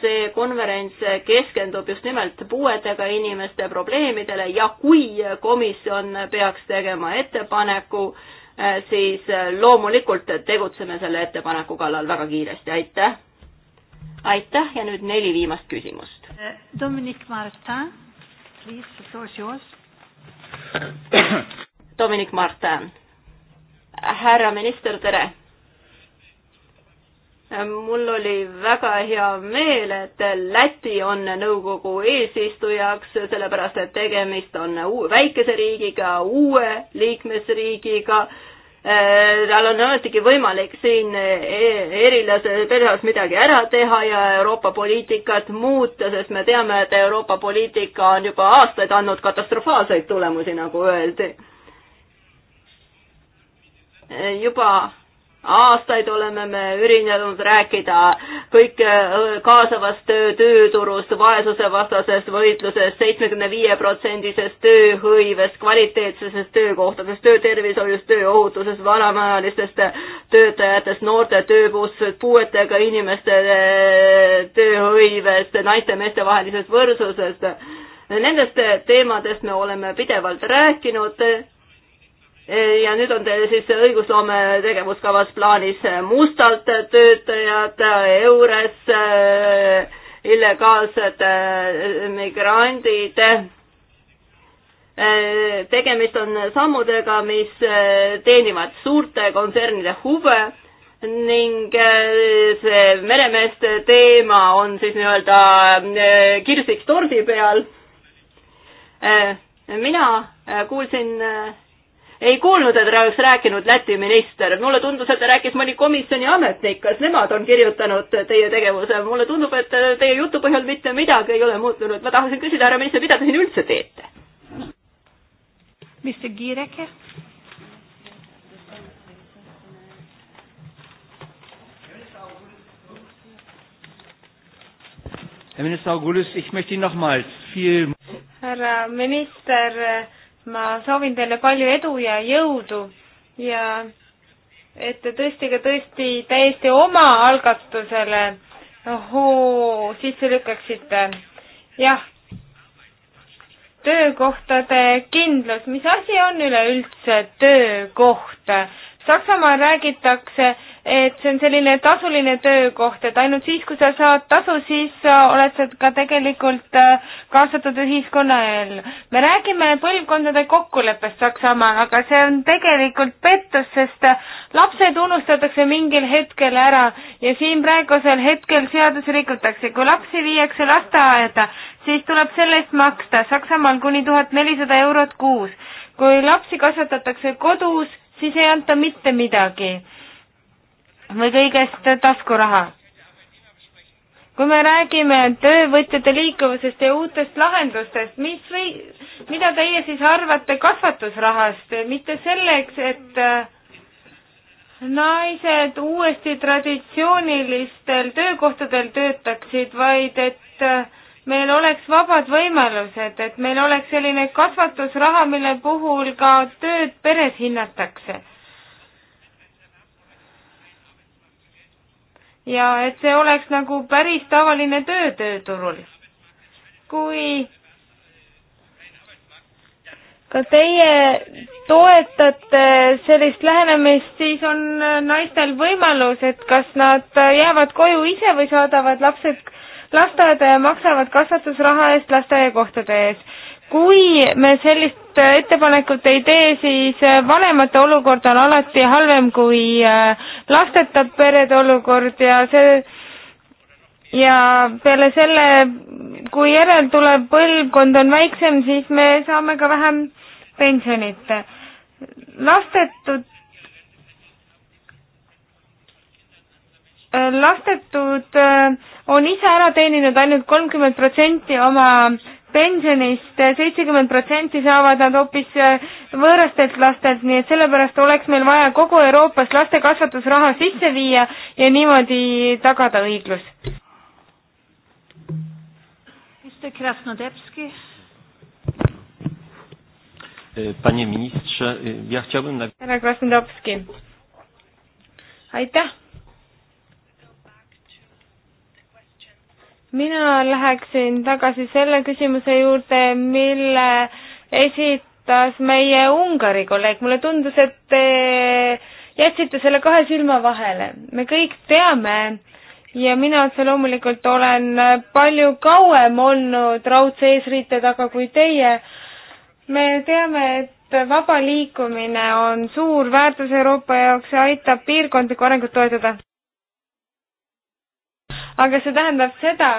Speaker 1: see konverents keskendub just nimelt puuetega inimeste probleemidele ja kui komisjon peaks tegema ettepaneku äh, Äh, siis äh, loomulikult tegutseme selle ettepaneku kallal väga kiiresti, aitäh. aitäh ja nüüd neli viimast küsimust.
Speaker 2: Äh, Dominic Martin, please, the floor is yours.
Speaker 1: Dominic Martin, härra minister, tere. mul oli väga hea meel, et Läti on nõukogu eesistujaks, sellepärast et tegemist on väikese riigiga, uue liikmesriigiga Äh, tal on ometigi võimalik siin äh, erilase äh, perioodis midagi ära teha ja Euroopa poliitikat muuta, sest me teame, et Euroopa poliitika on juba aastaid andnud katastrofaalseid tulemusi, nagu öeldi. juba aastaid oleme me ürinenud rääkida kõik äh, kaasavast töö, tööturust, vaesusevastasest võitlusest, seitsmekümne viie protsendisest tööhõivest, kvaliteetsesest töökohtadest, töötervishoiust, tööohutusest, vanemaealistest töötajatest, noorte tööpuudusest, puuetega inimeste äh, tööhõivest, naiste-meeste vahelisest võrdsusest. Nendest teemadest me oleme pidevalt rääkinud ja nüüd on teil siis õigusloome tegevuskavas plaanis mustalt töötajad, EURES, illegaalsed äh, migrandid. Äh, tegemist on sammudega, mis äh, teenivad suurte kontsernide huve ning see meremeeste teema on siis nii-öelda kirsiks tordi peal. mina kuulsin ei kuulnud, et oleks rääkinud Läti minister. mulle tundus, et rääkis mõni komisjoni ametnik, kas nemad on kirjutanud teie tegevuse. mulle tundub, et teie jutu põhjal mitte midagi ei ole muutunud. ma tahtsin küsida, härra minister, mida te siin üldse teete? Mr Gireke.
Speaker 3: Herr Minister Augustus, ich möchte Ihnen nochmals viel härra minister ma soovin teile palju edu ja jõudu ja et te tõesti ka tõesti täiesti oma algatusele hoo sisse lükkaksite. jah, töökohtade kindlus, mis asi on üleüldse töökoht? Saksamaal räägitakse, et see on selline tasuline töökoht, et ainult siis, kui sa saad tasu, siis oled sa ka tegelikult äh, kaasatud ühiskonnaellu. me räägime põlvkondade kokkuleppest Saksamaal, aga see on tegelikult pettus, sest äh, lapsed unustatakse mingil hetkel ära ja siin praegusel hetkel seadus rikutakse. kui lapsi viiakse lasteaeda, siis tuleb selle eest maksta Saksamaal kuni tuhat nelisada eurot kuus. kui lapsi kasvatatakse kodus, siis ei anta mitte midagi või kõigest taskuraha. kui me räägime töövõtjate liikuvusest ja uutest lahendustest, mis või, mida teie siis arvate kasvatusrahast, mitte selleks, et äh, naised uuesti traditsioonilistel töökohtadel töötaksid, vaid et äh, meil oleks vabad võimalused, et meil oleks selline kasvatusraha, mille puhul ka tööd peres hinnatakse. ja et see oleks nagu päris tavaline töö tööturul. kui ka teie toetate sellist lähenemist, siis on naistel võimalus, et kas nad jäävad koju ise või saadavad lapsed lasteaeda ja maksavad kasvatusraha eest lasteaiakohtade ees. kui me sellist ettepanekut ei tee, siis vanemate olukord on alati halvem kui äh, lasteta perede olukord ja see ja peale selle, kui järeltulev põlvkond on väiksem, siis me saame ka vähem pensionit. lastetud Äh, lastetud äh, on ise ära teeninud ainult kolmkümmend protsenti oma pensionist, äh, seitsekümmend protsenti saavad nad hoopis võõrastelt lastelt, nii et sellepärast oleks meil vaja kogu Euroopas laste kasvatusraha sisse viia ja niimoodi tagada õiglus.
Speaker 2: E,
Speaker 5: e,
Speaker 3: härra Krasnodebski, aitäh! mina läheksin tagasi selle küsimuse juurde, mille esitas meie Ungari kolleeg. mulle tundus, et te jätsite selle kahe silma vahele. me kõik teame ja mina otse loomulikult olen palju kauem olnud raudse eesriite taga kui teie. me teame, et vaba liikumine on suur väärtus Euroopa jaoks ja aitab piirkondlikku arengut toetada aga see tähendab seda,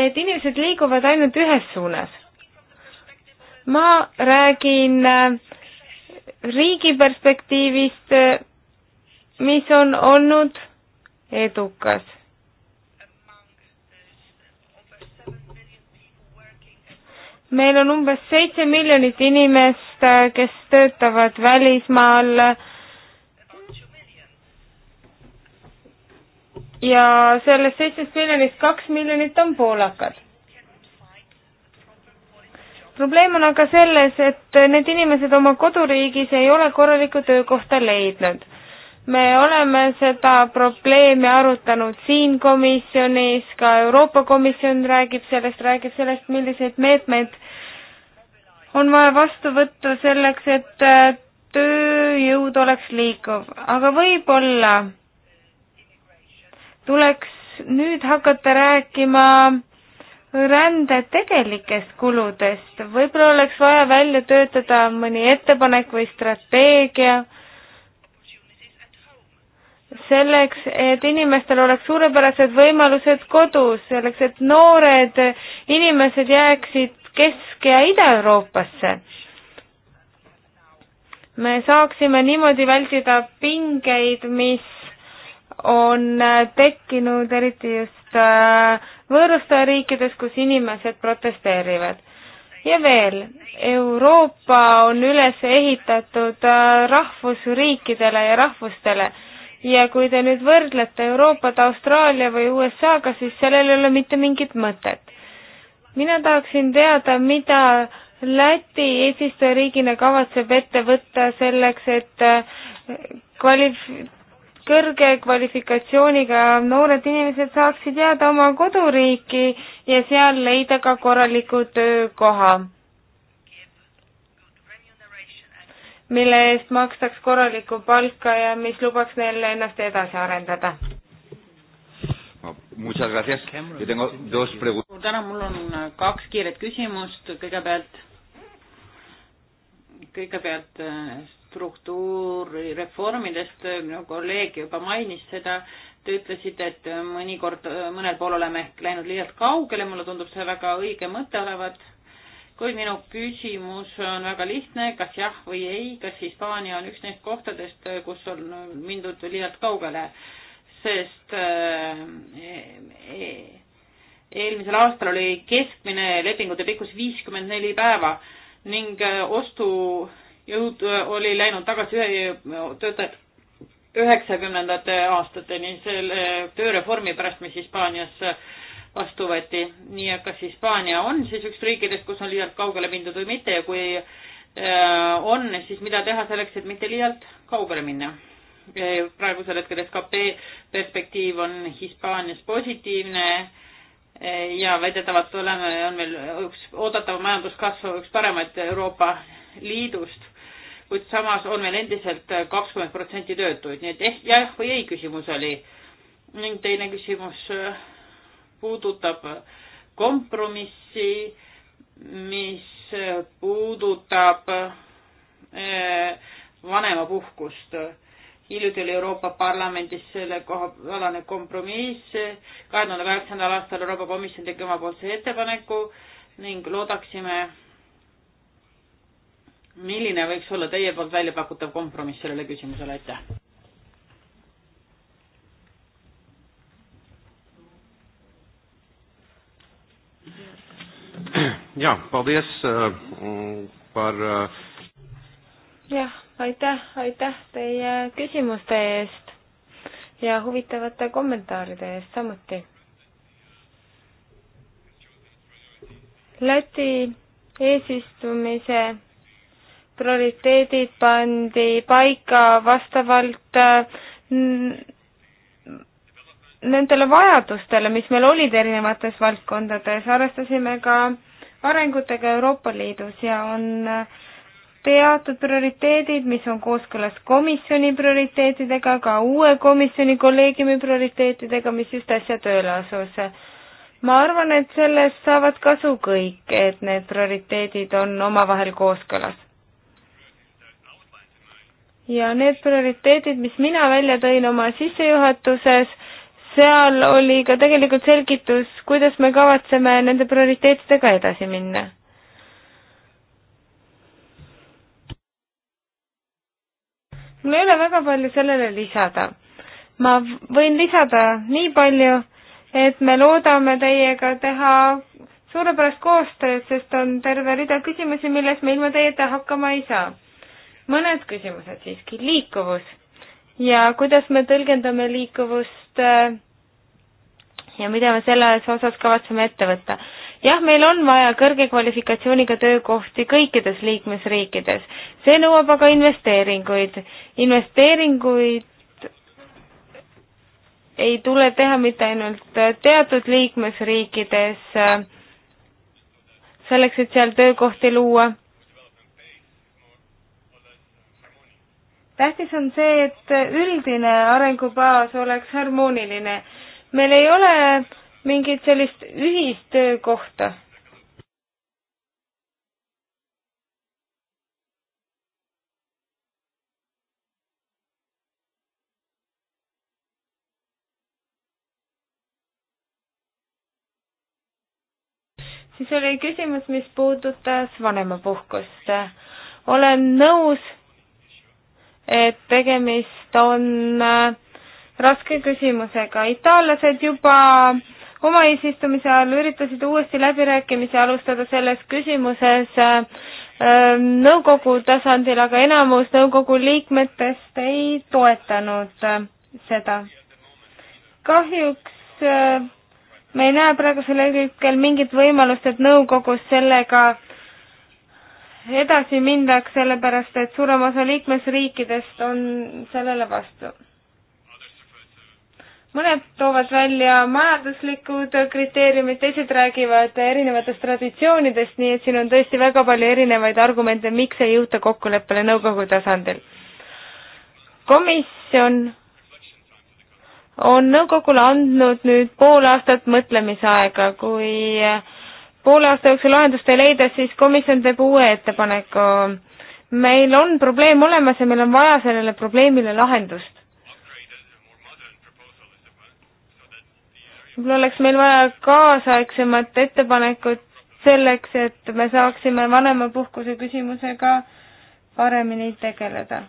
Speaker 3: et inimesed liiguvad ainult ühes suunas. ma räägin äh, riigi perspektiivist, äh, mis on olnud edukas. meil on umbes seitse miljonit inimest, äh, kes töötavad välismaal ja sellest seitsmest miljonist kaks miljonit on poolakad. probleem on aga selles, et need inimesed oma koduriigis ei ole korralikku töökohta leidnud. me oleme seda probleemi arutanud siin komisjonis, ka Euroopa Komisjon räägib sellest, räägib sellest, milliseid meetmeid on vaja vastu võtta selleks, et tööjõud oleks liikuv, aga võib-olla tuleks nüüd hakata rääkima rände tegelikest kuludest, võib-olla oleks vaja välja töötada mõni ettepanek või strateegia selleks, et inimestel oleks suurepärased võimalused kodus, selleks, et noored inimesed jääksid Kesk- ja Ida-Euroopasse. me saaksime niimoodi vältida pingeid, mis on äh, tekkinud eriti just äh, võõrustajariikides, kus inimesed protesteerivad. ja veel, Euroopa on üles ehitatud äh, rahvusriikidele ja rahvustele ja kui te nüüd võrdlete Euroopat Austraalia või USA-ga, siis sellel ei ole mitte mingit mõtet. mina tahaksin teada, mida Läti eesistujariigina kavatseb ette võtta selleks, et kvalif-, kõrge kvalifikatsiooniga noored inimesed saaksid jääda oma koduriiki ja seal leida ka korraliku töökoha, mille eest makstaks korralikku palka ja mis lubaks neil ennast edasi arendada.
Speaker 4: suur tänu, mul on kaks kiiret küsimust, kõigepealt, kõigepealt struktuurireformidest, minu kolleeg juba mainis seda, te ütlesite, et mõnikord mõnel pool oleme ehk läinud liialt kaugele, mulle tundub see väga õige mõte olevat, kuid minu küsimus on väga lihtne, kas jah või ei, kas Hispaania on üks neist kohtadest, kus on mindud liialt kaugele, sest äh, e, e, eelmisel aastal oli keskmine lepingute pikkus viiskümmend neli päeva ning äh, ostu jõud äh, oli läinud tagasi töötajate üheksakümnendate aastateni selle tööreformi pärast, mis Hispaanias äh, vastu võeti. nii et kas Hispaania on siis üks riikidest, kus on liialt kaugele mindud või mitte ja kui äh, on, siis mida teha selleks, et mitte liialt kaugele minna? praegusel hetkel skp perspektiiv on Hispaanias positiivne ja väidetavalt oleme, on meil üks oodatav majanduskasv, üks paremaid Euroopa Liidust kuid samas on meil endiselt kakskümmend protsenti töötuid, nii et ehk jah või ei küsimus oli. ning teine küsimus äh, puudutab kompromissi, mis äh, puudutab äh, vanemapuhkust. hiljuti oli Euroopa Parlamendis selle kohapealane kompromiss, kahe tuhande kaheksandal aastal Euroopa Komisjon tegi omapoolse ettepaneku ning loodaksime milline võiks olla teie poolt välja pakutav kompromiss sellele küsimusele, aitäh!
Speaker 5: jah, paldies äh, par äh,
Speaker 3: jah, aitäh, aitäh teie küsimuste eest ja huvitavate kommentaaride eest samuti. Läti eesistumise prioriteedid pandi paika vastavalt äh, nendele vajadustele, mis meil olid erinevates valdkondades, arvestasime ka arengutega Euroopa Liidus ja on äh, teatud prioriteedid, mis on kooskõlas komisjoni prioriteetidega, ka uue komisjoni kolleegiumi prioriteetidega, mis just äsja tööle asus. ma arvan, et sellest saavad kasu kõik, et need prioriteedid on omavahel kooskõlas ja need prioriteedid, mis mina välja tõin oma sissejuhatuses, seal oli ka tegelikult selgitus, kuidas me kavatseme nende prioriteetidega edasi minna. mul ei ole väga palju sellele lisada. ma võin lisada nii palju, et me loodame teiega teha suurepärast koostööd, sest on terve rida küsimusi, milles me ilma teieta hakkama ei saa mõned küsimused siiski. liikuvus ja kuidas me tõlgendame liikuvust äh, ja mida me selles osas kavatseme ette võtta? jah, meil on vaja kõrge kvalifikatsiooniga töökohti kõikides liikmesriikides. see nõuab aga investeeringuid. investeeringuid ei tule teha mitte ainult teatud liikmesriikides äh, selleks, et seal töökohti luua tähtis on see, et üldine arengubaas oleks harmooniline. meil ei ole mingit sellist ühist töökohta. siis oli küsimus, mis puudutas vanemapuhkust. olen nõus et tegemist on äh, raske küsimusega. itaallased juba oma eesistumise ajal üritasid uuesti läbirääkimisi alustada selles küsimuses äh, ähm, nõukogu tasandil, aga enamus nõukogu liikmetest ei toetanud äh, seda. kahjuks me ei näe praegusel hetkel mingit võimalust, et nõukogus sellega edasi mindaks, sellepärast et suurem osa liikmesriikidest on sellele vastu. mõned toovad välja majanduslikud kriteeriumid, teised räägivad erinevatest traditsioonidest, nii et siin on tõesti väga palju erinevaid argumente, miks ei jõuta kokkuleppele nõukogu tasandil. komisjon on nõukogule andnud nüüd pool aastat mõtlemisaega, kui äh, poole aasta jooksul lahendust ei leida, siis komisjon teeb uue ettepaneku. meil on probleem olemas ja meil on vaja sellele probleemile lahendust. võib-olla oleks meil vaja kaasaegsemat ettepanekut selleks, et me saaksime vanemapuhkuse küsimusega paremini tegeleda.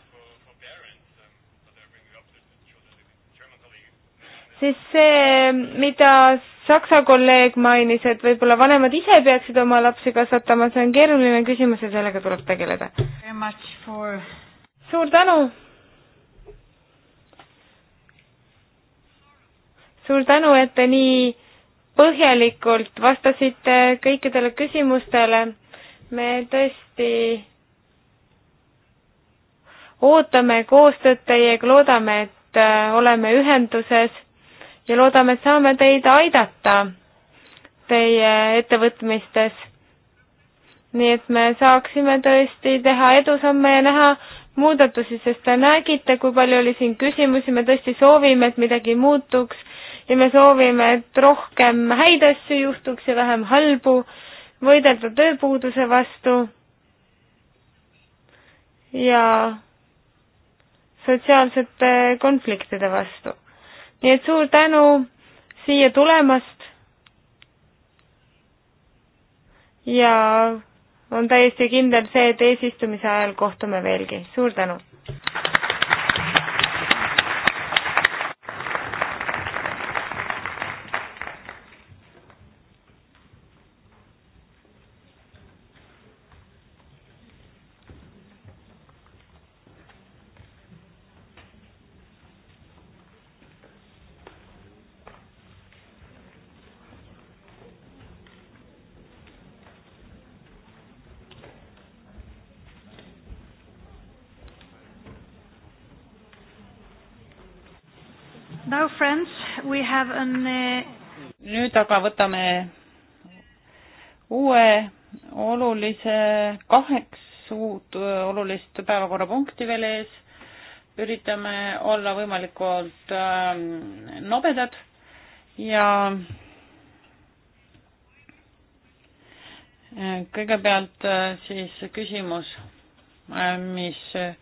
Speaker 3: siis see, mida Saksa kolleeg mainis, et võib-olla vanemad ise peaksid oma lapsi kasvatama, see on keeruline küsimus ja sellega tuleb tegeleda. For... suur tänu! suur tänu, et te nii põhjalikult vastasite kõikidele küsimustele. me tõesti ootame koostööd teiega, loodame, et äh, oleme ühenduses ja loodame, et saame teid aidata teie ettevõtmistes. nii et me saaksime tõesti teha edusamme ja näha muudatusi, sest te nägite, kui palju oli siin küsimusi, me tõesti soovime, et midagi muutuks ja me soovime, et rohkem häid asju juhtuks ja vähem halbu, võidelda tööpuuduse vastu ja sotsiaalsete konfliktide vastu nii et suur tänu siia tulemast ja on täiesti kindel see, et eesistumise ajal kohtume veelgi. suur tänu!
Speaker 2: on...
Speaker 4: nüüd aga võtame uue olulise, kaheks uut äh, olulist päevakorrapunkti veel ees. üritame olla võimalikult äh, nobedad ja äh, kõigepealt äh, siis küsimus, mis äh,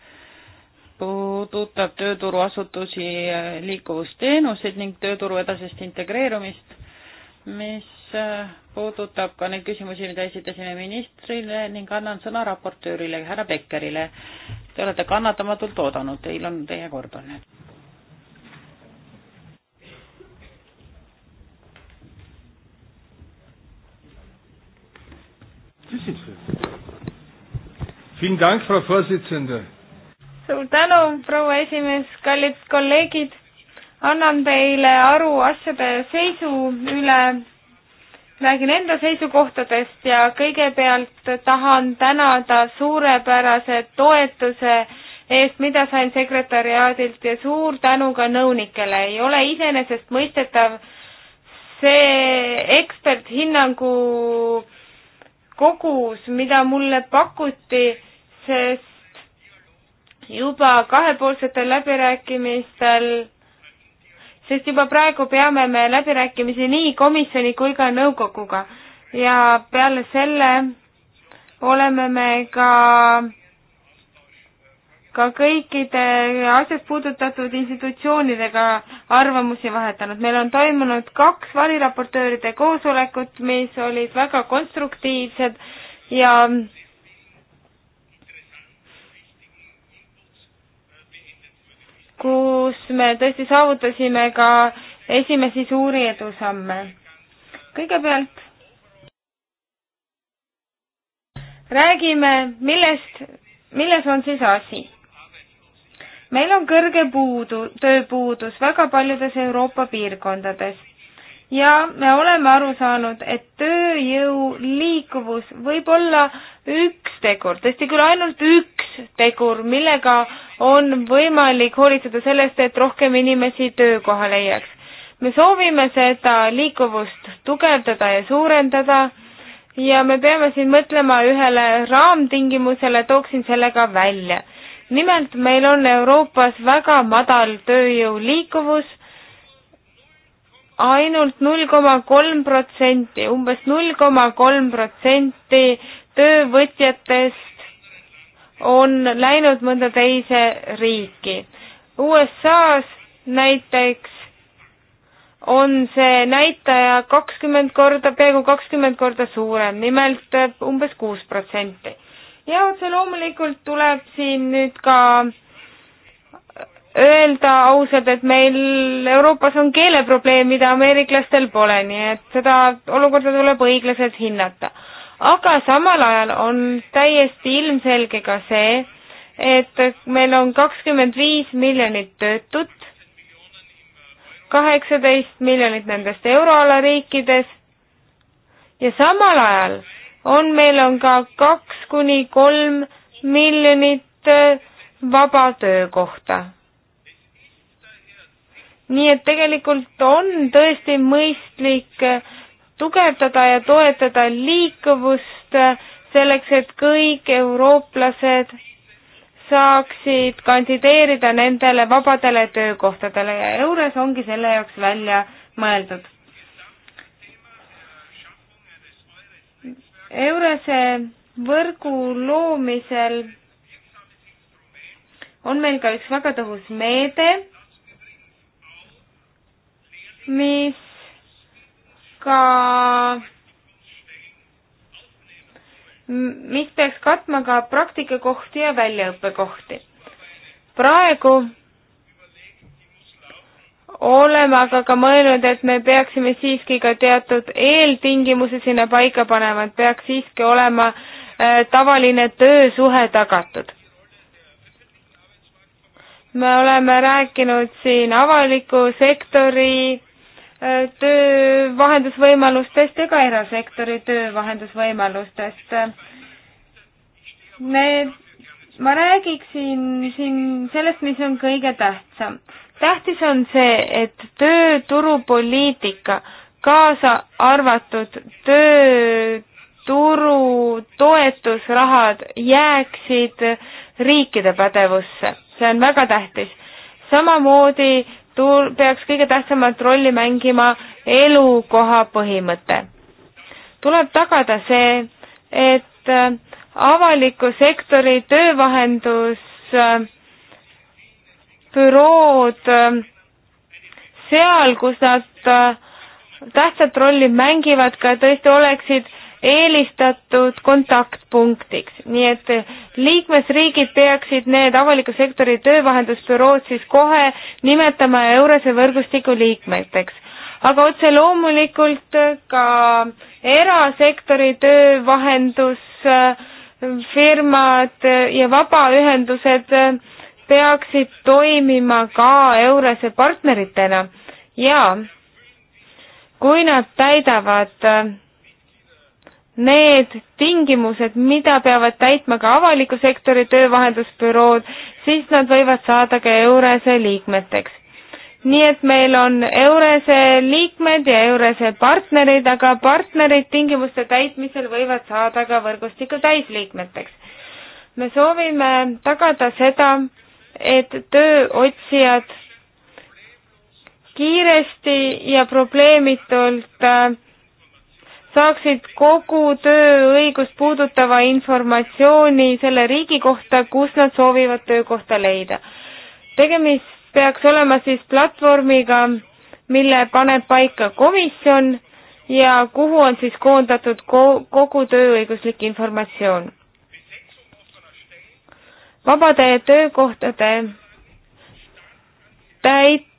Speaker 4: puudutab tööturuasutusi äh, liikuvusteenuseid ning tööturu edasist integreerumist, mis äh, puudutab ka neid küsimusi, mida esitasime ministrile ning annan sõna raportöörile, härra Pekkerile. Te olete kannatamatult oodanud, teil on teie kord on nüüd.
Speaker 5: Vielen Dank, Frau Vorsitzende
Speaker 3: suur tänu, proua esimees, kallid kolleegid. annan teile aru asjade seisu üle. räägin enda seisukohtadest ja kõigepealt tahan tänada suurepärase toetuse eest, mida sain sekretäriaadilt ja suur tänu ka nõunikele. ei ole iseenesestmõistetav see eksperthinnangu kogus, mida mulle pakuti, sest juba kahepoolsetel läbirääkimistel, sest juba praegu peame me läbirääkimisi nii komisjoni kui ka nõukoguga ja peale selle oleme me ka ka kõikide asjast puudutatud institutsioonidega arvamusi vahetanud. meil on toimunud kaks variraportööride koosolekut, mis olid väga konstruktiivsed ja kus me tõesti saavutasime ka esimesi suuri edusamme. kõigepealt räägime, millest, milles on siis asi. meil on kõrge puudu, tööpuudus väga paljudes Euroopa piirkondades ja me oleme aru saanud, et tööjõu liikuvus võib olla üks tegur, tõesti küll ainult üks, tegur, millega on võimalik hoolitseda sellest, et rohkem inimesi töökoha leiaks. me soovime seda liikuvust tugevdada ja suurendada ja me peame siin mõtlema ühele raamtingimusele, tooksin selle ka välja. nimelt meil on Euroopas väga madal tööjõu liikuvus ainult null koma kolm protsenti, umbes null koma kolm protsenti töövõtjatest on läinud mõnda teise riiki. USA-s näiteks on see näitaja kakskümmend korda, peaaegu kakskümmend korda suurem, nimelt äh, umbes kuus protsenti. ja otse loomulikult tuleb siin nüüd ka äh, öelda ausalt, et meil Euroopas on keeleprobleem, mida ameeriklastel pole, nii et seda olukorda tuleb õiglaselt hinnata aga samal ajal on täiesti ilmselge ka see, et meil on kakskümmend viis miljonit töötut, kaheksateist miljonit nendest euroala riikides ja samal ajal on, meil on ka kaks kuni kolm miljonit äh, vaba töökohta. nii et tegelikult on tõesti mõistlik äh, tugevdada ja toetada liikuvust selleks, et kõik eurooplased saaksid kandideerida nendele vabadele töökohtadele ja EURES ongi selle jaoks välja mõeldud. EURES-e võrgu loomisel on meil ka üks väga tõhus meede, mis ka mis peaks katma ka praktikakohti ja väljaõppekohti. praegu oleme aga ka mõelnud, et me peaksime siiski ka teatud eeltingimusi sinna paika panema, et peaks siiski olema äh, tavaline töösuhe tagatud. me oleme rääkinud siin avaliku sektori töövahendusvõimalustest ega erasektori töövahendusvõimalustest. Need, ma räägiksin siin sellest, mis on kõige tähtsam. tähtis on see, et tööturupoliitika, kaasa arvatud tööturu toetusrahad jääksid riikide pädevusse, see on väga tähtis. samamoodi tuul, peaks kõige tähtsamat rolli mängima elukoha põhimõte. tuleb tagada see, et äh, avaliku sektori töövahendusbürood äh, äh, seal, kus nad tähtsat rolli mängivad, ka tõesti oleksid eelistatud kontaktpunktiks. nii et liikmesriigid peaksid need avaliku sektori töövahendusbürood siis kohe nimetama Eurose võrgustiku liikmeteks. aga otse loomulikult ka erasektori töövahendusfirmad ja vabaühendused peaksid toimima ka Eurose partneritena ja kui nad täidavad need tingimused, mida peavad täitma ka avaliku sektori töövahendusbürood, siis nad võivad saada ka Eurese liikmeteks. nii et meil on Eurese liikmed ja Eurese partnerid, aga partnerid tingimuste täitmisel võivad saada ka võrgustiku täisliikmeteks. me soovime tagada seda, et tööotsijad kiiresti ja probleemitult äh, saaksid kogu tööõigust puudutava informatsiooni selle riigi kohta, kus nad soovivad töökohta leida. tegemist peaks olema siis platvormiga, mille paneb paika komisjon ja kuhu on siis koondatud ko kogu tööõiguslik informatsioon. vabade töökohtade täit-,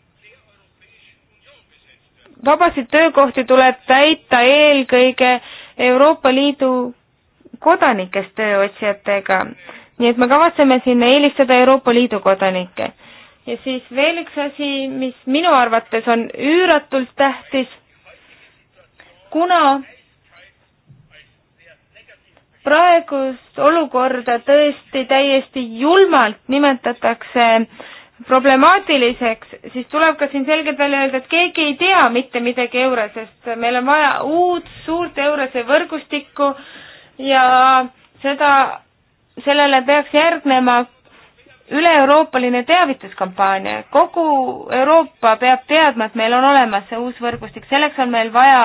Speaker 3: vabasid töökohti tuleb täita eelkõige Euroopa Liidu kodanikest tööotsijatega, nii et me kavatseme sinna eelistada Euroopa Liidu kodanikke. ja siis veel üks asi, mis minu arvates on üüratult tähtis, kuna praegust olukorda tõesti täiesti julmalt nimetatakse äh, problemaatiliseks, siis tuleb ka siin selgelt välja öelda, et keegi ei tea mitte midagi Euresest, meil on vaja uut suurt Eurese võrgustikku ja seda, sellele peaks järgnema üle-euroopaline teavituskampaania, kogu Euroopa peab teadma, et meil on olemas see uus võrgustik, selleks on meil vaja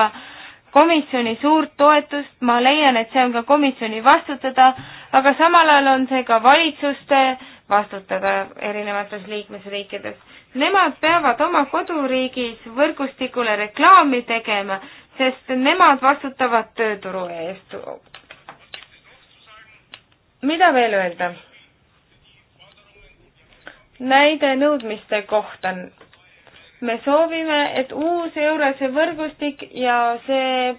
Speaker 3: komisjoni suurt toetust, ma leian, et see on ka komisjoni vastutada, aga samal ajal on see ka valitsuste äh, vastutada erinevates liikmesriikides. Nemad peavad oma koduriigis võrgustikule reklaami tegema, sest nemad vastutavad tööturu eest. mida veel öelda? näide nõudmiste kohta. me soovime, et uus Eurose võrgustik ja see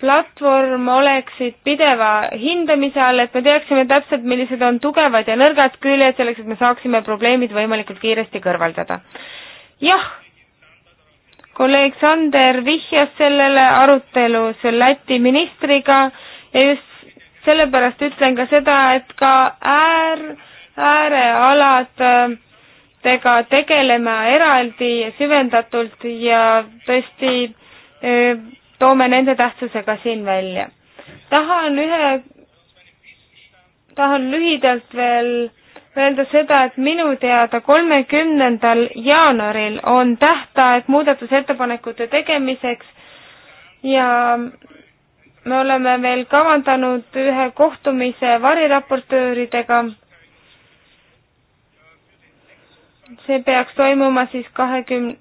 Speaker 3: platvorm oleksid pideva hindamise all, et me teaksime täpselt, millised on tugevad ja nõrgad küljed, selleks et me saaksime probleemid võimalikult kiiresti kõrvaldada. jah, kolleeg Sander vihjas sellele arutelus Läti ministriga ja just sellepärast ütlen ka seda, et ka äär, äärealadega äh, tegeleme eraldi ja süvendatult ja tõesti äh, toome nende tähtsuse ka siin välja. tahan ühe, tahan lühidalt veel öelda seda, et minu teada kolmekümnendal jaanuaril on tähtaeg muudatusettepanekute tegemiseks ja me oleme veel kavandanud ühe kohtumise variraportööridega. see peaks toimuma siis kahekümne,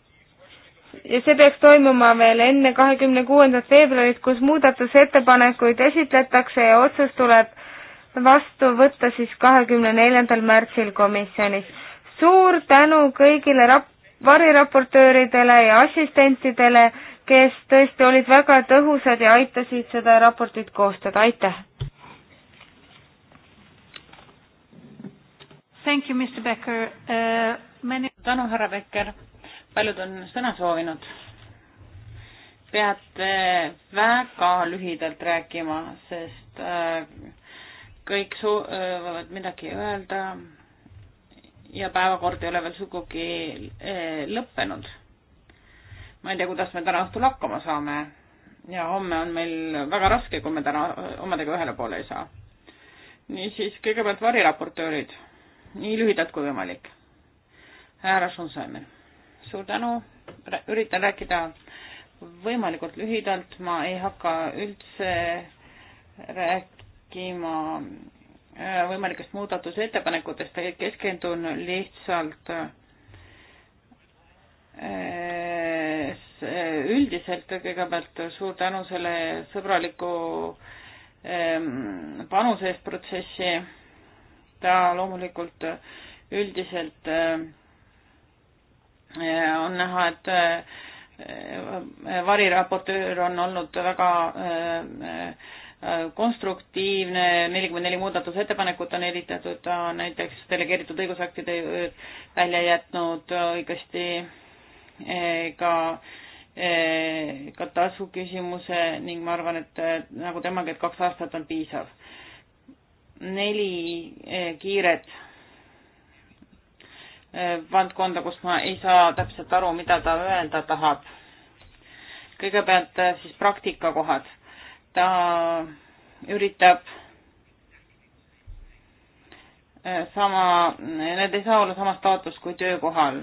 Speaker 3: ja see peaks toimuma veel enne kahekümne kuuendat veebruarit, kus muudatusettepanekuid esitletakse ja otsus tuleb vastu võtta siis kahekümne neljandal märtsil komisjonis. suur tänu kõigile rap-, variraportööridele ja assistentidele, kes tõesti olid väga tõhusad ja aitasid seda raportit koostada, aitäh! Thank you, Mr Becker
Speaker 4: uh,. Many... tänu, härra Becker! paljud on sõna soovinud. peate väga lühidalt rääkima, sest äh, kõik soovivad midagi öelda ja päevakord ei ole veel sugugi äh, lõppenud. ma ei tea, kuidas me täna õhtul hakkama saame ja homme on meil väga raske, kui me täna omadega ühele poole ei saa. niisiis, kõigepealt variraportöörid, nii lühidalt kui võimalik. härra Schunsheimer suur tänu, üritan rääkida võimalikult lühidalt, ma ei hakka üldse rääkima äh, võimalikest muudatusettepanekutest, keskendun lihtsalt äh, üldiselt kõigepealt suur tänu selle sõbraliku ähm, panuse eest protsessi. ta loomulikult üldiselt äh, Eh, on näha, et eh, variraportöör on olnud väga eh, konstruktiivne, nelikümmend neli muudatusettepanekut on esitatud, ta on näiteks delegeeritud õigusaktide välja jätnud õigesti ka ka tasu küsimuse ning ma arvan, et nagu temagi, et kaks aastat on piisav. neli kiiret Eh, valdkonda, kus ma ei saa täpselt aru, mida ta öelda tahab. kõigepealt eh, siis praktikakohad. ta üritab eh, sama, need ei saa olla sama staatus kui töökohal.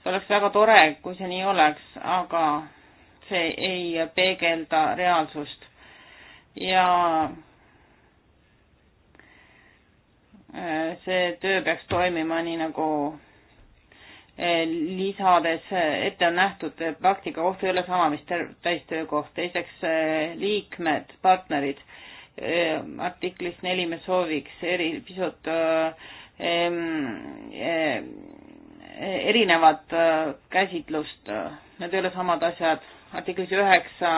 Speaker 4: see oleks väga tore, kui see nii oleks, aga see ei peegelda reaalsust. ja see töö peaks toimima nii, nagu Eh, lisades eh, ette on nähtud, et praktika koht ei ole sama, mis täistöökoht. teiseks eh, liikmed, partnerid. artiklis neli me sooviks eri, pisut erinevat käsitlust, need ei ole samad asjad. artiklis üheksa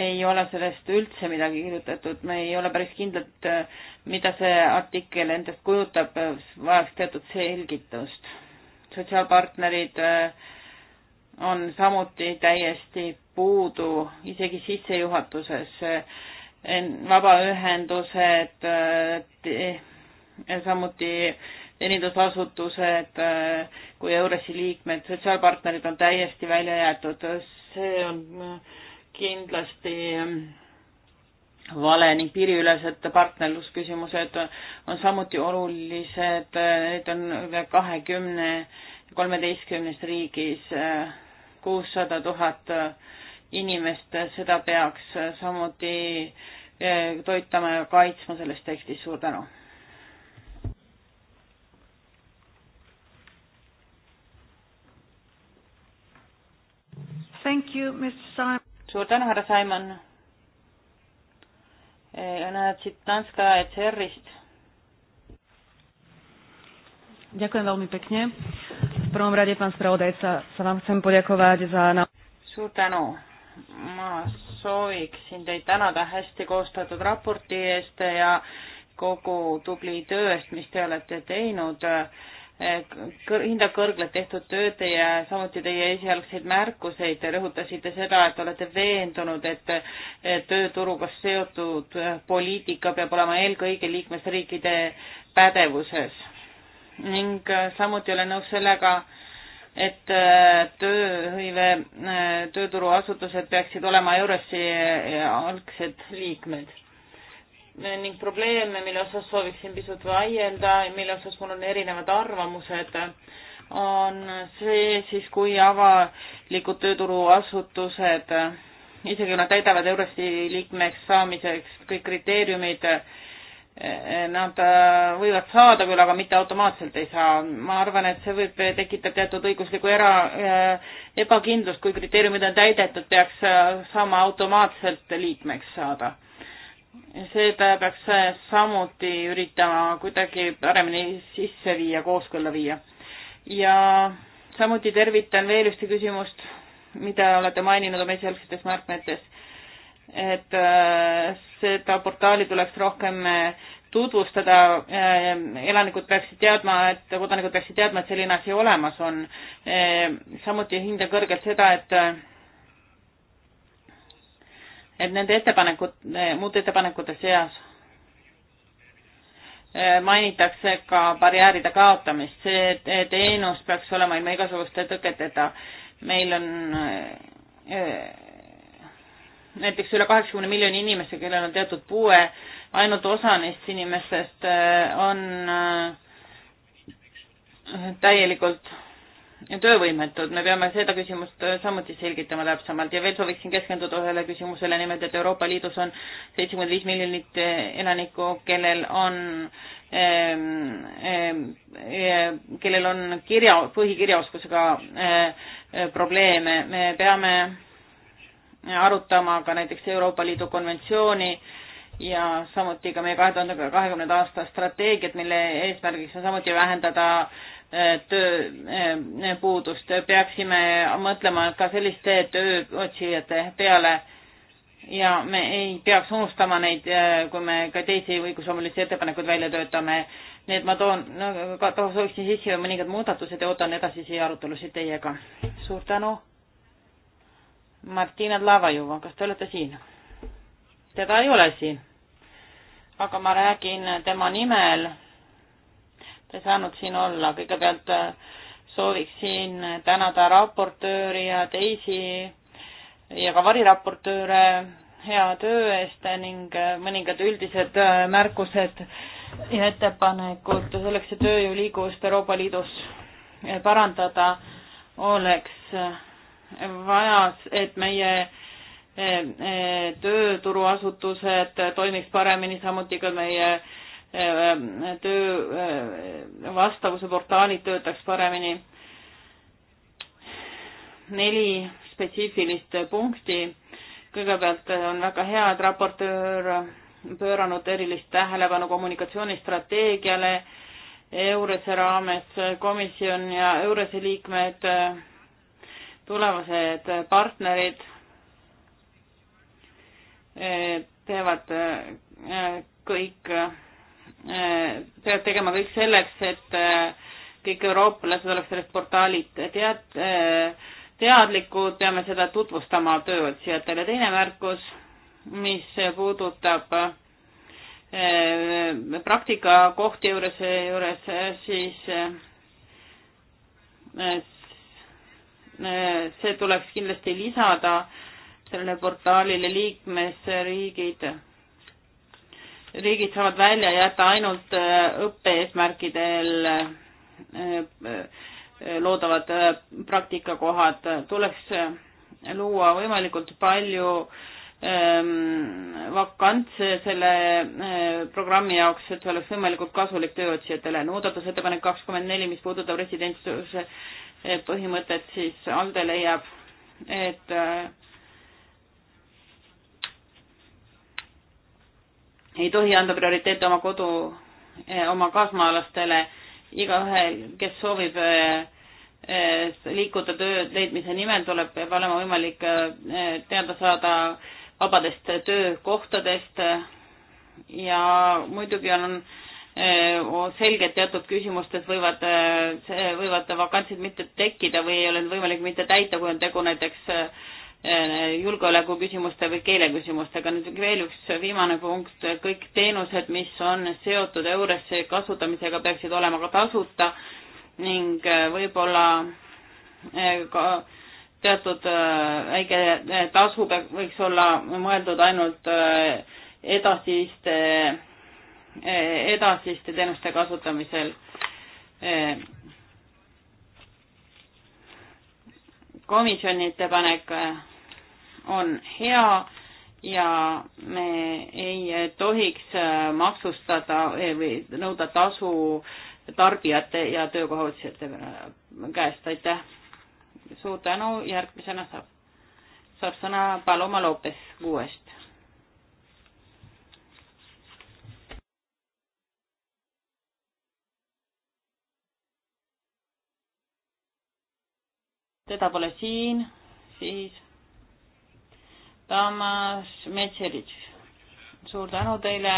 Speaker 4: ei ole sellest üldse midagi kirjutatud, me ei ole päris kindlad, mida see artikkel endast kujutab, vajaks teatud selgitust sotsiaalpartnerid äh, on samuti täiesti puudu, isegi sissejuhatuses. vabaühendused, äh, samuti teenindusasutused äh, kui EURES-i liikmed, sotsiaalpartnerid on täiesti välja jäetud. see on kindlasti vale ning piiriülesed partnerlusküsimused on samuti olulised, need on üle kahekümne, kolmeteistkümnes riigis kuussada tuhat inimest, seda peaks samuti eh, toitama ja kaitsma selles tekstis, suur tänu. Thank you, Mr Simon. suur tänu, härra Simon Jana Citnanská ECR-ist. Ďakujem veľmi pekne. V prvom rade, pán spravodajca, sa vám chcem poďakovať za... Suur tänu. Ma sooviksin teid tänada hästi koostatud raporti eest ja kogu tubli töö eest, mis te olete teinud äh, Eh, kõr-, hindab kõrgelt tehtud tööd ja samuti teie esialgseid märkuseid, rõhutasite seda, et olete veendunud, et tööturuga seotud eh, poliitika peab olema eelkõige liikmesriikide pädevuses. ning eh, samuti olen nõus sellega, et tööhõive, tööturuasutused peaksid olema EURES-i algsed liikmed ning probleeme, mille osas sooviksin pisut vaielda ja mille osas mul on erinevad arvamused, on see siis, kui avalikud tööturuasutused, isegi kui nad täidavad Euroopa liikmeks saamiseks kõik kriteeriumid, nad võivad saada küll, aga mitte automaatselt ei saa. ma arvan, et see võib tekitada teatud õiguslikku era-, ebakindlust, kui kriteeriumid on täidetud, peaks saama automaatselt liikmeks saada seda peaks samuti üritama kuidagi paremini sisse viia, kooskõlla viia. ja samuti tervitan veel ühte küsimust, mida olete maininud oma esialgsetes märkmetes, et äh, seda portaali tuleks rohkem äh, tutvustada, äh, elanikud peaksid teadma, et kodanikud peaksid teadma, et selline asi olemas on. samuti hindan kõrgelt seda, et et nende ettepanekud, muude ettepanekute seas mainitakse ka barjääride kaotamist, see teenus peaks olema ilma igasuguste tõketeta. meil on äh, näiteks üle kaheksakümne miljoni inimese, kellel on teatud puue, ainult osa neist inimestest äh, on äh, täielikult töövõimetud, me peame seda küsimust samuti selgitama täpsemalt ja veel sooviksin keskenduda ühele küsimusele, nimelt et Euroopa Liidus on seitsekümmend viis miljonit elanikku, kellel on ähm, ähm, äh, kellel on kirja, põhikirjaoskusega äh, probleeme, me peame arutama ka näiteks Euroopa Liidu konventsiooni ja samuti ka meie kahe tuhande kahekümnenda aasta strateegiat, mille eesmärgiks on samuti vähendada äh, tööpuudust, eh, peaksime mõtlema ka selliste tööotsijate peale ja me ei peaks unustama neid, eh, kui me ka teisi õigusloomulisi ettepanekuid välja töötame. nii et ma toon no,, sooviksin sisse mõningad muudatused ja ootan edasisi arutelusid teiega. suur tänu. Martina Dlavajova, kas te olete siin? teda ei ole siin, aga ma räägin tema nimel te saanud siin olla. kõigepealt äh, sooviksin tänada raportööri ja teisi ja ka variraportööre hea töö eest ning äh, mõningad üldised äh, märkused ja ettepanekud selleks, et tööjõu liikuvust Euroopa Liidus parandada, oleks vaja, et meie tööturuasutused toimiks paremini, samuti ka meie Äh, töö äh, vastavuse portaalid töötaks paremini. neli spetsiifilist punkti. kõigepealt on väga hea, et raportöör pööranud erilist tähelepanu kommunikatsioonistrateegiale. Eurese raames komisjon ja Eurese liikmed, tulevased partnerid äh, teevad kõik peab tegema kõik selleks, et äh, kõik eurooplased oleks sellest portaalid tead-, äh, teadlikud, peame seda tutvustama tööotsijatele. teine märkus, mis puudutab äh, praktikakohti juures, juures siis see tuleks kindlasti lisada sellele portaalile liikmesriigid riigid saavad välja jätta ainult äh, õppeeesmärkidel äh, äh, loodavad praktikakohad, tuleks luua võimalikult palju ähm, vakantse selle programmi jaoks, et see oleks võimalikult kasulik tööotsijatele. muudatusettepanek kakskümmend neli, mis puudutab residentsuse põhimõtet, siis ALDE leiab, et ei tohi anda prioriteete oma kodu, eh, oma kaasmaalastele, igaühel, kes soovib eh, eh, liikuda töö leidmise nimel, tuleb, peab olema võimalik teada saada vabadest töökohtadest ja muidugi on selge, et teatud küsimustes võivad, võivad vakantsid mitte tekkida või ei ole võimalik mitte täita, kui on tegu näiteks äh, Äh, julgeoleku küsimuste või keeleküsimustega. nüüd veel üks viimane punkt, kõik teenused, mis on seotud Euresse kasutamisega, peaksid olema ka tasuta ning äh, võib-olla äh, ka teatud väike tasu võiks olla mõeldud ainult edasiste, edasiste teenuste kasutamisel komisjoni ettepanek on hea ja me ei tohiks äh, maksustada eh, või nõuda tasu tarbijate ja töökoha otsijate äh, käest, aitäh. suur tänu, järgmisena saab, saab sõna Paloma Lopes uuest. teda pole siin, siis Tamas Metseritš, suur tänu teile.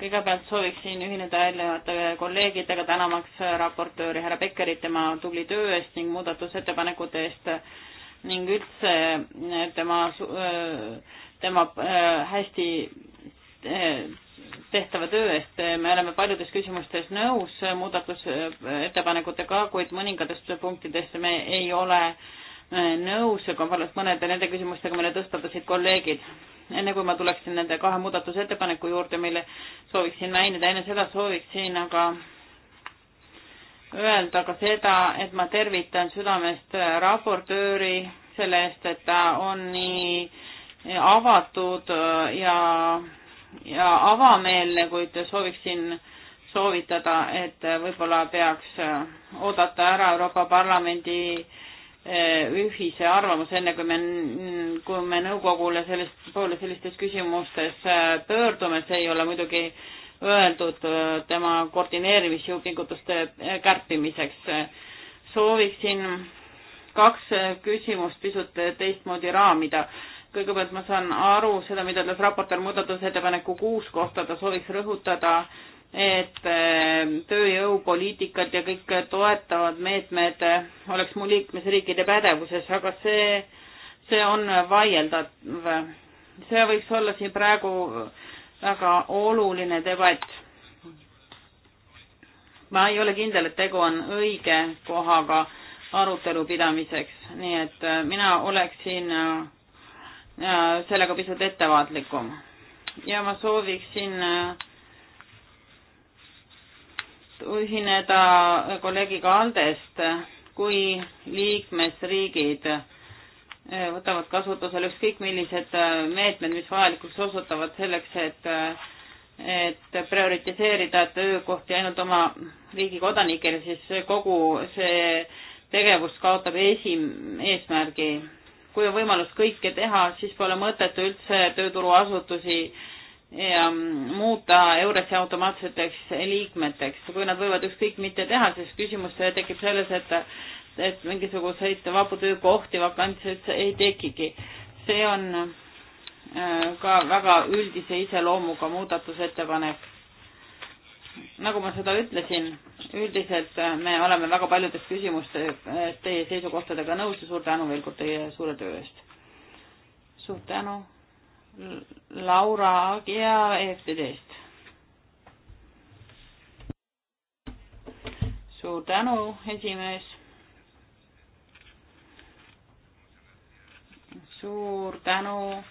Speaker 4: kõigepealt sooviksin ühineda eelnevate kolleegidega, tänamaks raportööri härra Pekkerit tema tubli töö eest ning muudatusettepanekute eest ning üldse eh, tema, eh, tema eh, hästi tehtava töö eest. me oleme paljudes küsimustes nõus muudatusettepanekutega, kuid mõningates punktides me ei ole äh, Äh, nõus, aga vallast mõnede nende küsimustega, mille tõstatasid kolleegid. enne kui ma tuleksin nende kahe muudatusettepaneku juurde, mille sooviksin mainida, enne seda sooviksin aga öelda ka seda, et ma tervitan südamest raportööri selle eest, et ta on nii avatud äh, ja, ja avameelne, kuid sooviksin soovitada, et võib-olla peaks äh, oodata ära Euroopa Parlamendi äh, Eh, ühise arvamuse, enne kui me, kui me nõukogule sellest, poole sellistes küsimustes eh, pöördume, see ei ole muidugi öeldud eh, tema koordineerimisjõupingutuste kärpimiseks. sooviksin kaks küsimust pisut teistmoodi raamida. kõigepealt ma saan aru seda, mida ütles raportöör muudatusettepaneku kuus kohta, ta sooviks rõhutada äh, et ehm, tööjõupoliitikat ja kõik toetavad meetmed oleks mu liikmesriikide pädevuses, aga see, see on vaieldav. see võiks olla siin praegu väga oluline debatt. ma ei ole kindel, et tegu on õige kohaga arutelu pidamiseks, nii et eh, mina oleksin eh, sellega pisut ettevaatlikum. ja ma sooviksin äh, ühineda kolleegiga Aldest, kui liikmesriigid eh, võtavad kasutusele ükskõik millised eh, meetmed, mis vajalikuks osutuvad selleks, et eh, et prioritiseerida töökohti ainult oma riigi kodanikele, siis kogu see tegevus kaotab esim-, eesmärgi. kui on võimalus kõike teha, siis pole mõtet üldse tööturuasutusi äh, ja muuta EURES-i automaatseteks liikmeteks, kui nad võivad ükskõik mitte teha, siis küsimus tekib selles, et, et mingisuguseid vabu töökohti vakantseid ei tekigi. see on äh, ka väga üldise iseloomuga muudatusettepanek. nagu ma seda ütlesin, üldiselt äh, me oleme väga paljudes küsimustes äh, teie seisukohtadega nõus ja suur tänu veel kord teie suure töö eest. suur tänu Laura Agia EFTD-st. suur tänu, esimees. suur tänu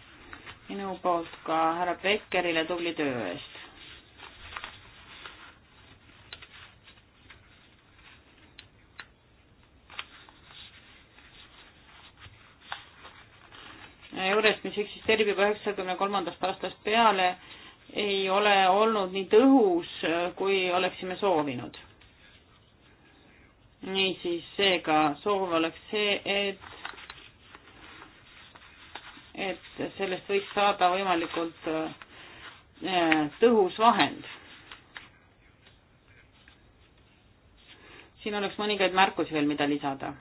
Speaker 4: minu poolt ka härra Pekkerile tubli töö eest. juures, mis eksisteerib juba üheksakümne kolmandast aastast peale, ei ole olnud nii tõhus, kui oleksime soovinud. niisiis, seega soov oleks see, et et sellest võiks saada võimalikult äh, tõhus vahend. siin oleks mõningaid märkusi veel, mida lisada.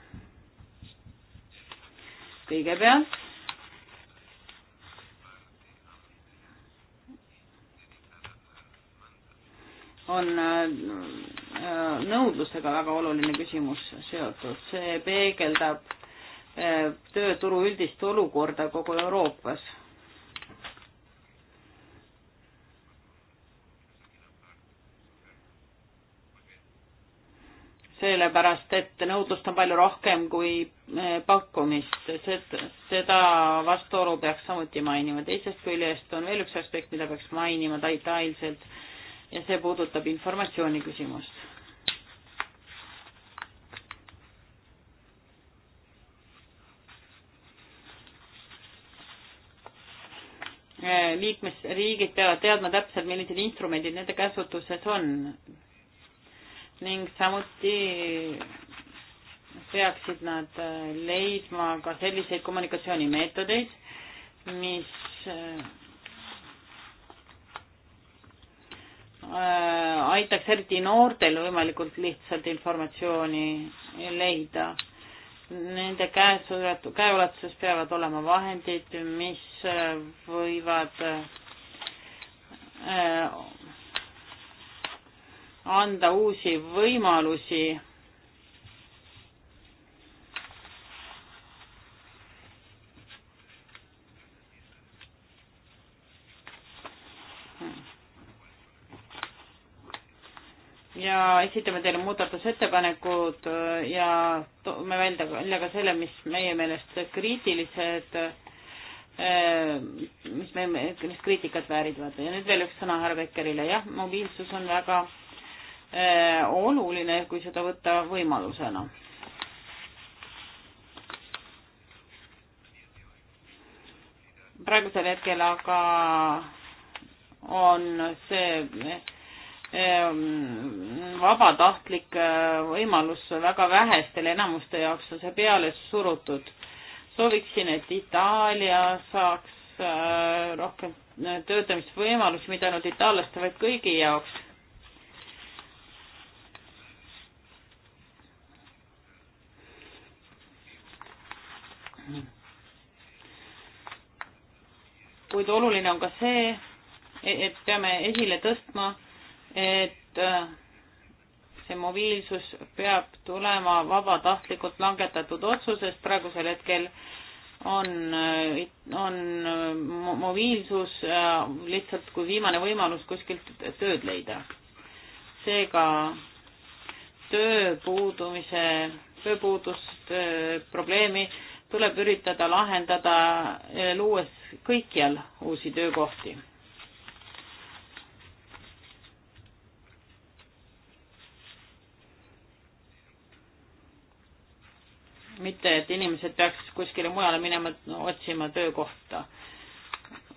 Speaker 4: kõigepealt on äh, äh, nõudlusega väga oluline küsimus seotud. see peegeldab äh, tööturu üldist olukorda kogu Euroopas. sellepärast, et nõudlust on palju rohkem kui pakkumist, seda vastuolu peaks samuti mainima. teisest küljest on veel üks aspekt, mida peaks mainima detailselt ta ja see puudutab informatsiooni küsimust. liikmesriigid peavad teadma täpselt, millised instrumendid nende käsutuses on ning samuti peaksid nad leidma ka selliseid kommunikatsioonimeetodeid, mis Äh, aitaks eriti noortel võimalikult lihtsalt informatsiooni leida. Nende käes, käeulatuses peavad olema vahendid, mis äh, võivad äh, anda uusi võimalusi ja esitame teile muudatusettepanekud äh, ja toome välja ka selle, mis meie meelest kriitilised, äh, mis meie meelest kriitikat väärivad. ja nüüd veel üks sõna härra Beckerile, jah, mobiilsus on väga äh, oluline, kui seda võtta võimalusena. praegusel hetkel aga on see Ehm, vabatahtlik äh, võimalus väga vähestele enamuste jaoks on see peale surutud. sooviksin, et Itaalia saaks äh, rohkem äh, töötamisvõimalusi, mitte ainult itaallaste, vaid kõigi jaoks. kuid oluline on ka see, et peame esile tõstma et äh, see mobiilsus peab tulema vabatahtlikult langetatud otsusest, praegusel hetkel on, äh, on äh, mobiilsus lihtsalt kui viimane võimalus kuskilt tööd leida. seega töö puudumise, tööpuudust, probleemi tuleb üritada lahendada, luues kõikjal uusi töökohti mitte et inimesed peaks kuskile mujale minema no, otsima töökohta.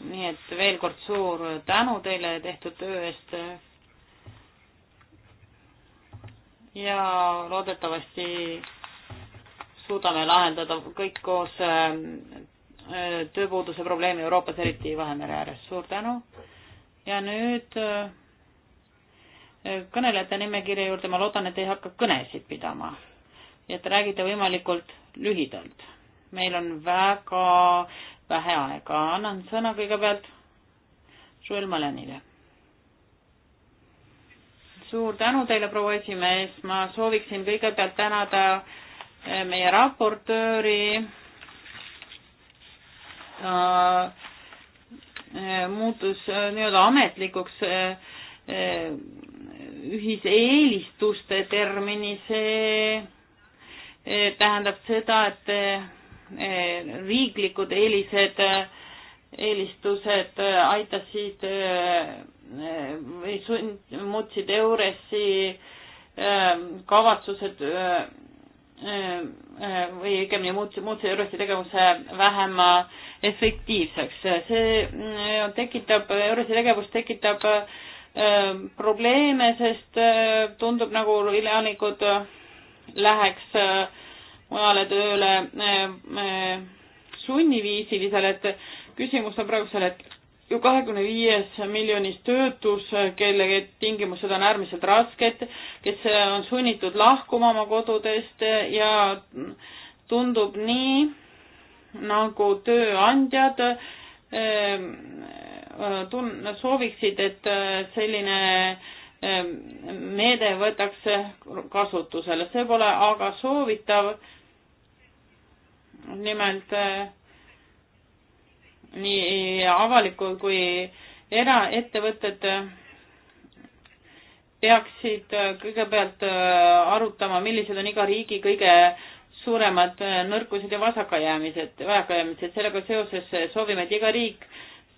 Speaker 4: nii et veel kord suur tänu teile tehtud töö eest. ja loodetavasti suudame lahendada kõik koos äh, tööpuuduse probleemi Euroopas, eriti Vahemere ääres. suur tänu ja nüüd äh, kõnelejate nimekirja juurde, ma loodan, et ei hakka kõnesid pidama et räägite võimalikult lühidalt. meil on väga vähe aega, annan sõna kõigepealt Joel Malenile. suur tänu teile, proua esimees, ma sooviksin kõigepealt tänada eh, meie raportööri ta äh, eh, muutus äh, nii-öelda ametlikuks äh, ühiseelistuste termini, see Eh, tähendab seda, et eh, riiklikud eelised, eh, eelistused aitasid või sund, muutsid EURES-i kavatsused või õigemini muutsid, muutsid EURES-i tegevuse vähem efektiivseks. see tekitab, EURES-i tegevus tekitab probleeme, sest tundub nagu elanikud läheks äh, mujale tööle äh, äh, sunniviisilisel, et küsimus on praegu seal, et ju kahekümne viies miljonis töötus, kelle tingimused on äärmiselt rasked, kes on sunnitud lahkuma oma kodudest ja tundub nii, nagu tööandjad tun-, sooviksid, et selline Ehm, meede võetakse kasutusele, see pole aga soovitav. nimelt eh, nii avaliku kui eraettevõtted eh, peaksid eh, kõigepealt arutama, millised on iga riigi kõige suuremad nõrkused ja vasakajäämised, vajakajäämised, sellega seoses soovime, et iga riik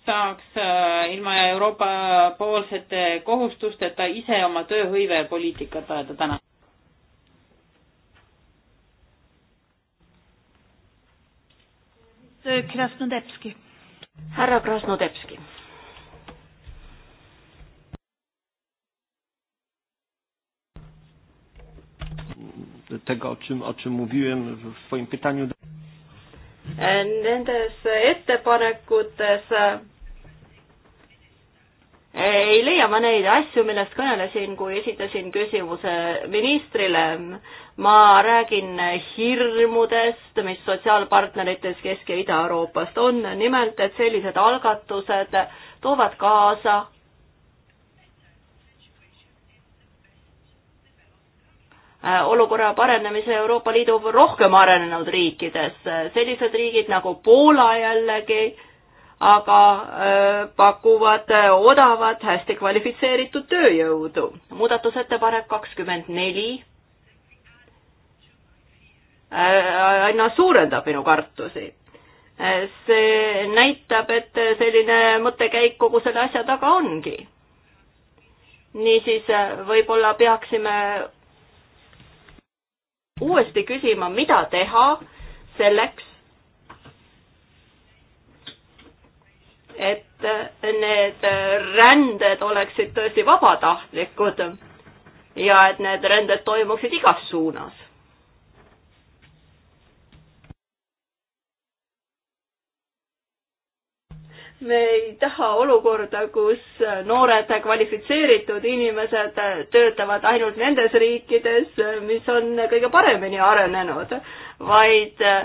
Speaker 4: saaks äh, ilma Euroopa poolsete kohustusteta ise oma tööhõivepoliitikat ajada täna?
Speaker 2: Krasnodebski. härra Krasnodebski.
Speaker 3: tego, o czym, o czym mówiłem w swoim pytaniu.
Speaker 1: Nendes ettepanekutes äh, ei leia ma neid asju, millest kõnelesin, kui esitasin küsimuse ministrile. ma räägin hirmudest, mis sotsiaalpartnerites Kesk- ja Ida-Euroopast on, nimelt et sellised algatused toovad kaasa Äh, olukorra paranemise Euroopa Liidu rohkem arenenud riikides, sellised riigid nagu Poola jällegi, aga äh, pakuvad äh, odavat, hästi kvalifitseeritud tööjõudu. muudatusettepanek kakskümmend neli aina suurendab minu kartusi. see näitab, et selline mõttekäik kogu selle asja taga ongi niisiis võib-olla peaksime uuesti küsima, mida teha selleks, et need ränded oleksid tõesti vabatahtlikud ja et need ränded toimuksid igas suunas me ei taha olukorda, kus noored kvalifitseeritud inimesed töötavad ainult nendes riikides, mis on kõige paremini arenenud, vaid eh,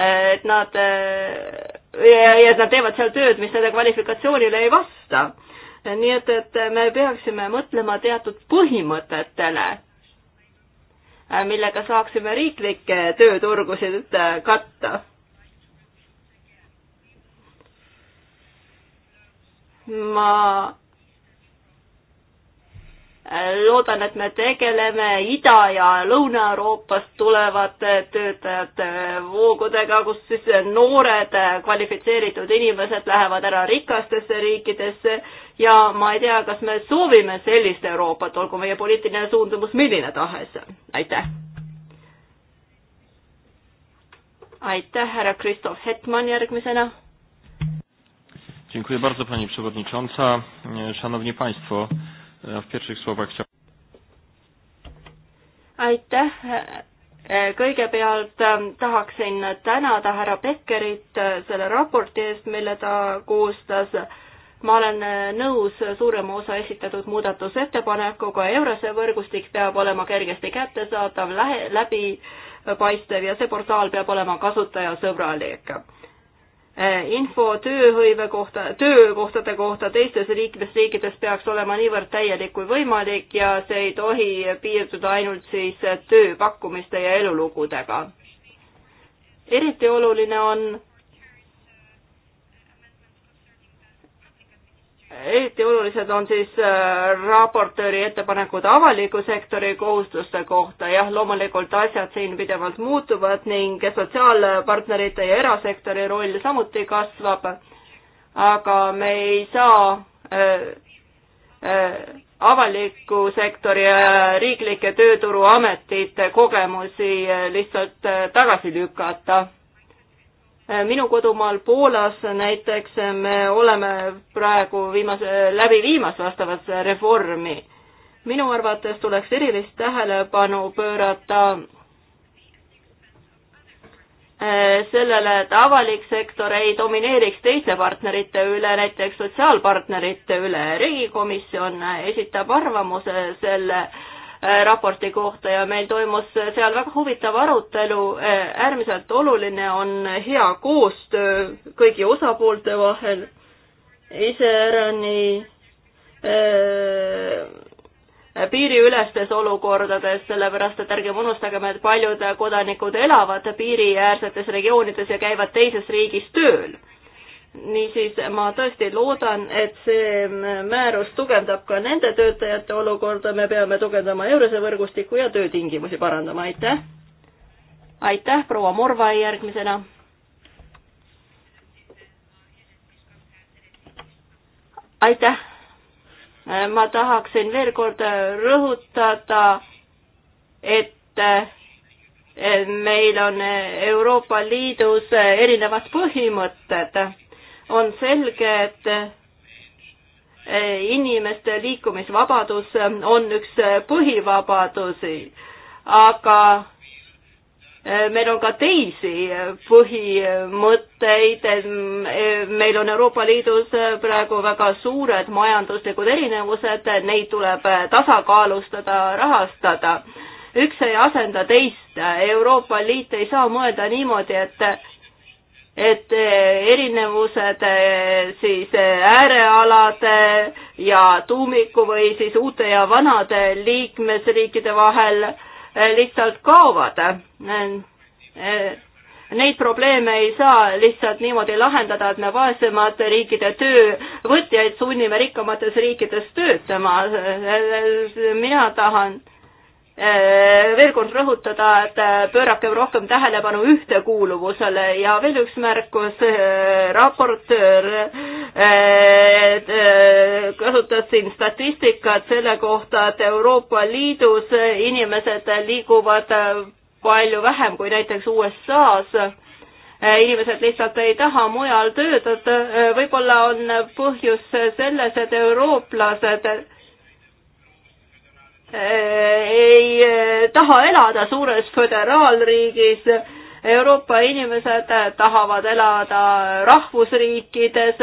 Speaker 1: et nad,
Speaker 5: eh,
Speaker 1: et nad teevad seal tööd, mis nende kvalifikatsioonile ei vasta. nii et, et me peaksime mõtlema teatud põhimõtetele, millega saaksime riiklikke tööturgusid eh, katta ma loodan, et me tegeleme Ida- ja Lõuna-Euroopast tulevate töötajate voogudega, kus siis noored kvalifitseeritud inimesed lähevad ära rikastesse riikidesse ja ma ei tea, kas me soovime sellist Euroopat, olgu meie poliitiline suundumus milline tahes. aitäh. aitäh, härra Kristof Hetman järgmisena
Speaker 2: Dziękuję bardzo Pani Przewodnicząca. E, szanowni Państwo, e, w pierwszych słowach chciałbym
Speaker 1: aitäh, e, kõigepealt ähm, tahaksin tänada härra Beckerit äh, selle raporti eest, mille ta koostas. ma olen äh, nõus suurema osa esitatud muudatusettepanekuga, Eurose võrgustik peab olema kergesti kättesaadav, lähe, läbipaistev ja see portaal peab olema kasutajasõbralik Äh, info tööhõive kohta, töökohtade kohta teistes riikides, riikides peaks olema niivõrd täielik kui võimalik ja see ei tohi piirduda ainult siis tööpakkumiste ja elulugudega. eriti oluline on eriti olulised on siis äh, raportööri ettepanekud avaliku sektori kohustuste kohta, jah, loomulikult asjad siin pidevalt muutuvad ning sotsiaalpartnerite ja erasektori roll samuti kasvab, aga me ei saa äh, äh, avaliku sektori ja riiklike tööturuametite kogemusi äh, lihtsalt äh, tagasi lükata Äh, minu kodumaal Poolas näiteks me oleme praegu viimase, läbi viimas vastavat reformi. minu arvates tuleks erilist tähelepanu pöörata äh, sellele, et avalik sektor ei domineeriks teiste partnerite üle, näiteks sotsiaalpartnerite üle. riigikomisjon esitab arvamuse selle Äh, raporti kohta ja meil toimus seal väga huvitav arutelu. Äh, äärmiselt oluline on hea koostöö kõigi osapoolte vahel, iseärani äh, piiriülestes olukordades, sellepärast et ärgem unustagem, et paljud kodanikud elavad piiriäärsetes regioonides ja käivad teises riigis tööl niisiis ma tõesti loodan, et see määrus tugevdab ka nende töötajate olukorda, me peame tugevdama Eurose võrgustikku ja töötingimusi parandama, aitäh! aitäh, proua Morvai järgmisena! aitäh! ma tahaksin veel kord rõhutada, et meil on Euroopa Liidus erinevad põhimõtted on selge, et eh, inimeste liikumisvabadus eh, on üks eh, põhivabadusi, aga meil on ka teisi põhimõtteid, meil on Euroopa Liidus praegu väga suured majanduslikud erinevused, neid tuleb tasakaalustada, rahastada. üks ei asenda teist, Euroopa Liit ei saa mõelda niimoodi, et et eh, erinevused eh, siis eh, äärealade ja tuumiku või siis uute ja vanade liikmesriikide vahel lihtsalt kaovad. Neid probleeme ei saa lihtsalt niimoodi lahendada, et me vaesemate riikide töövõtjaid sunnime rikkamates riikides töötama. mina tahan Äh, veel kord rõhutada, et äh, pöörakem rohkem tähelepanu ühtekuuluvusele ja veel üks märkus, äh, raportöör kasutas siin statistikat selle kohta, et Euroopa Liidus inimesed liiguvad palju vähem kui näiteks USA-s inimesed lihtsalt ei taha mujal töötada, võib-olla on põhjus selles, et eurooplased Äh, ei äh, taha elada suures föderaalriigis. Euroopa inimesed tahavad elada rahvusriikides,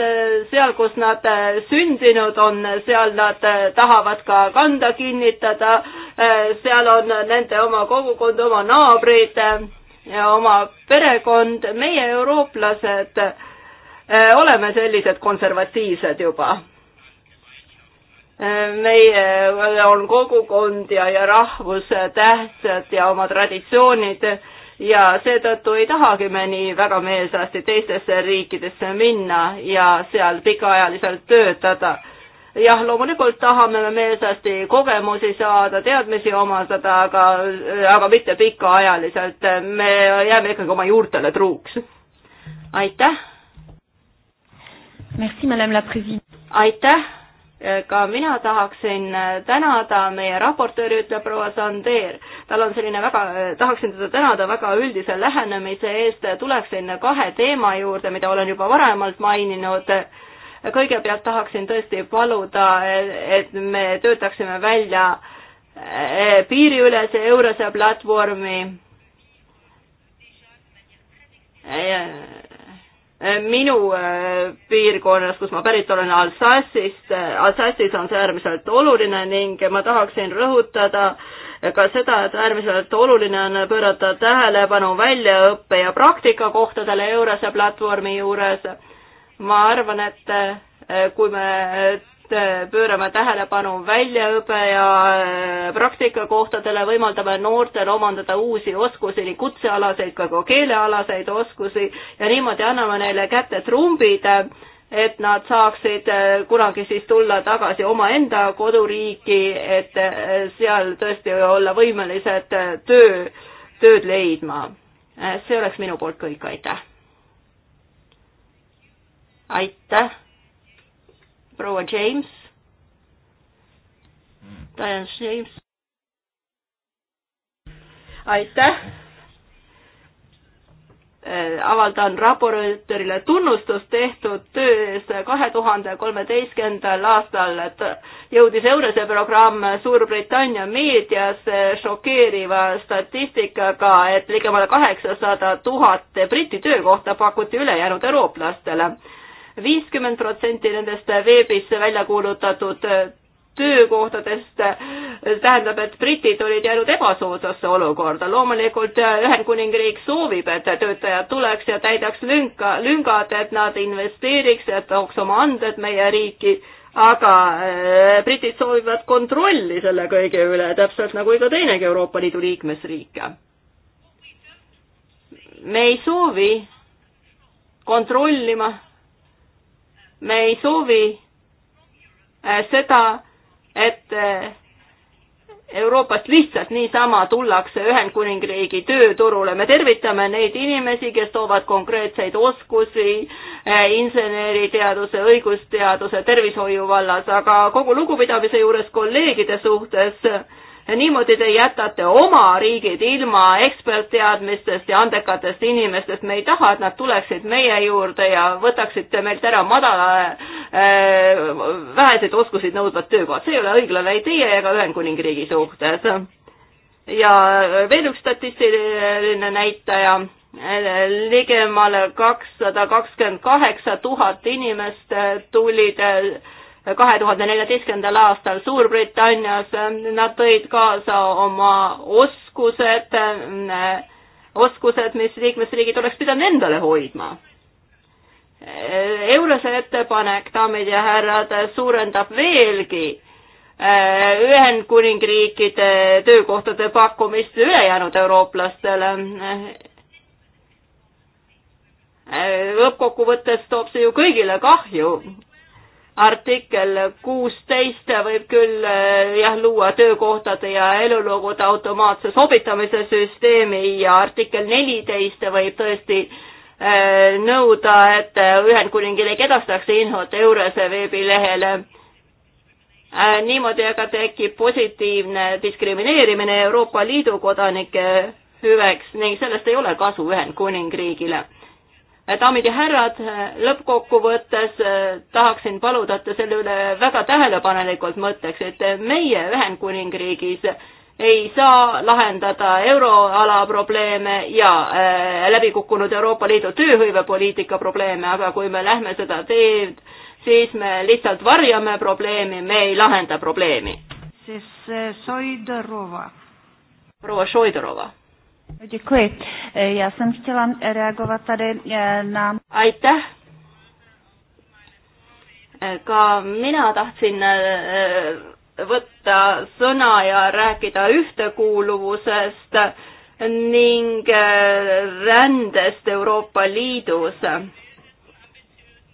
Speaker 1: seal, kus nad sündinud on, seal nad tahavad ka kanda kinnitada, äh, seal on nende oma kogukond, oma naabrid ja oma perekond, meie, eurooplased, oleme sellised konservatiivsed juba meie äh, on kogukond ja, ja rahvus tähtsad ja oma traditsioonid ja seetõttu ei tahagi me nii väga meelsasti teistesse riikidesse minna ja seal pikaajaliselt töötada. jah, loomulikult tahame me meelsasti kogemusi saada, teadmisi omastada, aga, aga mitte pikaajaliselt, me jääme ikkagi oma juurtele truuks. aitäh! aitäh! ka mina tahaksin tänada meie raportööri, ütleb proua Sander. tal on selline väga, tahaksin teda tänada väga üldise lähenemise eest, tuleksin kahe teema juurde, mida olen juba varemalt maininud kõigepealt tahaksin tõesti paluda, et me töötaksime välja eh, piiriülese Eurose platvormi. Eh, Eh, minu eh, piirkonnas, kus ma pärit olen, Alsace'ist, eh, Alsace'is on see äärmiselt oluline ning ma tahaksin rõhutada ka seda, et äärmiselt oluline on pöörata tähelepanu väljaõppe ja praktikakohtadele Eurose platvormi juures. ma arvan, et kui me pöörame tähelepanu väljaõppe ja äh, praktikakohtadele, võimaldame noortel omandada uusi oskusi, nii kutsealaseid kui ka keelealaseid oskusi ja niimoodi anname neile kätte trumbid, et nad saaksid äh, kunagi siis tulla tagasi omaenda koduriiki, et äh, seal tõesti olla võimelised töö, tööd leidma. see oleks minu poolt kõik, aitäh! aitäh! proua James. Hmm. Diane James. aitäh. Äh, avaldan raportöörile tunnustust tehtud töö eest kahe tuhande kolmeteistkümnendal aastal, et jõudis Eurose programm Suurbritannia meedias šokeeriva statistikaga, et ligemale kaheksasada tuhat Briti töökohta pakuti ülejäänud eurooplastele viiskümmend protsenti nendest veebis välja kuulutatud töökohtadest tähendab, et britid olid jäänud ebasoodsasse olukorda. loomulikult Ühendkuningriik soovib, et töötajad tuleks ja täidaks lünka, lüngad, et nad investeeriks, et tooks oma anded meie riiki, aga eh, britid soovivad kontrolli selle kõige üle, täpselt nagu iga teinegi Euroopa Liidu liikmesriik. me ei soovi kontrollima me ei soovi äh, seda, et äh, Euroopast lihtsalt niisama tullakse Ühendkuningriigi tööturule. me tervitame neid inimesi, kes toovad konkreetseid oskusi äh, inseneriteaduse, õigusteaduse, tervishoiu vallas, aga kogu lugupidamise juures kolleegide suhtes äh, niimoodi te jätate oma riigid ilma ekspertteadmistest ja andekatest inimestest, me ei taha, et nad tuleksid meie juurde ja võtaksid meilt ära madala äh,, väheseid oskusi nõudvad töökohad, see ei ole õiglane ei teie ega Ühendkuningriigi suhtes. ja veel üks statistiline näitaja, ligemale kakssada kakskümmend kaheksa tuhat inimest tulid äh, kahe tuhande neljateistkümnendal aastal Suurbritannias, nad tõid kaasa oma oskused, oskused, mis liikmesriigid oleks pidanud endale hoidma. Eurose ettepanek, daamid ja härrad, suurendab veelgi eh, Ühendkuningriikide töökohtade pakkumist ülejäänud eurooplastele eh, lõppkokkuvõttes toob see ju kõigile kahju artikkel kuusteist võib küll eh, jah, luua töökohtade ja elulugude automaatse sobitamise süsteemi ja artikkel neliteist võib tõesti eh, nõuda, et Ühendkuningriik edastaks infot Eurose veebilehele. Eh, niimoodi aga tekib positiivne diskrimineerimine Euroopa Liidu kodanike hüveks ning sellest ei ole kasu Ühendkuningriigile daamid ja härrad, lõppkokkuvõttes äh, tahaksin paluda, et te selle üle väga tähelepanelikult mõtleksite. meie Ühendkuningriigis ei saa lahendada euroala probleeme ja äh, läbikukkunud Euroopa Liidu tööhõivepoliitika probleeme, aga kui me lähme seda teed, siis me lihtsalt varjame probleemi, me ei lahenda probleemi.
Speaker 2: siis Soidorova. Äh,
Speaker 1: proua Soidorova.
Speaker 2: Děkuji. E, já jsem chtěla reagovat tady e, na... Aitäh!
Speaker 1: E, ka mina tahtsin võtta sõna ja rääkida ühtekuuluvusest ning rändest Euroopa Liidus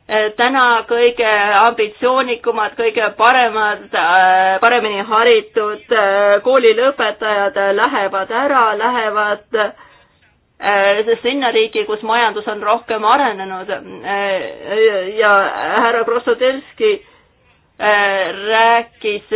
Speaker 1: Eh, täna kõige ambitsioonikumad, kõige paremad, eh, paremini haritud eh, koolilõpetajad lähevad ära, lähevad sinna riiki, kus majandus on rohkem arenenud. ja härra Krossodevski rääkis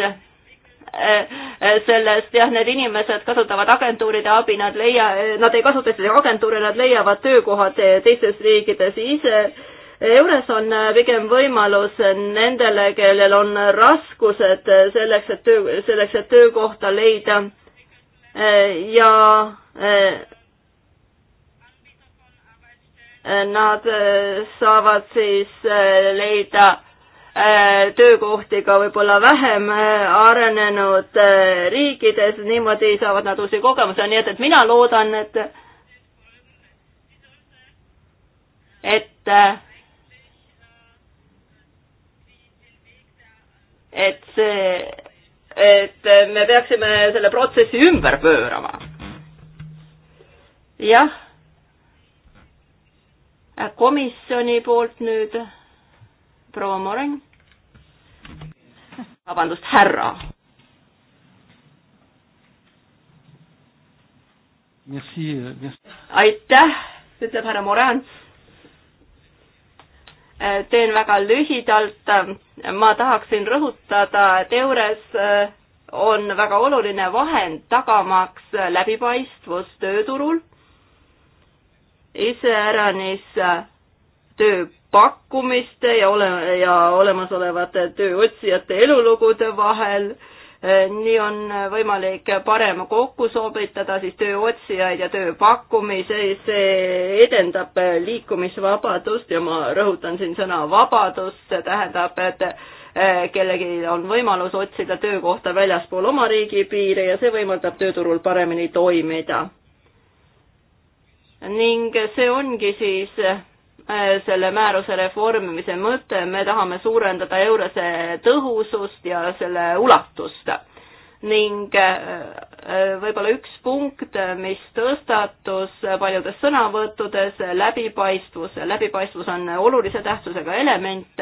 Speaker 1: sellest, jah, need inimesed kasutavad agentuuride abi, nad leia-, nad ei kasuta siis agentuure, nad leiavad töökohad teistes riikides ise EURES on äh, pigem võimalus nendele, kellel on raskused äh, selleks, et töö, selleks, et töökohta leida äh, ja nad saavad siis leida töökohti ka võib-olla vähem arenenud riikides, niimoodi saavad nad uusi kogemusi, nii et, et mina loodan, et et et see, et me peaksime selle protsessi ümber pöörama. jah. komisjoni poolt nüüd proua Moreng. vabandust, härra.
Speaker 5: Euh,
Speaker 1: aitäh, ütleb härra Moran teen väga lühidalt. ma tahaksin rõhutada, et EURES äh, on väga oluline vahend tagamaks läbipaistvust tööturul, iseäranis äh, töö pakkumiste ja ole, ja olemasolevate tööotsijate elulugude vahel äh, Äh, nii on äh, võimalik parem kokku sobitada siis tööotsijaid ja tööpakkumisi, see edendab äh, liikumisvabadust ja ma rõhutan siin sõna vabadus, see tähendab, et kellelgi on võimalus otsida töökohta väljaspool oma riigi piire ja see võimaldab tööturul paremini toimida. ning see ongi siis selle määruse reformimise mõte, me tahame suurendada Eurose tõhusust ja selle ulatust. ning äh, äh, võib-olla üks punkt, mis tõstatus paljudes sõnavõttudes, läbipaistvus. läbipaistvus on olulise tähtsusega element,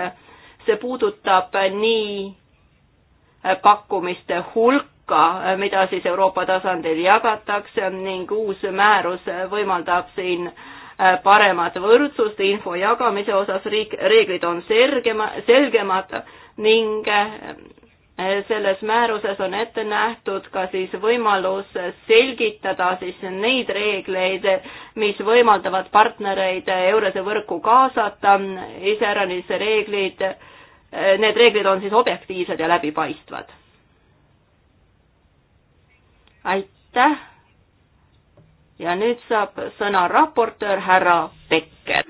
Speaker 1: see puudutab nii äh, pakkumiste hulka, mida siis Euroopa tasandil jagatakse ning uus määrus võimaldab siin äh, Äh, paremat võrdsust info jagamise osas, riik, reeglid on sergema, selgemad ning äh, selles määruses on ette nähtud ka siis võimalus selgitada siis neid reegleid, mis võimaldavad partnereid Eurese võrku kaasata, iseäranis reeglid, äh, need reeglid on siis objektiivsed ja läbipaistvad. aitäh! ja nüüd saab sõna raportöör härra Pekker.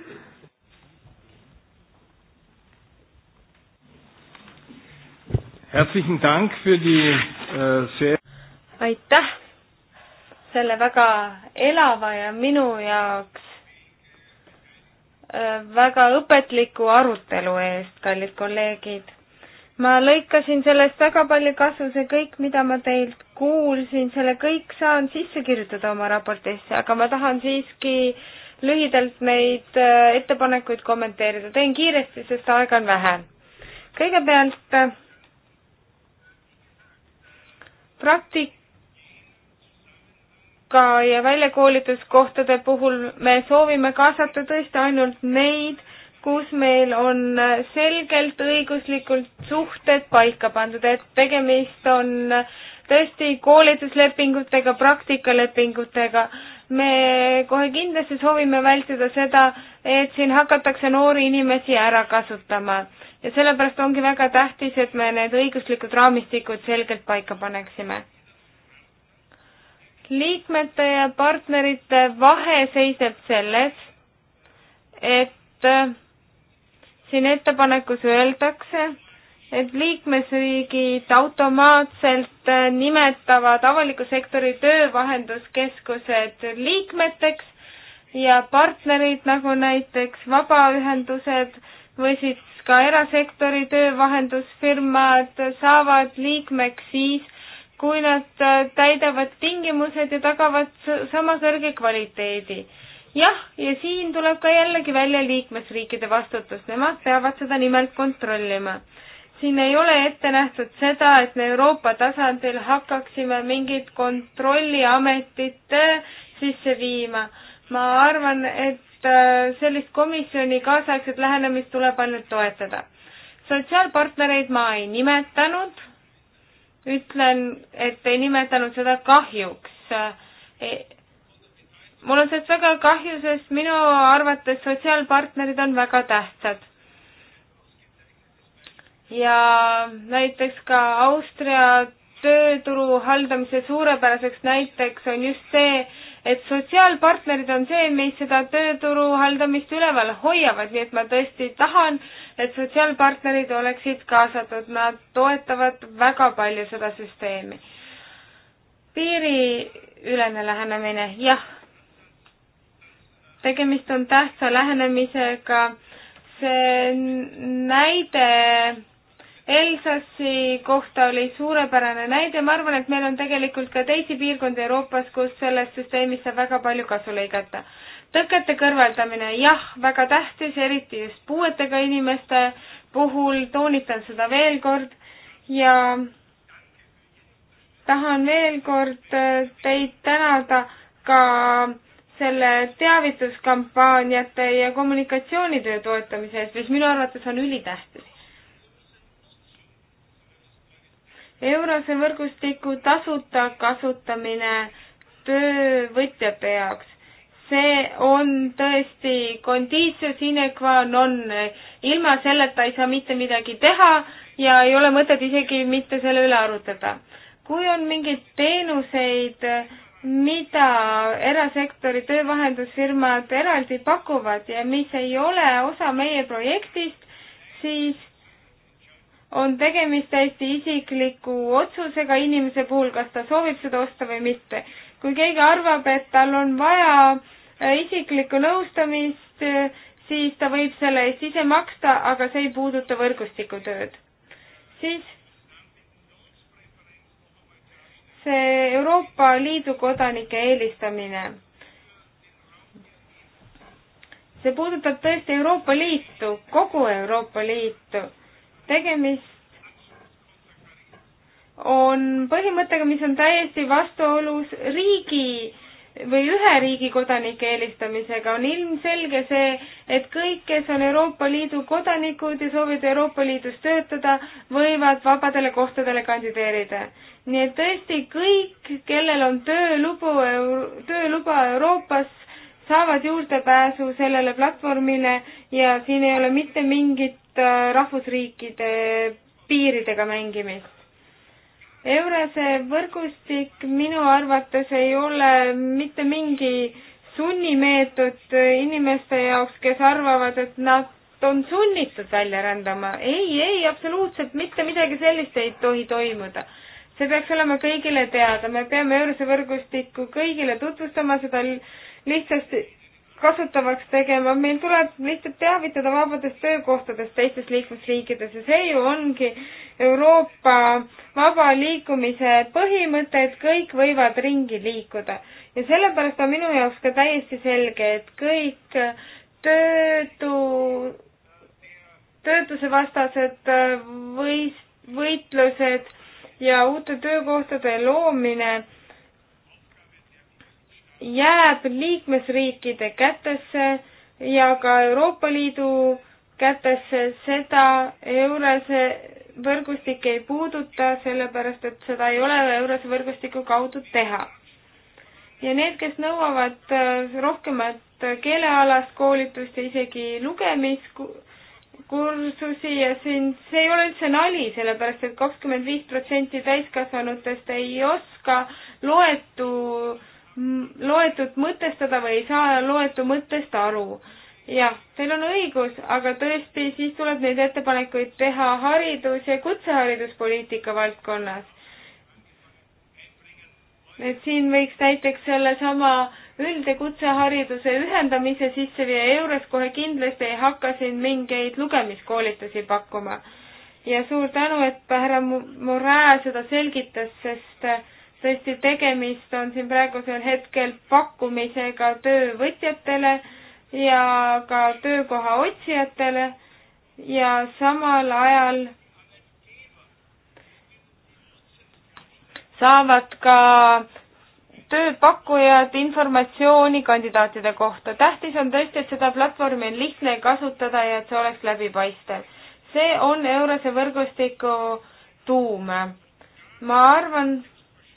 Speaker 5: Äh,
Speaker 3: aitäh selle väga elava ja minu jaoks äh, väga õpetliku arutelu eest, kallid kolleegid ma lõikasin sellest väga palju kasu, see kõik, mida ma teilt kuulsin, selle kõik saan sisse kirjutada oma raportisse, aga ma tahan siiski lühidalt neid äh, ettepanekuid kommenteerida. teen kiiresti, sest aega on vähe. kõigepealt äh, praktika ja väljakoolituskohtade puhul me soovime kaasata tõesti ainult neid, kus meil on selgelt õiguslikult suhted paika pandud, et tegemist on tõesti koolituslepingutega, praktikalepingutega. me kohe kindlasti soovime vältida seda, et siin hakatakse noori inimesi ära kasutama ja sellepärast ongi väga tähtis, et me need õiguslikud raamistikud selgelt paika paneksime. liikmete ja partnerite vahe seisneb selles, et siin ettepanekus öeldakse, et liikmesriigid automaatselt äh, nimetavad avaliku sektori töövahenduskeskused liikmeteks ja partnerid, nagu näiteks vabaühendused või siis ka erasektori töövahendusfirmad saavad liikmeks siis, kui nad äh, täidavad tingimused ja tagavad sama kõrge kvaliteedi. jah, ja siin tuleb ka jällegi välja liikmesriikide vastutus, nemad peavad seda nimelt kontrollima. siin ei ole ette nähtud seda, et me Euroopa tasandil hakkaksime mingit kontrolliametit äh, sisse viima. ma arvan, et äh, sellist komisjoni kaasaegset lähenemist tuleb ainult toetada. sotsiaalpartnereid ma ei nimetanud, ütlen, et ei nimetanud seda kahjuks äh, e- mul on sellest väga kahju, sest minu arvates sotsiaalpartnerid on väga tähtsad. ja näiteks ka Austria tööturu haldamise suurepäraseks näiteks on just see, et sotsiaalpartnerid on see, mis seda tööturu haldamist üleval hoiavad, nii et ma tõesti tahan, et sotsiaalpartnerid oleksid kaasatud, nad toetavad väga palju seda süsteemi. piiriülene lähenemine, jah tegemist on tähtsa lähenemisega, see näide Elsassi kohta oli suurepärane näide, ma arvan, et meil on tegelikult ka teisi piirkondi Euroopas, kus sellest süsteemist saab väga palju kasu lõigata. tõkete kõrvaldamine, jah, väga tähtis, eriti just puuetega inimeste puhul, toonitan seda veel kord ja tahan veel kord teid tänada ka selle teavituskampaaniate ja kommunikatsioonitöö toetamise eest, mis minu arvates on ülitähtis. Eurose võrgustiku tasuta kasutamine töövõtjate jaoks, see on tõesti conditio sine qua non, ilma selleta ei saa mitte midagi teha ja ei ole mõtet isegi mitte selle üle arutada. kui on mingeid teenuseid äh, mida erasektori töövahendusfirmad eraldi pakuvad ja mis ei ole osa meie projektist, siis on tegemist täiesti isikliku otsusega inimese puhul, kas ta soovib seda osta või mitte. kui keegi arvab, et tal on vaja äh, isiklikku nõustamist, äh, siis ta võib selle eest ise maksta, aga see ei puuduta võrgustikutööd. siis see Euroopa Liidu kodanike eelistamine. see puudutab tõesti Euroopa Liitu, kogu Euroopa Liitu. tegemist on põhimõttega, mis on täiesti vastuolus riigi või ühe riigi kodanike eelistamisega, on ilmselge see, et kõik, kes on Euroopa Liidu kodanikud ja soovivad Euroopa Liidus töötada, võivad vabadele kohtadele kandideerida. nii et tõesti kõik, kellel on töölubu, tööluba Euroopas, saavad juurdepääsu sellele platvormile ja siin ei ole mitte mingit äh, rahvusriikide piiridega mängimist Eurose võrgustik minu arvates ei ole mitte mingi sunnimeetod inimeste jaoks, kes arvavad, et nad on sunnitud välja rändama. ei, ei, absoluutselt mitte midagi sellist ei tohi toimuda. see peaks olema kõigile teada, me peame Eurose võrgustikku kõigile tutvustama, seda lihtsasti kasutavaks tegema, meil tuleb lihtsalt teavitada vabadest töökohtadest teistes liikmesriikides ja see ju ongi Euroopa vaba liikumise põhimõte, et kõik võivad ringi liikuda. ja sellepärast on minu jaoks ka täiesti selge, et kõik töötu, töötusevastased äh, võis, võitlused ja uute töökohtade loomine jääb liikmesriikide kätesse ja ka Euroopa Liidu kätesse, seda Eurose võrgustik ei puuduta, sellepärast et seda ei ole Eurose võrgustiku kaudu teha. ja need, kes nõuavad äh, rohkemat keelealast koolitust ja isegi lugemiskursusi ja siin, see ei ole üldse nali, sellepärast et kakskümmend viis protsenti täiskasvanutest ei oska loetu loetud mõtestada või ei saa loetu mõttest aru. jah, teil on õigus, aga tõesti, siis tuleb neid ettepanekuid teha haridus- ja kutsehariduspoliitika valdkonnas. et siin võiks näiteks sellesama üld- ja kutsehariduse ühendamise sisse viia EURES kohe kindlasti ei hakka siin mingeid lugemiskoolitusi pakkuma. ja suur tänu, et härra Murraa seda selgitas, sest tõesti, tegemist on siin praegusel hetkel pakkumisega töövõtjatele ja ka töökoha otsijatele ja samal ajal saavad ka tööpakkujad informatsiooni kandidaatide kohta. tähtis on tõesti, et seda platvormi on lihtne kasutada ja et see oleks läbipaistev. see on Eurose võrgustiku tuum. ma arvan,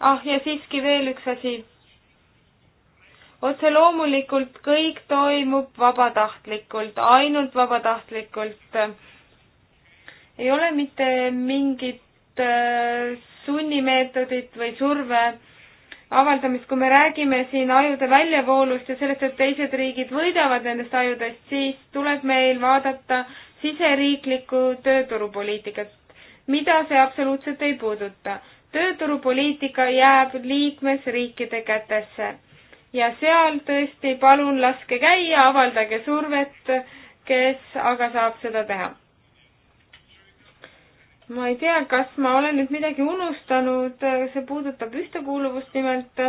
Speaker 3: ah, ja siiski veel üks asi. otse loomulikult kõik toimub vabatahtlikult, ainult vabatahtlikult. ei ole mitte mingit äh, sunnimeetodit või surve avaldamist, kui me räägime siin ajude väljavoolust ja sellest, et teised riigid võidavad nendest ajudest, siis tuleb meil vaadata siseriiklikku tööturupoliitikat, mida see absoluutselt ei puuduta tööturupoliitika jääb liikmesriikide kätesse ja seal tõesti palun laske käia, avaldage survet, kes aga saab seda teha. ma ei tea, kas ma olen nüüd midagi unustanud, see puudutab ühtekuuluvust nimelt.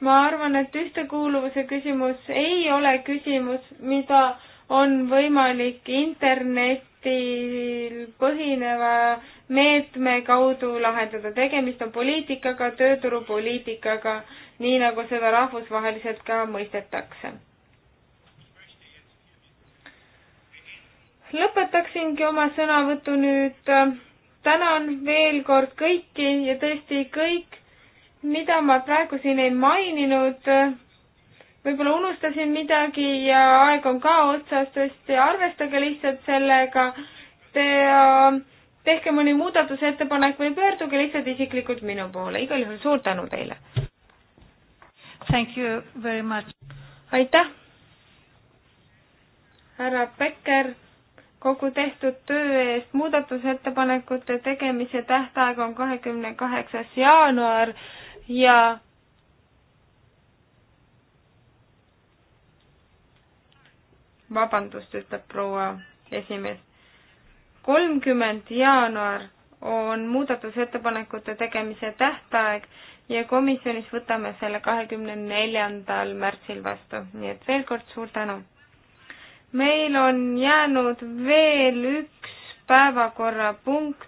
Speaker 3: ma arvan, et ühtekuuluvuse küsimus ei ole küsimus, mida on võimalik internetil põhineva meetme kaudu lahendada. tegemist on poliitikaga, tööturupoliitikaga, nii nagu seda rahvusvaheliselt ka mõistetakse. lõpetaksingi oma sõnavõtu nüüd. tänan veel kord kõiki ja tõesti kõik, mida ma praegu siin ei maininud, võib-olla unustasin midagi ja aeg on ka otsas, tõesti arvestage lihtsalt sellega. Te äh, tehke mõni muudatusettepanek või pöörduge lihtsalt isiklikult minu poole, igal juhul suur tänu teile! Thank you very much! aitäh! härra Becker, kogu tehtud töö eest muudatusettepanekute tegemise tähtaeg on kahekümne kaheksas jaanuar ja vabandust, ütleb proua esimees kolmkümmend jaanuar on muudatusettepanekute tegemise tähtaeg ja komisjonis võtame selle kahekümne neljandal märtsil vastu, nii et veel kord suur tänu. meil on jäänud veel üks päevakorrapunkt,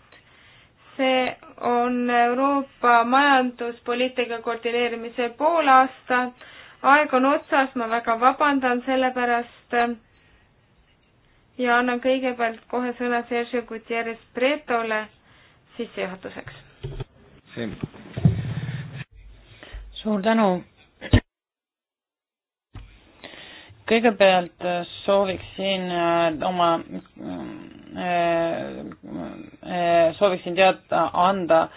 Speaker 3: see on Euroopa majanduspoliitika koordineerimise poolaasta. aeg on otsas, ma väga vabandan selle pärast ja annan kõigepealt kohe sõna Sergio Gutierrez Pretole sissejuhatuseks.
Speaker 4: suur tänu. kõigepealt sooviksin äh, oma, äh, äh, sooviksin teada anda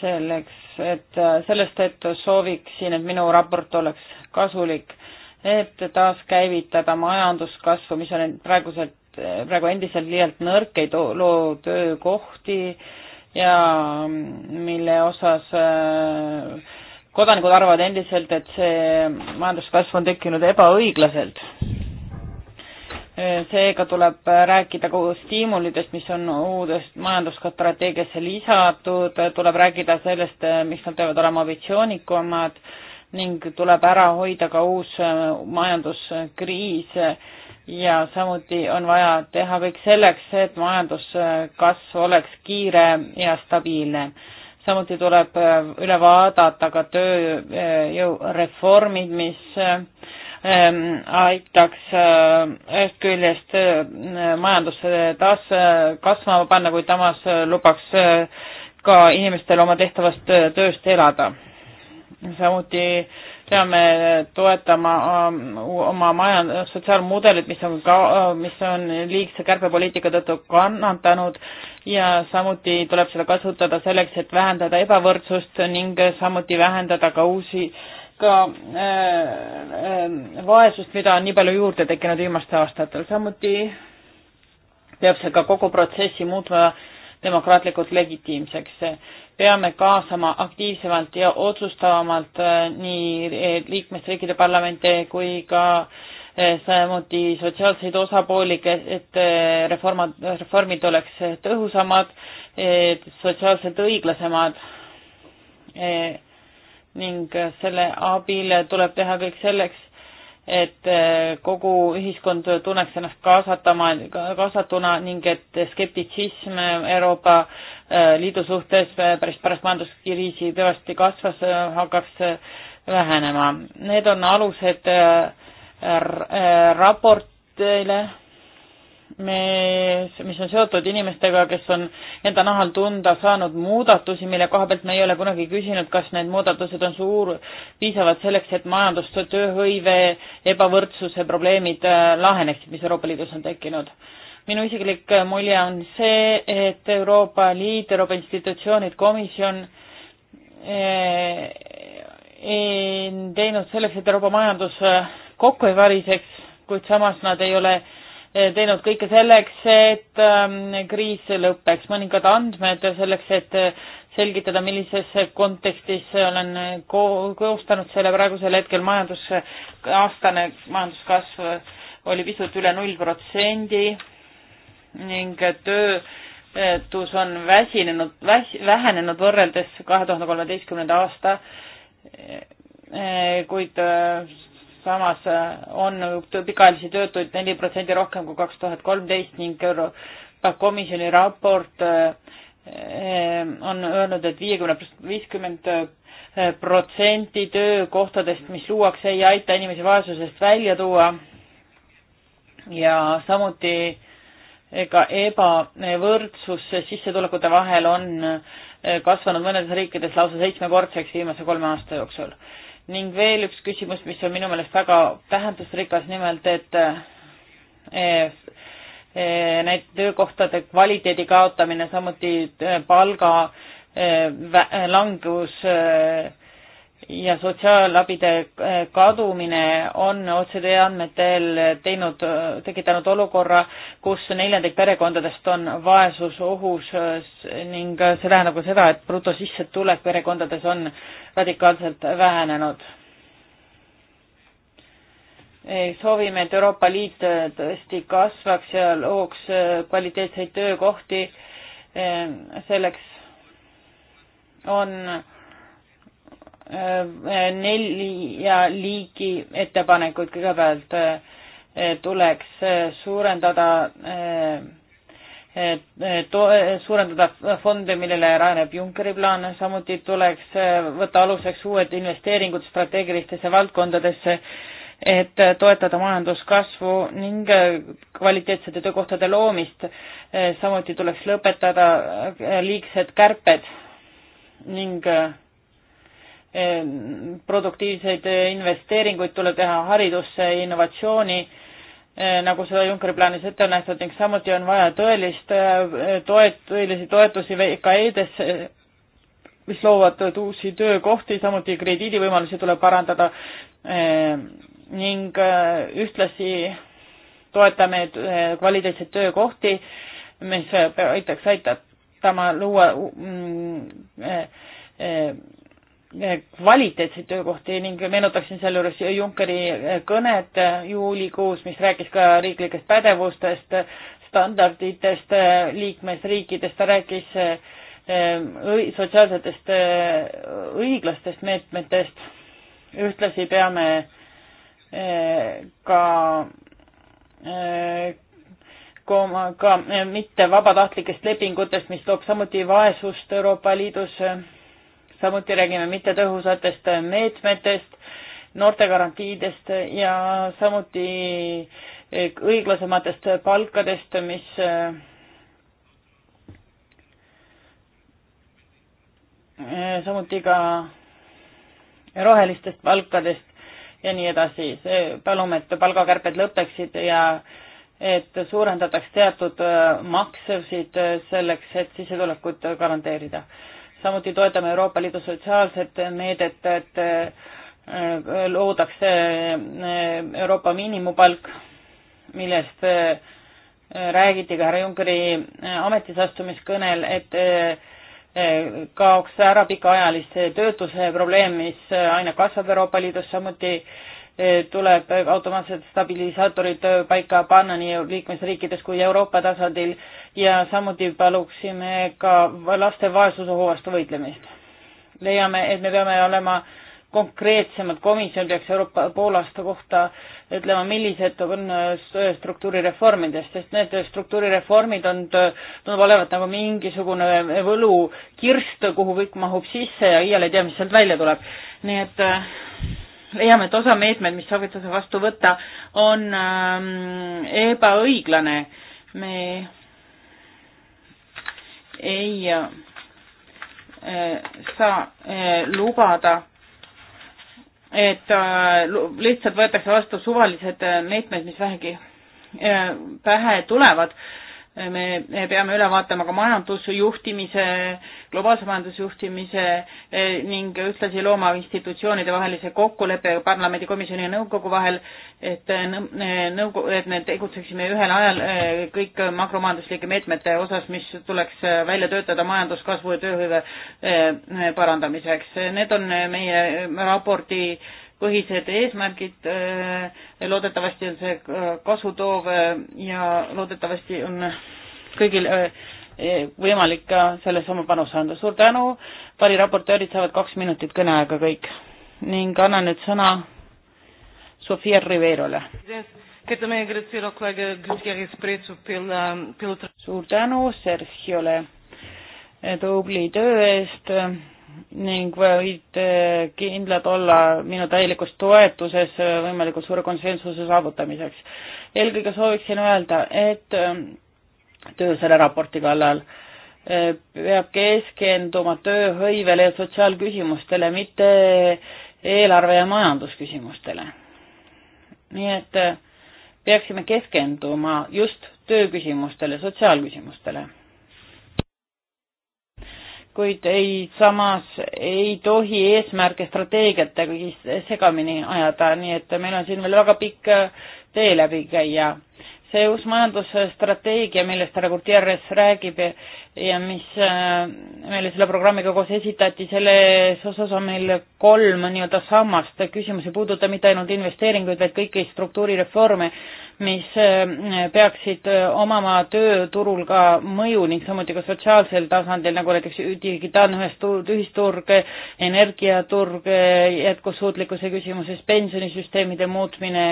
Speaker 4: selleks, et sellest, et sooviksin, et minu raport oleks kasulik et taaskäivitada majanduskasvu, mis on praeguselt, praegu endiselt liialt nõrk, ei too, loo töökohti ja mille osas äh, kodanikud arvavad endiselt, et see majanduskasv on tekkinud ebaõiglaselt. seega tuleb rääkida kogu stiimulidest, mis on uudest majandusstrateegiasse lisatud, tuleb rääkida sellest, miks nad peavad olema ambitsioonikumad ning tuleb ära hoida ka uus äh, majanduskriis ja samuti on vaja teha kõik selleks, et majanduskasv oleks kiire ja stabiilne. samuti tuleb äh, üle vaadata ka tööjõureformid, mis ähm, aitaks äh, ühest küljest majanduse taas kasvama panna, kuid samas lubaks ka inimestel oma tehtavast tööst elada samuti peame toetama um, oma maja-, sotsiaalmudelit, mis on ka, uh, mis on liigse kärbepoliitika tõttu kannatanud ja samuti tuleb seda kasutada selleks, et vähendada ebavõrdsust ning samuti vähendada ka uusi ka äh, äh, vaesust, mida on nii palju juurde tekkinud viimastel aastatel, samuti peab see ka kogu protsessi muutma äh, demokraatlikult legitiimseks. peame kaasama aktiivsemalt ja otsustavamalt äh, nii äh, liikmesriikide parlamente kui ka äh, samuti sotsiaalseid osapooli, et reformad, reformid oleks tõhusamad, sotsiaalselt õiglasemad ning selle abil tuleb teha kõik selleks, et äh, kogu ühiskond tunneks ennast kaasatama, kaasatuna ning et skeptitsism Euroopa äh, Liidu suhtes äh, pärast, pärast majanduskriisi tõesti kasvas, hakkaks vähenema. Need on alused raportile me, mis on seotud inimestega, kes on enda nahal tunda saanud muudatusi, mille koha pealt me ei ole kunagi küsinud, kas need muudatused on suur, piisavad selleks, et majandus, tööhõive, ebavõrdsuse probleemid äh, laheneksid, mis Euroopa Liidus on tekkinud. minu isiklik äh, mulje on see, et Euroopa Liit, Euroopa institutsioonid, komisjon äh, teinud selleks, et Euroopa majandus kokku ei variseks, kuid samas nad ei ole äh, teinud kõike selleks, et ähm, kriis lõpeks. mõningad andmed selleks, et selgitada, millises kontekstis olen ko koostanud selle praegusel hetkel majandus, aastane majanduskasv oli pisut üle null protsendi ning töötus on väsinenud väs,, vähenenud võrreldes kahe tuhande kolmeteistkümnenda aasta, kuid samas äh, on pikaajalisi töötuid neli protsendi rohkem kui kaks tuhat kolmteist ning Euroopa äh, Komisjoni raport äh, on öelnud et, et viiekümne, viiskümmend protsenti töökohtadest, mis luuakse, ei aita inimesi vaesusest välja tuua ja samuti ega ebavõrdsus sissetulekute vahel on kasvanud mõnedes riikides lausa seitsmekordseks viimase kolme aasta jooksul ning veel üks küsimus, mis on minu meelest väga tähendusrikas, nimelt et eh, eh, need töökohtade kvaliteedi kaotamine, samuti eh, palga langus, ja sotsiaalabide äh, kadumine on OCD andmetel teinud, tekitanud olukorra, kus neljandik perekondadest on vaesusohus äh, ning äh, see tähendab ka seda, et brutosissetulek perekondades on radikaalselt vähenenud. soovime, et Euroopa Liit tõesti kasvaks ja looks kvaliteetseid töökohti, selleks on nelja liiki ettepanekuid kõigepealt eh, tuleks eh, suurendada eh, to-, suurendada fonde, millele rajaneb Junckeri plaan, samuti tuleks võtta aluseks uued investeeringud strateegilistesse valdkondadesse, et toetada majanduskasvu ning kvaliteetsete töökohtade loomist. samuti tuleks lõpetada liigsed kärped ning produktiivseid investeeringuid tuleb teha haridusse, innovatsiooni, eh, nagu seda Junckeri plaanis ette on nähtud ning samuti on vaja tõelist eh, toet-, tõelisi toetusi VKE-desse, eh, mis loovad uusi töökohti, samuti krediidivõimalusi tuleb parandada ning ühtlasi toetame kvaliteetseid töökohti, mis aitaks aitama luua mm, kvaliteetseid töökohti ning meenutaksin sealjuures Junckeri kõnet juulikuus, mis rääkis ka riiklikest pädevustest, standarditest liikmesriikidest, ta rääkis eh, sotsiaalsetest eh, õiglastest meetmetest, ühtlasi peame eh, ka ka, ka mitte vabatahtlikest lepingutest, mis toob samuti vaesust Euroopa Liidus samuti räägime mittetõhusatest meetmetest, noortegarantiidest ja samuti õiglasematest palkadest, mis eh, samuti ka rohelistest palkadest ja nii edasi. palume, et palgakärped lõpeksid ja et suurendataks teatud eh, maksusid eh, selleks, et sissetulekut garanteerida samuti toetame Euroopa Liidu sotsiaalset meedet, et äh, loodakse äh, Euroopa miinimumpalk, millest äh, räägiti ka härra Junckeri ametisastumiskõnel, et kaoks ära pikaajalise töötuse probleem, mis aina kasvab Euroopa Liidus, samuti äh, tuleb automaatsed stabilisaatorid paika panna nii liikmesriikides kui Euroopa tasandil ja samuti paluksime ka laste vaesuse hoovastu võitlemist. leiame, et me peame olema konkreetsemad, komisjon peaks Euroopa poolaasta kohta ütlema, millised on äh, struktuurireformidest, sest need struktuurireformid on, tundub olevat nagu mingisugune võlukirst, kuhu kõik mahub sisse ja iial ei tea, mis sealt välja tuleb. nii et äh, leiame, et osa meetmed, mis soovitakse vastu võtta, on ähm, ebaõiglane. me ei äh, saa äh, lubada, et äh, lihtsalt võetakse vastu suvalised äh, meetmed, mis vähegi äh, pähe tulevad äh, me peame üle vaatama ka majandusjuhtimise, globaalse majandusjuhtimise e, ning ühtlasi looma institutsioonide vahelise kokkuleppe parlamendi, komisjoni ja nõukogu vahel, et e, e, nõukogu, et me tegutseksime ühel ajal kõik makromajanduslike meetmete osas, mis tuleks välja töötada majanduskasvu ja tööhõive parandamiseks. Need on meie raporti põhised eesmärgid, äh, loodetavasti on see äh, kasutoov äh, ja loodetavasti on kõigil võimalik ka selles oma panuse anda. suur tänu, variraportöörid saavad kaks minutit kõneaega kõik ning annan nüüd sõna Sofia Riverole. suur tänu Sergiole tubli töö eest ning võid eh, kindlad olla minu täielikus toetuses eh, võimalikult suure konsensuse saavutamiseks. eelkõige sooviksin öelda, et eh, töö selle raporti kallal peab keskenduma tööhõivele ja sotsiaalküsimustele, mitte eelarve ja majandusküsimustele. nii et peaksime keskenduma just tööküsimustele, sotsiaalküsimustele kuid ei, samas ei tohi eesmärke strateegiatega segamini ajada, nii et meil on siin veel väga pikk tee läbi käia see uus majandusstrateegia, millest härra Gutierrez räägib ja, ja mis äh, meile selle programmiga koos esitati, selles osas on meil kolm nii-öelda sammast. küsimus ei puuduta mitte ainult investeeringuid, vaid kõiki struktuurireforme, mis äh, peaksid äh, omama tööturul ka mõju ning samuti ka sotsiaalsel tasandil, nagu näiteks digitaalne ühisturg, energiaturg, jätkusuutlikkuse küsimuses pensionisüsteemide muutmine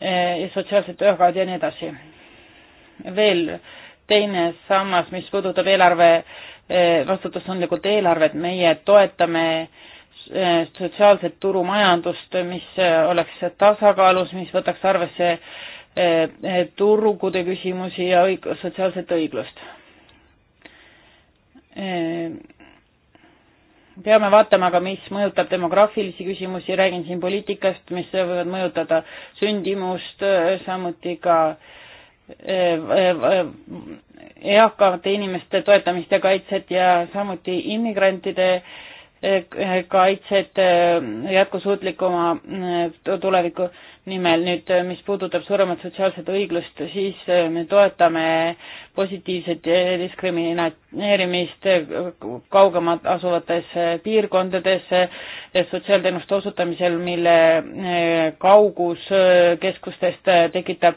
Speaker 4: Eh, ja sotsiaalsed töökohad ja nii edasi. veel teine sammas, mis puudutab eelarve, eh, vastutustundlikult eelarvet, meie toetame eh, sotsiaalset turumajandust, mis oleks tasakaalus, mis võtaks arvesse turgude küsimusi ja õig-, sotsiaalset õiglust peame vaatama ka, mis mõjutab demograafilisi küsimusi, räägin siin poliitikast, mis võivad mõjutada sündimust, samuti ka eh, eh, eh, eakate inimeste toetamist ja kaitset ja samuti immigrantide äh, Eh, kaitset eh, jätkusuutlikuma eh, tuleviku nimel. nüüd, mis puudutab suuremat sotsiaalset õiglust, siis me toetame positiivset diskrimineerimist kaugemalt asuvates piirkondades sotsiaalteenuste osutamisel, mille kaugus keskustest tekitab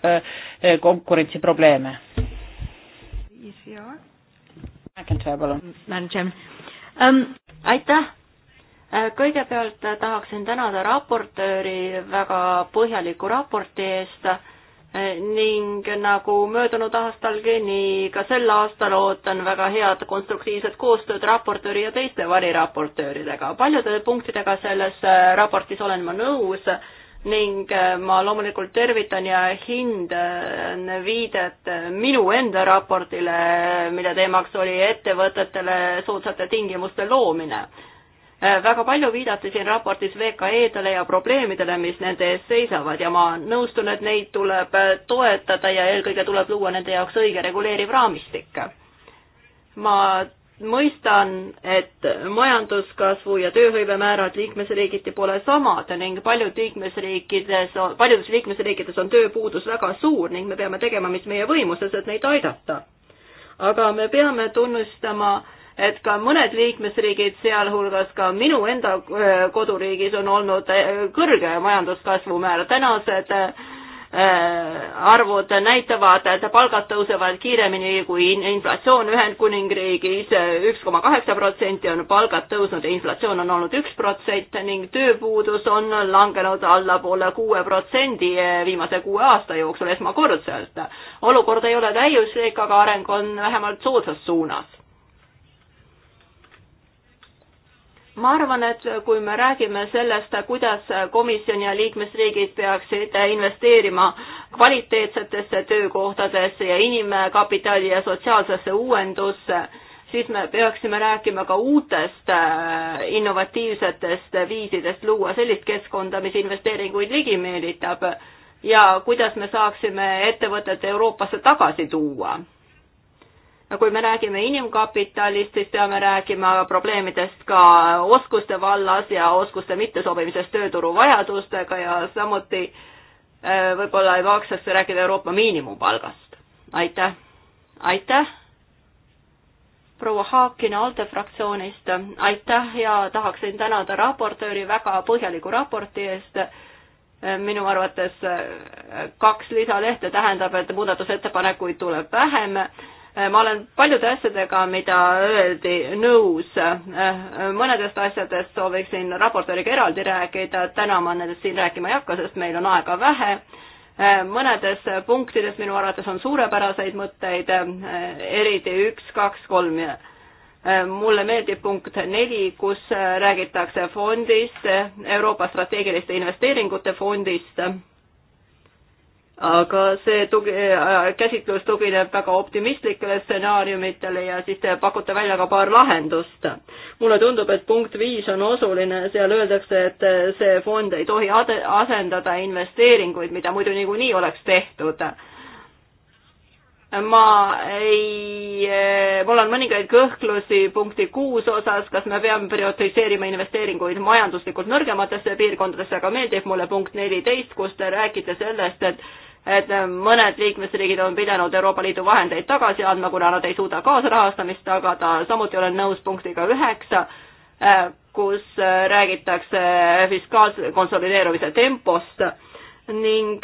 Speaker 4: konkurentsiprobleeme.
Speaker 1: McIntyre, palun aitäh! Äh, kõigepealt äh, tahaksin tänada raportööri väga põhjaliku raporti eest äh, ning nagu möödunud aastalgi, nii ka sel aastal ootan väga head konstruktiivset koostööd raportööri ja teiste variraportööridega. paljude punktidega selles raportis olen ma nõus ning äh, ma loomulikult tervitan ja hindan viidet minu enda raportile, mille teemaks oli ettevõtetele soodsate tingimuste loomine. Äh, väga palju viidati siin raportis VKE-dele ja probleemidele, mis nende ees seisavad ja ma nõustun, et neid tuleb äh, toetada ja eelkõige tuleb luua nende jaoks õige reguleeriv raamistik. ma mõistan, et majanduskasvu ja tööhõivemäärad liikmesriigiti pole samad ning paljud liikmesriikides, paljudes liikmesriikides on tööpuudus väga suur ning me peame tegema, mis meie võimuses, et neid aidata. aga me peame tunnustama, et ka mõned liikmesriigid, sealhulgas ka minu enda eh, koduriigis, on olnud eh, kõrge majanduskasvu määr. tänased äh, Äh, arvud näitavad, et palgad tõusevad kiiremini kui inflatsioon Ühendkuningriigis, üks koma kaheksa protsenti on palgad tõusnud ja inflatsioon on olnud üks protsent ning tööpuudus on langenud allapoole kuue protsendi viimase kuue aasta jooksul esmakordselt. olukord ei ole täiuslik, aga areng on vähemalt soodsas suunas ma arvan, et kui me räägime sellest, kuidas komisjon ja liikmesriigid peaksid investeerima kvaliteetsetesse töökohtadesse ja inimkapitali ja sotsiaalsesse uuendusse, siis me peaksime rääkima ka uutest äh, innovatiivsetest viisidest luua sellist keskkonda, mis investeeringuid ligi meelitab ja kuidas me saaksime ettevõtet Euroopasse tagasi tuua kui me räägime inimkapitalist, siis peame rääkima probleemidest ka oskuste vallas ja oskuste mittesobimisest tööturu vajadustega ja samuti äh, võib-olla ei maksaks rääkida Euroopa miinimumpalgast. aitäh, aitäh, proua Haakin ALDE fraktsioonist, aitäh ja tahaksin tänada raportööri väga põhjaliku raporti eest äh, minu arvates äh, kaks lisalehte tähendab, et muudatusettepanekuid tuleb vähem Äh, ma olen paljude asjadega, mida öeldi, nõus. Äh, mõnedest asjadest sooviksin raportööriga eraldi rääkida, täna ma nendest siin rääkima ei hakka, sest meil on aega vähe. Äh, mõnedes punktides minu arvates on suurepäraseid mõtteid, eriti üks, kaks, kolm ja mulle meeldib punkt neli, kus räägitakse fondist, Euroopa strateegiliste investeeringute fondist aga see tugi, äh, käsitlus tugineb väga optimistlikele stsenaariumitele ja siis te pakute välja ka paar lahendust. mulle tundub, et punkt viis on osuline, seal öeldakse, et äh, see fond ei tohi asendada investeeringuid, mida muidu niikuinii oleks tehtud ma ei, eh, mul on mõningaid kõhklusi punkti kuus osas, kas me peame prioritiseerima investeeringuid majanduslikult nõrgematesse piirkondadesse, aga meeldib mulle punkt neliteist, kus te räägite sellest, et et mõned liikmesriigid on pidanud Euroopa Liidu vahendeid tagasi andma, kuna nad ei suuda kaasrahastamist tagada, samuti olen nõus punktiga üheksa, eh, kus eh, räägitakse fiskaalse konsolideerumise tempost ning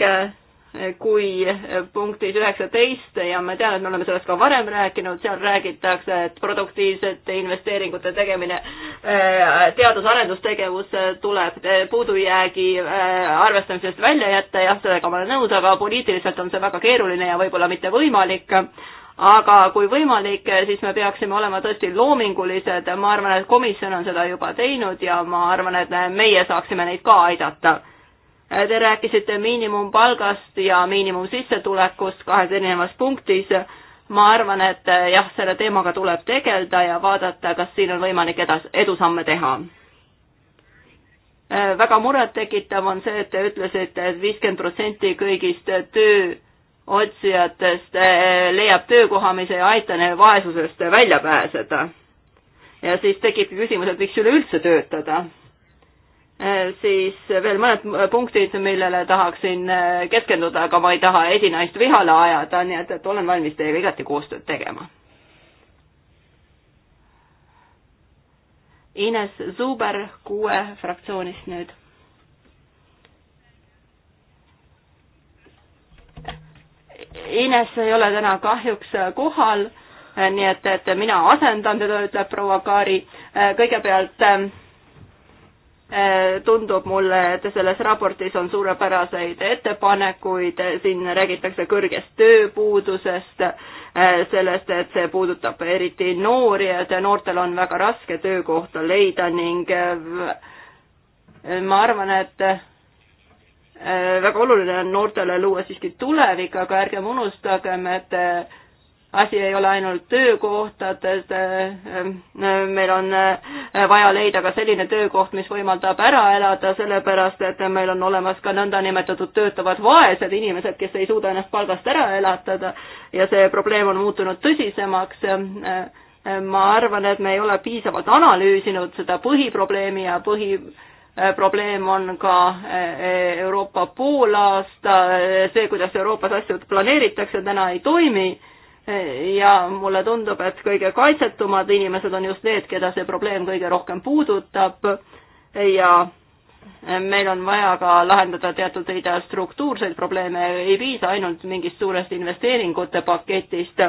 Speaker 1: kui punktis üheksateist ja ma tean, et me oleme sellest ka varem rääkinud, seal räägitakse, et produktiivsete investeeringute tegemine äh, teadus-arendustegevus äh, tuleb äh, puudujäägi arvestamisest välja jätta, jah, sellega ma olen nõus, aga poliitiliselt on see väga keeruline ja võib-olla mitte võimalik aga kui võimalik, siis me peaksime olema tõesti loomingulised, ma arvan, et komisjon on seda juba teinud ja ma arvan, et meie saaksime neid ka aidata Äh, te rääkisite miinimumpalgast ja miinimumsissetulekust kahes erinevas punktis. ma arvan, et äh, jah, selle teemaga tuleb tegeleda ja vaadata, kas siin on võimalik edas-, edusamme teha. Äh, väga murettekitav on see, et te ütlesite et, et viiskümmend protsenti kõigist tööotsijatest leiab töökoha, mis ei aita neil vaesusest välja pääseda. ja siis tekibki küsimus, et miks üleüldse töötada Äh, siis veel mõned punktid, millele tahaksin äh, keskenduda, aga ma ei taha esinaist vihale ajada, nii et, et olen valmis teiega igati koostööd tegema. Ines Zuber kuue fraktsioonist nüüd. Ines ei ole täna kahjuks äh, kohal, nii et, et mina asendan teda, ütleb proua Kaari. kõigepealt äh, Äh, tundub mulle, et selles raportis on suurepäraseid ettepanekuid, siin räägitakse kõrgest tööpuudusest, äh, sellest, et see puudutab eriti noori, et noortel on väga raske töökohta leida ning äh, ma arvan, et väga oluline on noortele luua siiski tulevik, aga ärgem unustagem, et asi ei ole ainult töökohtades, äh, meil on äh, vaja leida ka selline töökoht, mis võimaldab ära elada, sellepärast et meil on olemas ka nõndanimetatud töötavad vaesed inimesed, kes ei suuda ennast palgast ära elatada ja see probleem on muutunud tõsisemaks. Äh, ma arvan, et me ei ole piisavalt analüüsinud seda põhiprobleemi ja põhi probleem on ka Euroopa poolaasta, see, kuidas Euroopas asjad planeeritakse, täna ei toimi ja mulle tundub, et kõige kaitsetumad inimesed on just need, keda see probleem kõige rohkem puudutab ja meil on vaja ka lahendada teatud rida struktuurseid probleeme, ei piisa ainult mingist suurest investeeringute paketist.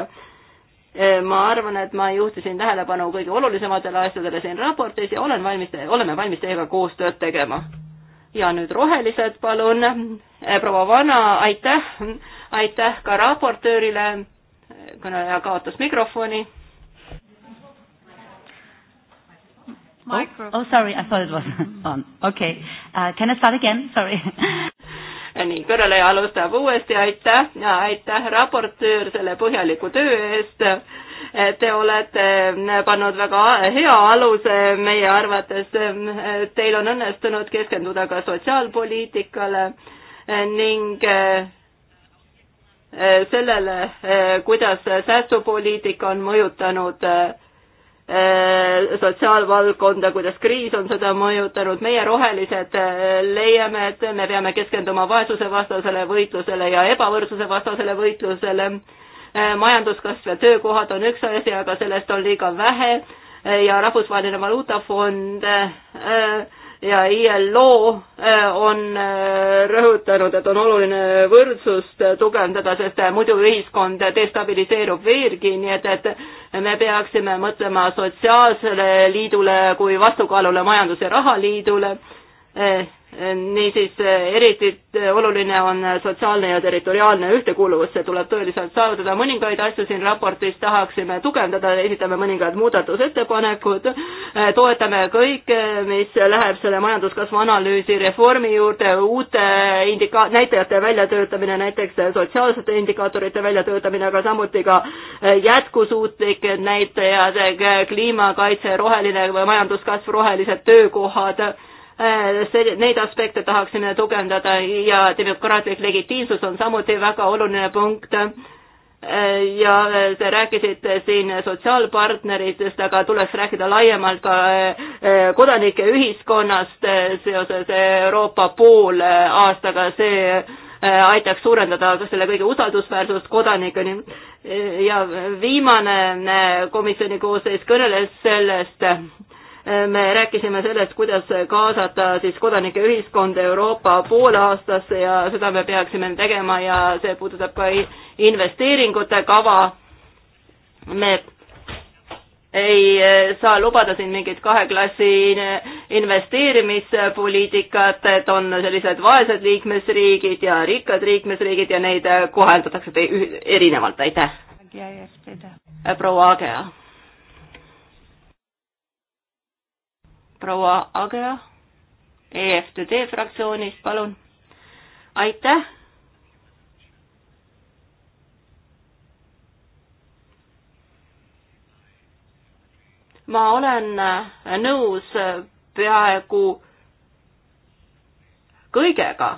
Speaker 1: ma arvan, et ma juhtisin tähelepanu kõige olulisematele asjadele siin raportis ja olen valmis, oleme valmis teiega koostööd tegema. ja nüüd rohelised, palun. proua Vana, aitäh, aitäh ka raportöörile kõneleja kaotas mikrofoni. Micro. Oh, oh,
Speaker 2: sorry, I thought it was (laughs) on. Okay. Uh, can I start again? Sorry.
Speaker 1: (laughs) nii, kõneleja alustab uuesti, aitäh ja aitäh, raportöör, selle põhjaliku töö eest. Te olete pannud väga hea aluse meie arvates. Teil on õnnestunud keskenduda ka sotsiaalpoliitikale ning Eh, sellele, eh, kuidas säästupoliitika on mõjutanud eh, sotsiaalvaldkonda, kuidas kriis on seda mõjutanud, meie rohelised leiame, et me peame keskenduma vaesusevastasele võitlusele ja ebavõrdsuse vastasele võitlusele. majanduskasv ja töökohad on üks asi, aga sellest on liiga vähe ja Rahvusvaheline Valuutafond äh, ja ILO äh, on äh, rõhutanud, et on oluline võrdsust tugevdada, sest äh, muidu ühiskond destabiliseerub veelgi, nii et, et me peaksime mõtlema sotsiaalsele liidule kui vastukaalule majandus- ja rahaliidule niisiis eriti oluline on sotsiaalne ja territoriaalne ühtekuuluvus, see tuleb tõeliselt saavutada, mõningaid asju siin raportis tahaksime tugevdada, esitame mõningad muudatusettepanekud, toetame kõike, mis läheb selle majanduskasvu analüüsi reformi juurde, uute indika-, näitajate väljatöötamine, näiteks sotsiaalsete indikaatorite väljatöötamine, aga samuti ka jätkusuutlik näitajad, kliimakaitse, roheline majanduskasv, rohelised töökohad Äh, neid aspekte tahaksime tugevdada ja demokraatlik legitiimsus on samuti väga oluline punkt äh, ja äh, te rääkisite siin sotsiaalpartneritest, aga tuleks rääkida laiemalt ka kodanike ühiskonnast seoses Euroopa poole aastaga, see aitaks suurendada ka selle kõige usaldusväärsust kodanikeni. ja viimane komisjoni koosseis kõneles sellest, me rääkisime sellest, kuidas kaasata siis kodanike ühiskond Euroopa poolaastasse ja seda me peaksime tegema ja see puudutab ka investeeringute kava. me ei saa lubada siin mingit kahe klassi investeerimispoliitikat, et on sellised vaesed liikmesriigid ja rikkad liikmesriigid ja neid koheldatakse erinevalt, aitäh. proua Agea proua Agea EFTD fraktsioonist, palun. aitäh. ma olen äh, nõus äh, peaaegu kõigega,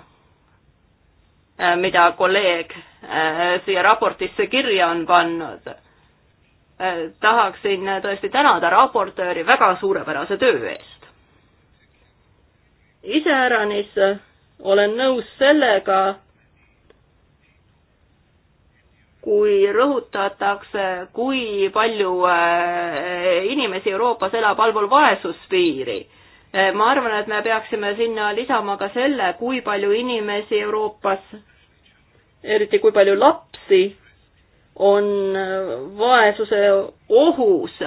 Speaker 1: äh, mida kolleeg siia raportisse kirja on pannud. tahaksin tõesti tänada raportööri väga suurepärase töö eest iseäranis olen nõus sellega, kui rõhutatakse, kui palju eh, inimesi Euroopas elab allpool vaesuspiiri. Eh, ma arvan, et me peaksime sinna lisama ka selle, kui palju inimesi Euroopas, eriti kui palju lapsi, on eh, vaesuse ohus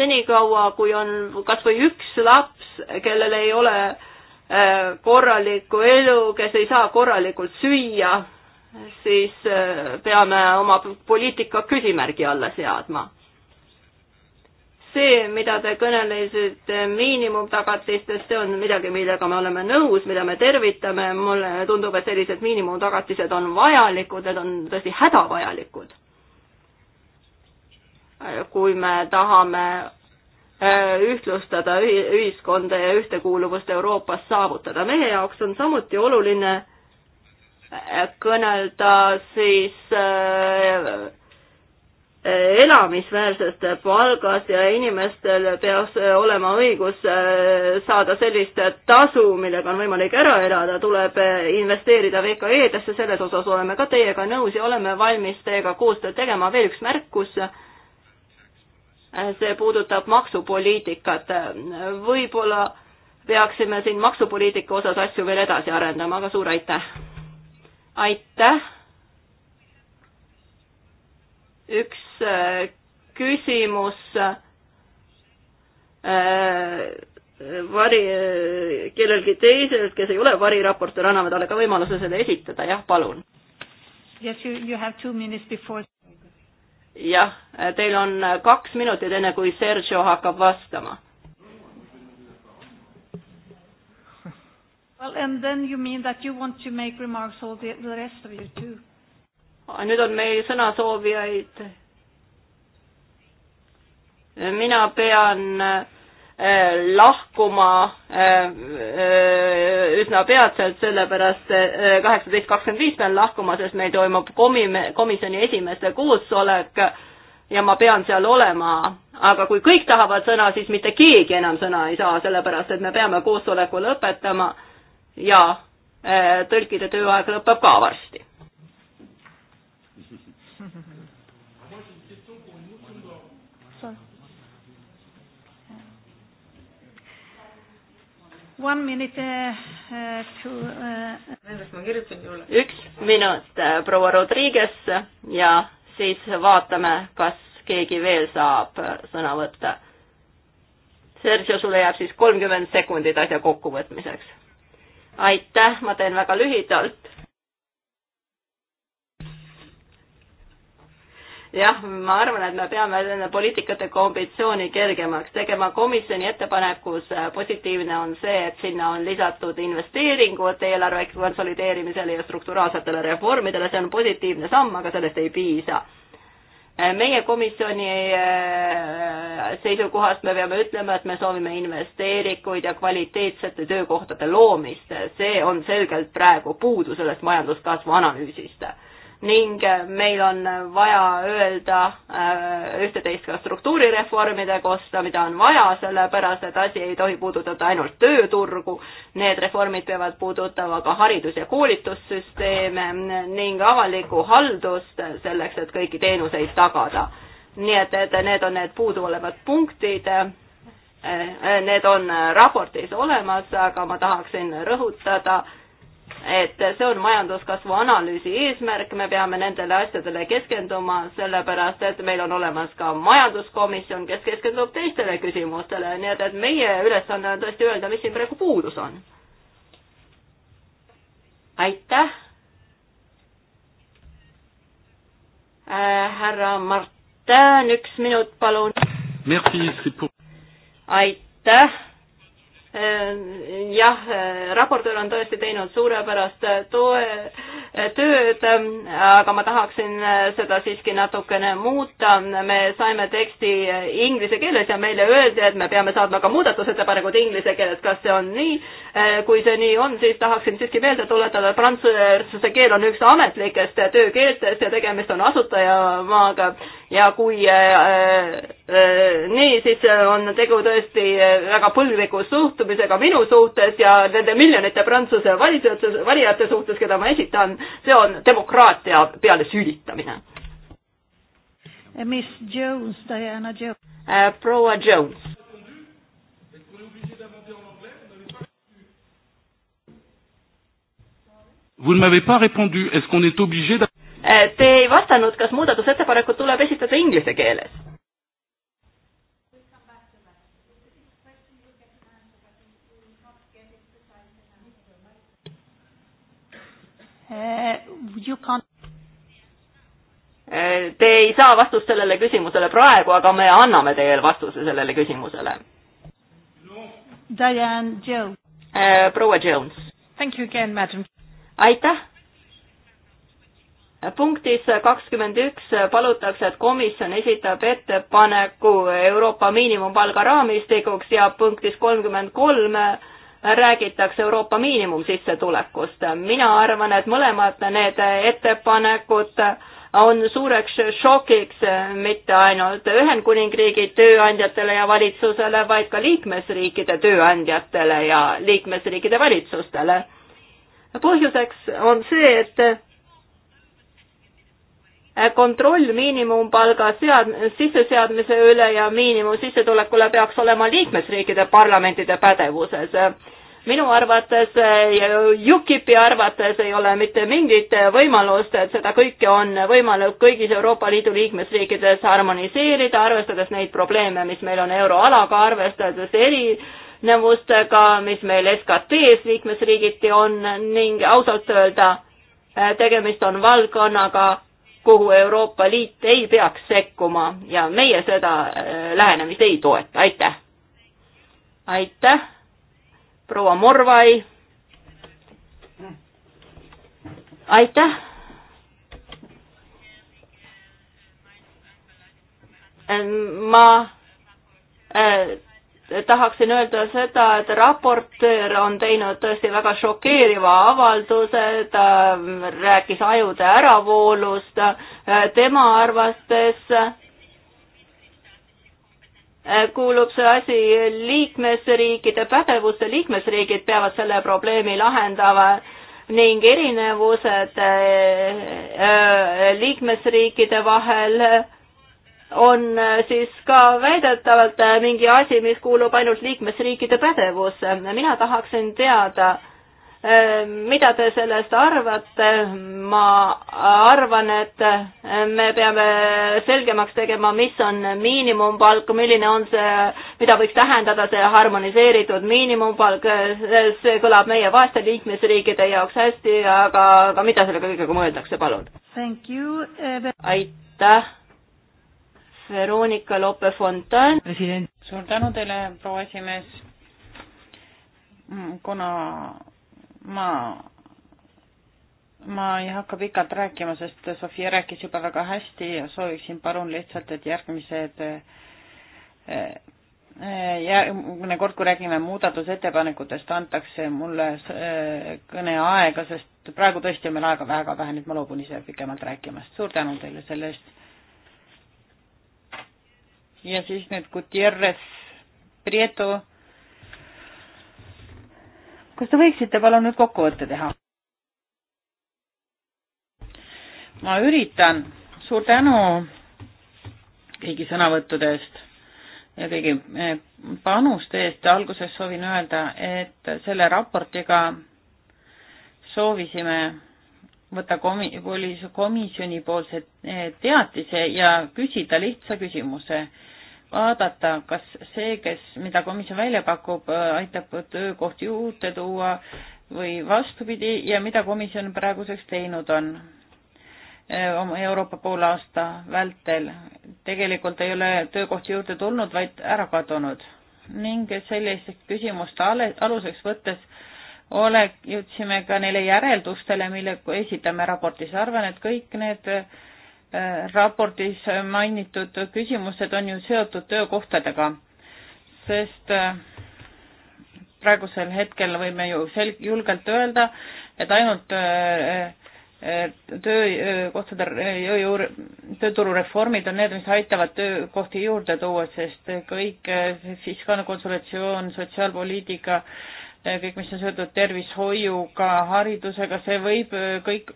Speaker 1: senikaua, kui on kas või üks laps, kellel ei ole äh, korralikku elu, kes ei saa korralikult süüa, siis äh, peame oma poliitika küsimärgi alla seadma. see, mida te kõnelesite miinimumtagatistest, see on midagi, millega me oleme nõus, mida me tervitame, mulle tundub, et sellised miinimumtagatised on vajalikud, need on tõesti hädavajalikud kui me tahame äh, ühtlustada ühiskonda ja ühtekuuluvust Euroopas saavutada. meie jaoks on samuti oluline äh, kõnelda siis äh, elamisväärsest palgast ja inimestel peaks olema õigus saada sellist tasu, millega on võimalik ära elada, tuleb investeerida VKE-desse, selles osas oleme ka teiega nõus ja oleme valmis teiega koostööd tegema. veel üks märkus see puudutab maksupoliitikat. võib-olla peaksime siin maksupoliitika osas asju veel edasi arendama, aga suur aitäh! aitäh! üks äh, küsimus äh, vari, äh, kellelgi teiselt, kes ei ole variraportöör, anname talle ka võimaluse selle esitada, jah, palun.
Speaker 2: Yes, you, you have two minutes before
Speaker 1: jah, teil on kaks minutit, enne kui Sergio hakkab vastama.
Speaker 2: Well, and then you mean that you want to make remarks all the, the rest of you too?
Speaker 1: Ah, nüüd on meil sõnasoovijaid. mina pean äh, Eh, lahkuma eh, eh, üsna peatselt, sellepärast kaheksateist kakskümmend viis pean lahkuma, sest meil toimub komi-, komisjoni esimeeste koosolek ja ma pean seal olema. aga kui kõik tahavad sõna, siis mitte keegi enam sõna ei saa, sellepärast et me peame koosoleku lõpetama ja tõlkide tööaeg lõpeb ka varsti.
Speaker 2: One minute uh, uh to
Speaker 4: uh....
Speaker 1: üks minut äh, proua Rodriguez ja siis vaatame, kas keegi veel saab äh, sõna võtta. Sergio, sulle jääb siis kolmkümmend sekundit asja kokkuvõtmiseks. aitäh, ma teen väga lühidalt jah, ma arvan, et me peame poliitikate kombitsiooni kergemaks tegema. komisjoni ettepanekus äh, positiivne on see, et sinna on lisatud investeeringud eelarve konsolideerimisele ja strukturaalsetele reformidele, see on positiivne samm, aga sellest ei piisa äh, meie komisjoni äh, seisukohast me peame ütlema, et me soovime investeeringuid ja kvaliteetsete töökohtade loomist. see on selgelt praegu puudu sellest majanduskasvu analüüsist ning äh, meil on vaja öelda äh, üht-teist ka struktuurireformide kohta, mida on vaja, sellepärast et asi ei tohi puudutada ainult tööturgu, need reformid peavad puudutama ka haridus- ja koolitussüsteeme ning avalikku haldust selleks, et kõiki teenuseid tagada. nii et, et need on need puuduolevad punktid äh, need on raportis olemas, aga ma tahaksin rõhutada, et see on majanduskasvu analüüsi eesmärk, me peame nendele asjadele keskenduma, sellepärast et meil on olemas ka majanduskomisjon, kes keskendub teistele küsimustele, nii et, et meie ülesanne on tõesti öelda, mis siin praegu puudus on. aitäh äh,. härra Martin, üks minut palun. aitäh Äh, jah, raportöör on tõesti teinud suurepärast äh, toe, äh, tööd, aga ma tahaksin seda siiski natukene muuta. me saime teksti inglise keeles ja meile öeldi, et me peame saatma ka muudatusettepanekud inglise keeles. kas see on nii? kui see nii on, siis tahaksin siiski meelde tuletada, et prantsuse keel on üks ametlikest töökeeltest ja tegemist on asutajamaaga ja kui äh, äh, nii, siis on tegu tõesti väga põlvliku suhtega suhtumisega minu suhtes ja nende miljonite Prantsuse valijate, valijate suhtes, keda ma esitan, see on demokraatia peale süüditamine.
Speaker 2: Miss Jones, Diana Jones.
Speaker 1: Äh, proua Jones.
Speaker 2: Vous ne m'avez pas répondu, est-ce qu'on est obligé
Speaker 1: äh, Te ei vastanud, kas muudatusettepanekud tuleb esitada inglise keeles? Eh, you can't eh, Te ei saa vastust sellele küsimusele praegu, aga me anname teile vastuse sellele küsimusele. Diane Jones. Eh, proua Jones. Thank you again, madam. aitäh. punktis kakskümmend üks palutakse, et komisjon esitab ettepaneku Euroopa miinimumpalga raamistikuks ja punktis kolmkümmend kolm räägitakse Euroopa miinimumsissetulekust. mina arvan, et mõlemad need ettepanekud on suureks šokiks mitte ainult Ühendkuningriigi tööandjatele ja valitsusele, vaid ka liikmesriikide tööandjatele ja liikmesriikide valitsustele. põhjuseks on see, et Äh, kontroll miinimumpalga sead-, sisseseadmise üle ja miinimumsissetulekule peaks olema liikmesriikide parlamentide pädevuses. minu arvates äh, ja UKIP-i arvates ei ole mitte mingit võimalust, et seda kõike on võimalik kõigis Euroopa Liidu liikmesriikides harmoniseerida, arvestades neid probleeme, mis meil on euroalaga, arvestades eri erinevustega, mis meil SKT-s liikmesriigiti on ning ausalt öelda, äh, tegemist on valdkonnaga, kuhu Euroopa Liit ei peaks sekkuma ja meie seda äh, lähenemist ei toeta, aitäh. aitäh, proua Morvai. aitäh. Äh, ma äh, tahaksin öelda seda, et raportöör on teinud tõesti väga šokeeriva avalduse, ta rääkis ajude äravoolust, tema arvates kuulub see asi liikmesriikide pädevusse, liikmesriigid peavad selle probleemi lahendama ning erinevused äh, äh, liikmesriikide vahel on äh, siis ka väidetavalt äh, mingi asi, mis kuulub ainult liikmesriikide pädevusse. mina tahaksin teada, äh, mida te sellest arvate, ma arvan, et me peame selgemaks tegema, mis on miinimumpalk, milline on see, mida võiks tähendada see harmoniseeritud miinimumpalk, see kõlab meie vaeste liikmesriikide jaoks hästi, aga, aga mida selle kõigega mõeldakse, palun? aitäh Veronika Lope-Fontan. president. suur
Speaker 4: tänu teile, proua esimees.
Speaker 1: kuna ma,
Speaker 4: ma ei hakka pikalt rääkima, sest Sofia rääkis juba väga hästi ja sooviksin palun lihtsalt, et järgmised järgmine kord, kui räägime muudatusettepanekutest, antakse mulle eh, kõneaega, sest praegu tõesti on meil aega väga vähe, nii et ma loobun ise pikemalt rääkimast. suur tänu teile selle eest ja siis nüüd Gutierrez Prieto. kas te võiksite palun nüüd kokkuvõtte teha? ma üritan, suur tänu kõigi sõnavõttude eest ja kõigi eh, panuste eest. alguses soovin öelda, et selle raportiga soovisime võtta komi-, komisjoni poolse eh, teatise ja küsida lihtsa küsimuse vaadata, kas see, kes, mida komisjon välja pakub, äh, aitab töökohti juurde tuua või vastupidi ja mida komisjon praeguseks teinud on äh, oma Euroopa poole aasta vältel. tegelikult ei ole töökohti juurde tulnud, vaid ära kadunud ning selliste küsimuste aluseks võttes ole, jõudsime ka neile järeldustele, mille esitame raportis. arvan, et kõik need äh, Äh, raportis mainitud küsimused on ju seotud töökohtadega, sest äh, praegusel hetkel võime ju sel-, julgelt öelda, et ainult äh, töökohtade tööjõu, tööturureformid on need, mis aitavad töökohti juurde tuua, sest kõik fiskaalne konsultatsioon, sotsiaalpoliitika, kõik, mis on seotud tervishoiuga, haridusega, see võib kõik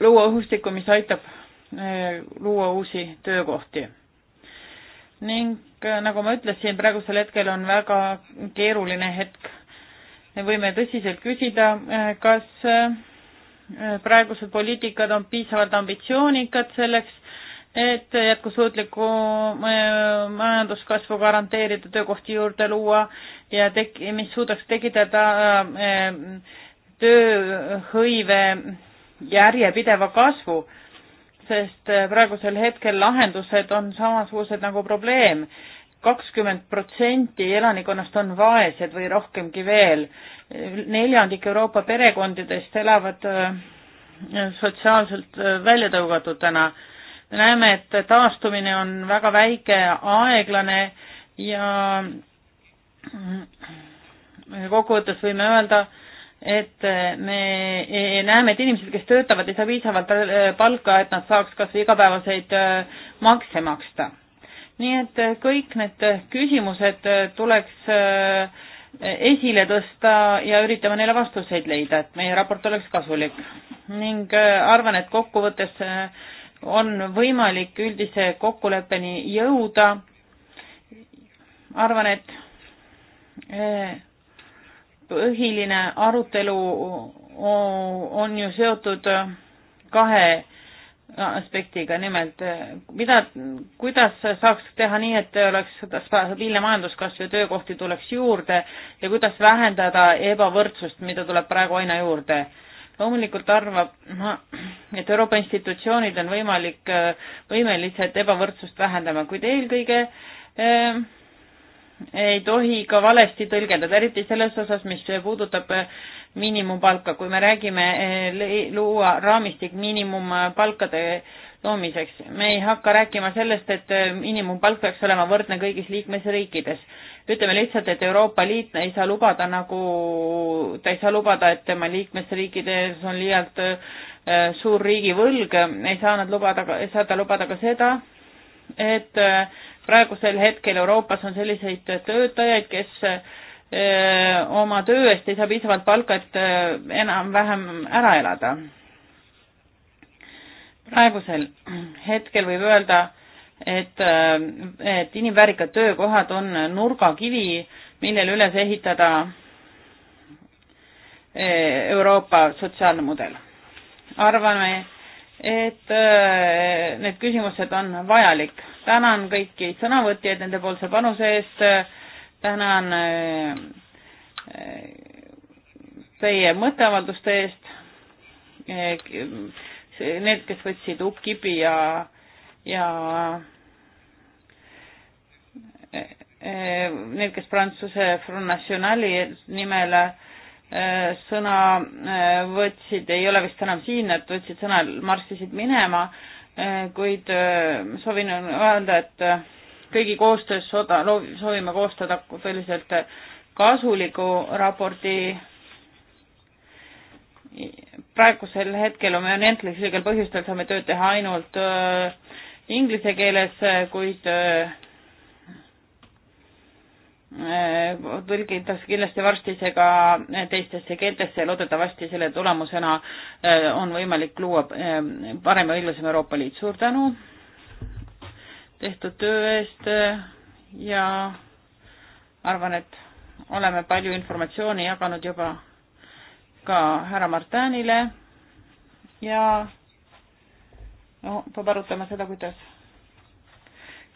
Speaker 4: luua õhustikku, mis aitab Äh, luua uusi töökohti. ning äh, nagu ma ütlesin, praegusel hetkel on väga keeruline hetk. me võime tõsiselt küsida, äh, kas praegused poliitikad on piisavalt ambitsioonikad selleks, et jätkusuutliku majanduskasvu garanteerida, töökohti juurde luua ja tek-, mis suudaks tekitada tööhõive järjepideva kasvu sest äh, praegusel hetkel lahendused on samasugused nagu probleem. kakskümmend protsenti elanikkonnast on vaesed või rohkemgi veel. neljandik Euroopa perekondadest elavad äh, sotsiaalselt äh, välja tõugatutena. me näeme, et taastumine on väga väike, aeglane ja mm, kokkuvõttes võime öelda, et äh, me e, e, näeme, et inimesed, kes töötavad, ei saa piisavalt äh, palka, et nad saaks kas või igapäevaseid äh, makse maksta. nii et kõik need küsimused tuleks esile tõsta ja üritame neile vastuseid leida, et meie raport oleks kasulik. ning arvan, et kokkuvõttes on võimalik üldise kokkuleppeni jõuda. arvan, et põhiline arutelu on ju seotud kahe aspektiga, nimelt mida, kuidas saaks teha nii, et oleks stabiilne majanduskasv ja töökohti tuleks juurde ja kuidas vähendada ebavõrdsust, mida tuleb praegu aina juurde. loomulikult arvab ma, et Euroopa institutsioonid on võimalik, võimelised ebavõrdsust vähendama, kuid eelkõige äh, ei tohi ka valesti tõlgendada, eriti selles osas, mis puudutab äh, miinimumpalka, kui me räägime äh, luua raamistik miinimumpalkade loomiseks. me ei hakka rääkima sellest, et äh, miinimumpalk peaks olema võrdne kõigis liikmesriikides. ütleme lihtsalt, et Euroopa Liit ei saa lubada nagu, ta ei saa lubada, et tema liikmesriikides on liialt suur riigivõlg, ei saa nad lubada, ei saa ta lubada ka seda, et äh, praegusel hetkel Euroopas on selliseid töötajaid, kes eh, oma töö eest ei saa piisavalt palka, et eh, enam-vähem ära elada. praegusel hetkel võib öelda, et, eh, et inimväärikad töökohad on nurgakivi, millele üles ehitada Euroopa sotsiaalne mudel. arvame, et need küsimused on vajalik tänan kõiki sõnavõtjaid nendepoolse panuse eest, tänan äh, teie mõtteavalduste eest, äh, need, kes võtsid UKIP-i ja, ja äh, need, kes Prantsuse Front Nationali nimel sõna võtsid, ei ole vist enam siin, nad võtsid sõna, marssisid minema Äh, kuid äh, soovin öelda, et äh, kõigi koostöös soda, soovime koostada selliselt kasuliku raporti. praegusel hetkel on meil entlislikel põhjustel saame tööd teha ainult inglise keeles, kuid Äh, tõlgitakse kindlasti varsti see ka äh, teistesse keeltesse ja loodetavasti selle tulemusena äh, on võimalik luua parem ja õiglasem Euroopa Liit. suur tänu tehtud töö eest ja arvan, et oleme palju informatsiooni jaganud juba ka härra Martinile ja no, peab arutama seda, kuidas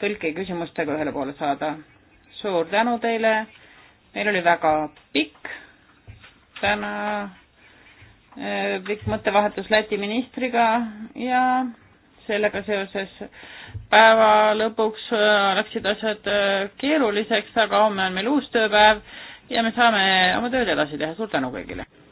Speaker 4: tõlke küsimustega ühele poole saada suur tänu teile. meil oli väga pikk täna eh, pikk mõttevahetus Läti ministriga ja sellega seoses päeva lõpuks eh, läksid asjad eh, keeruliseks, aga homme on meil uus tööpäev
Speaker 5: ja me saame oma
Speaker 4: tööd edasi teha. suur tänu kõigile!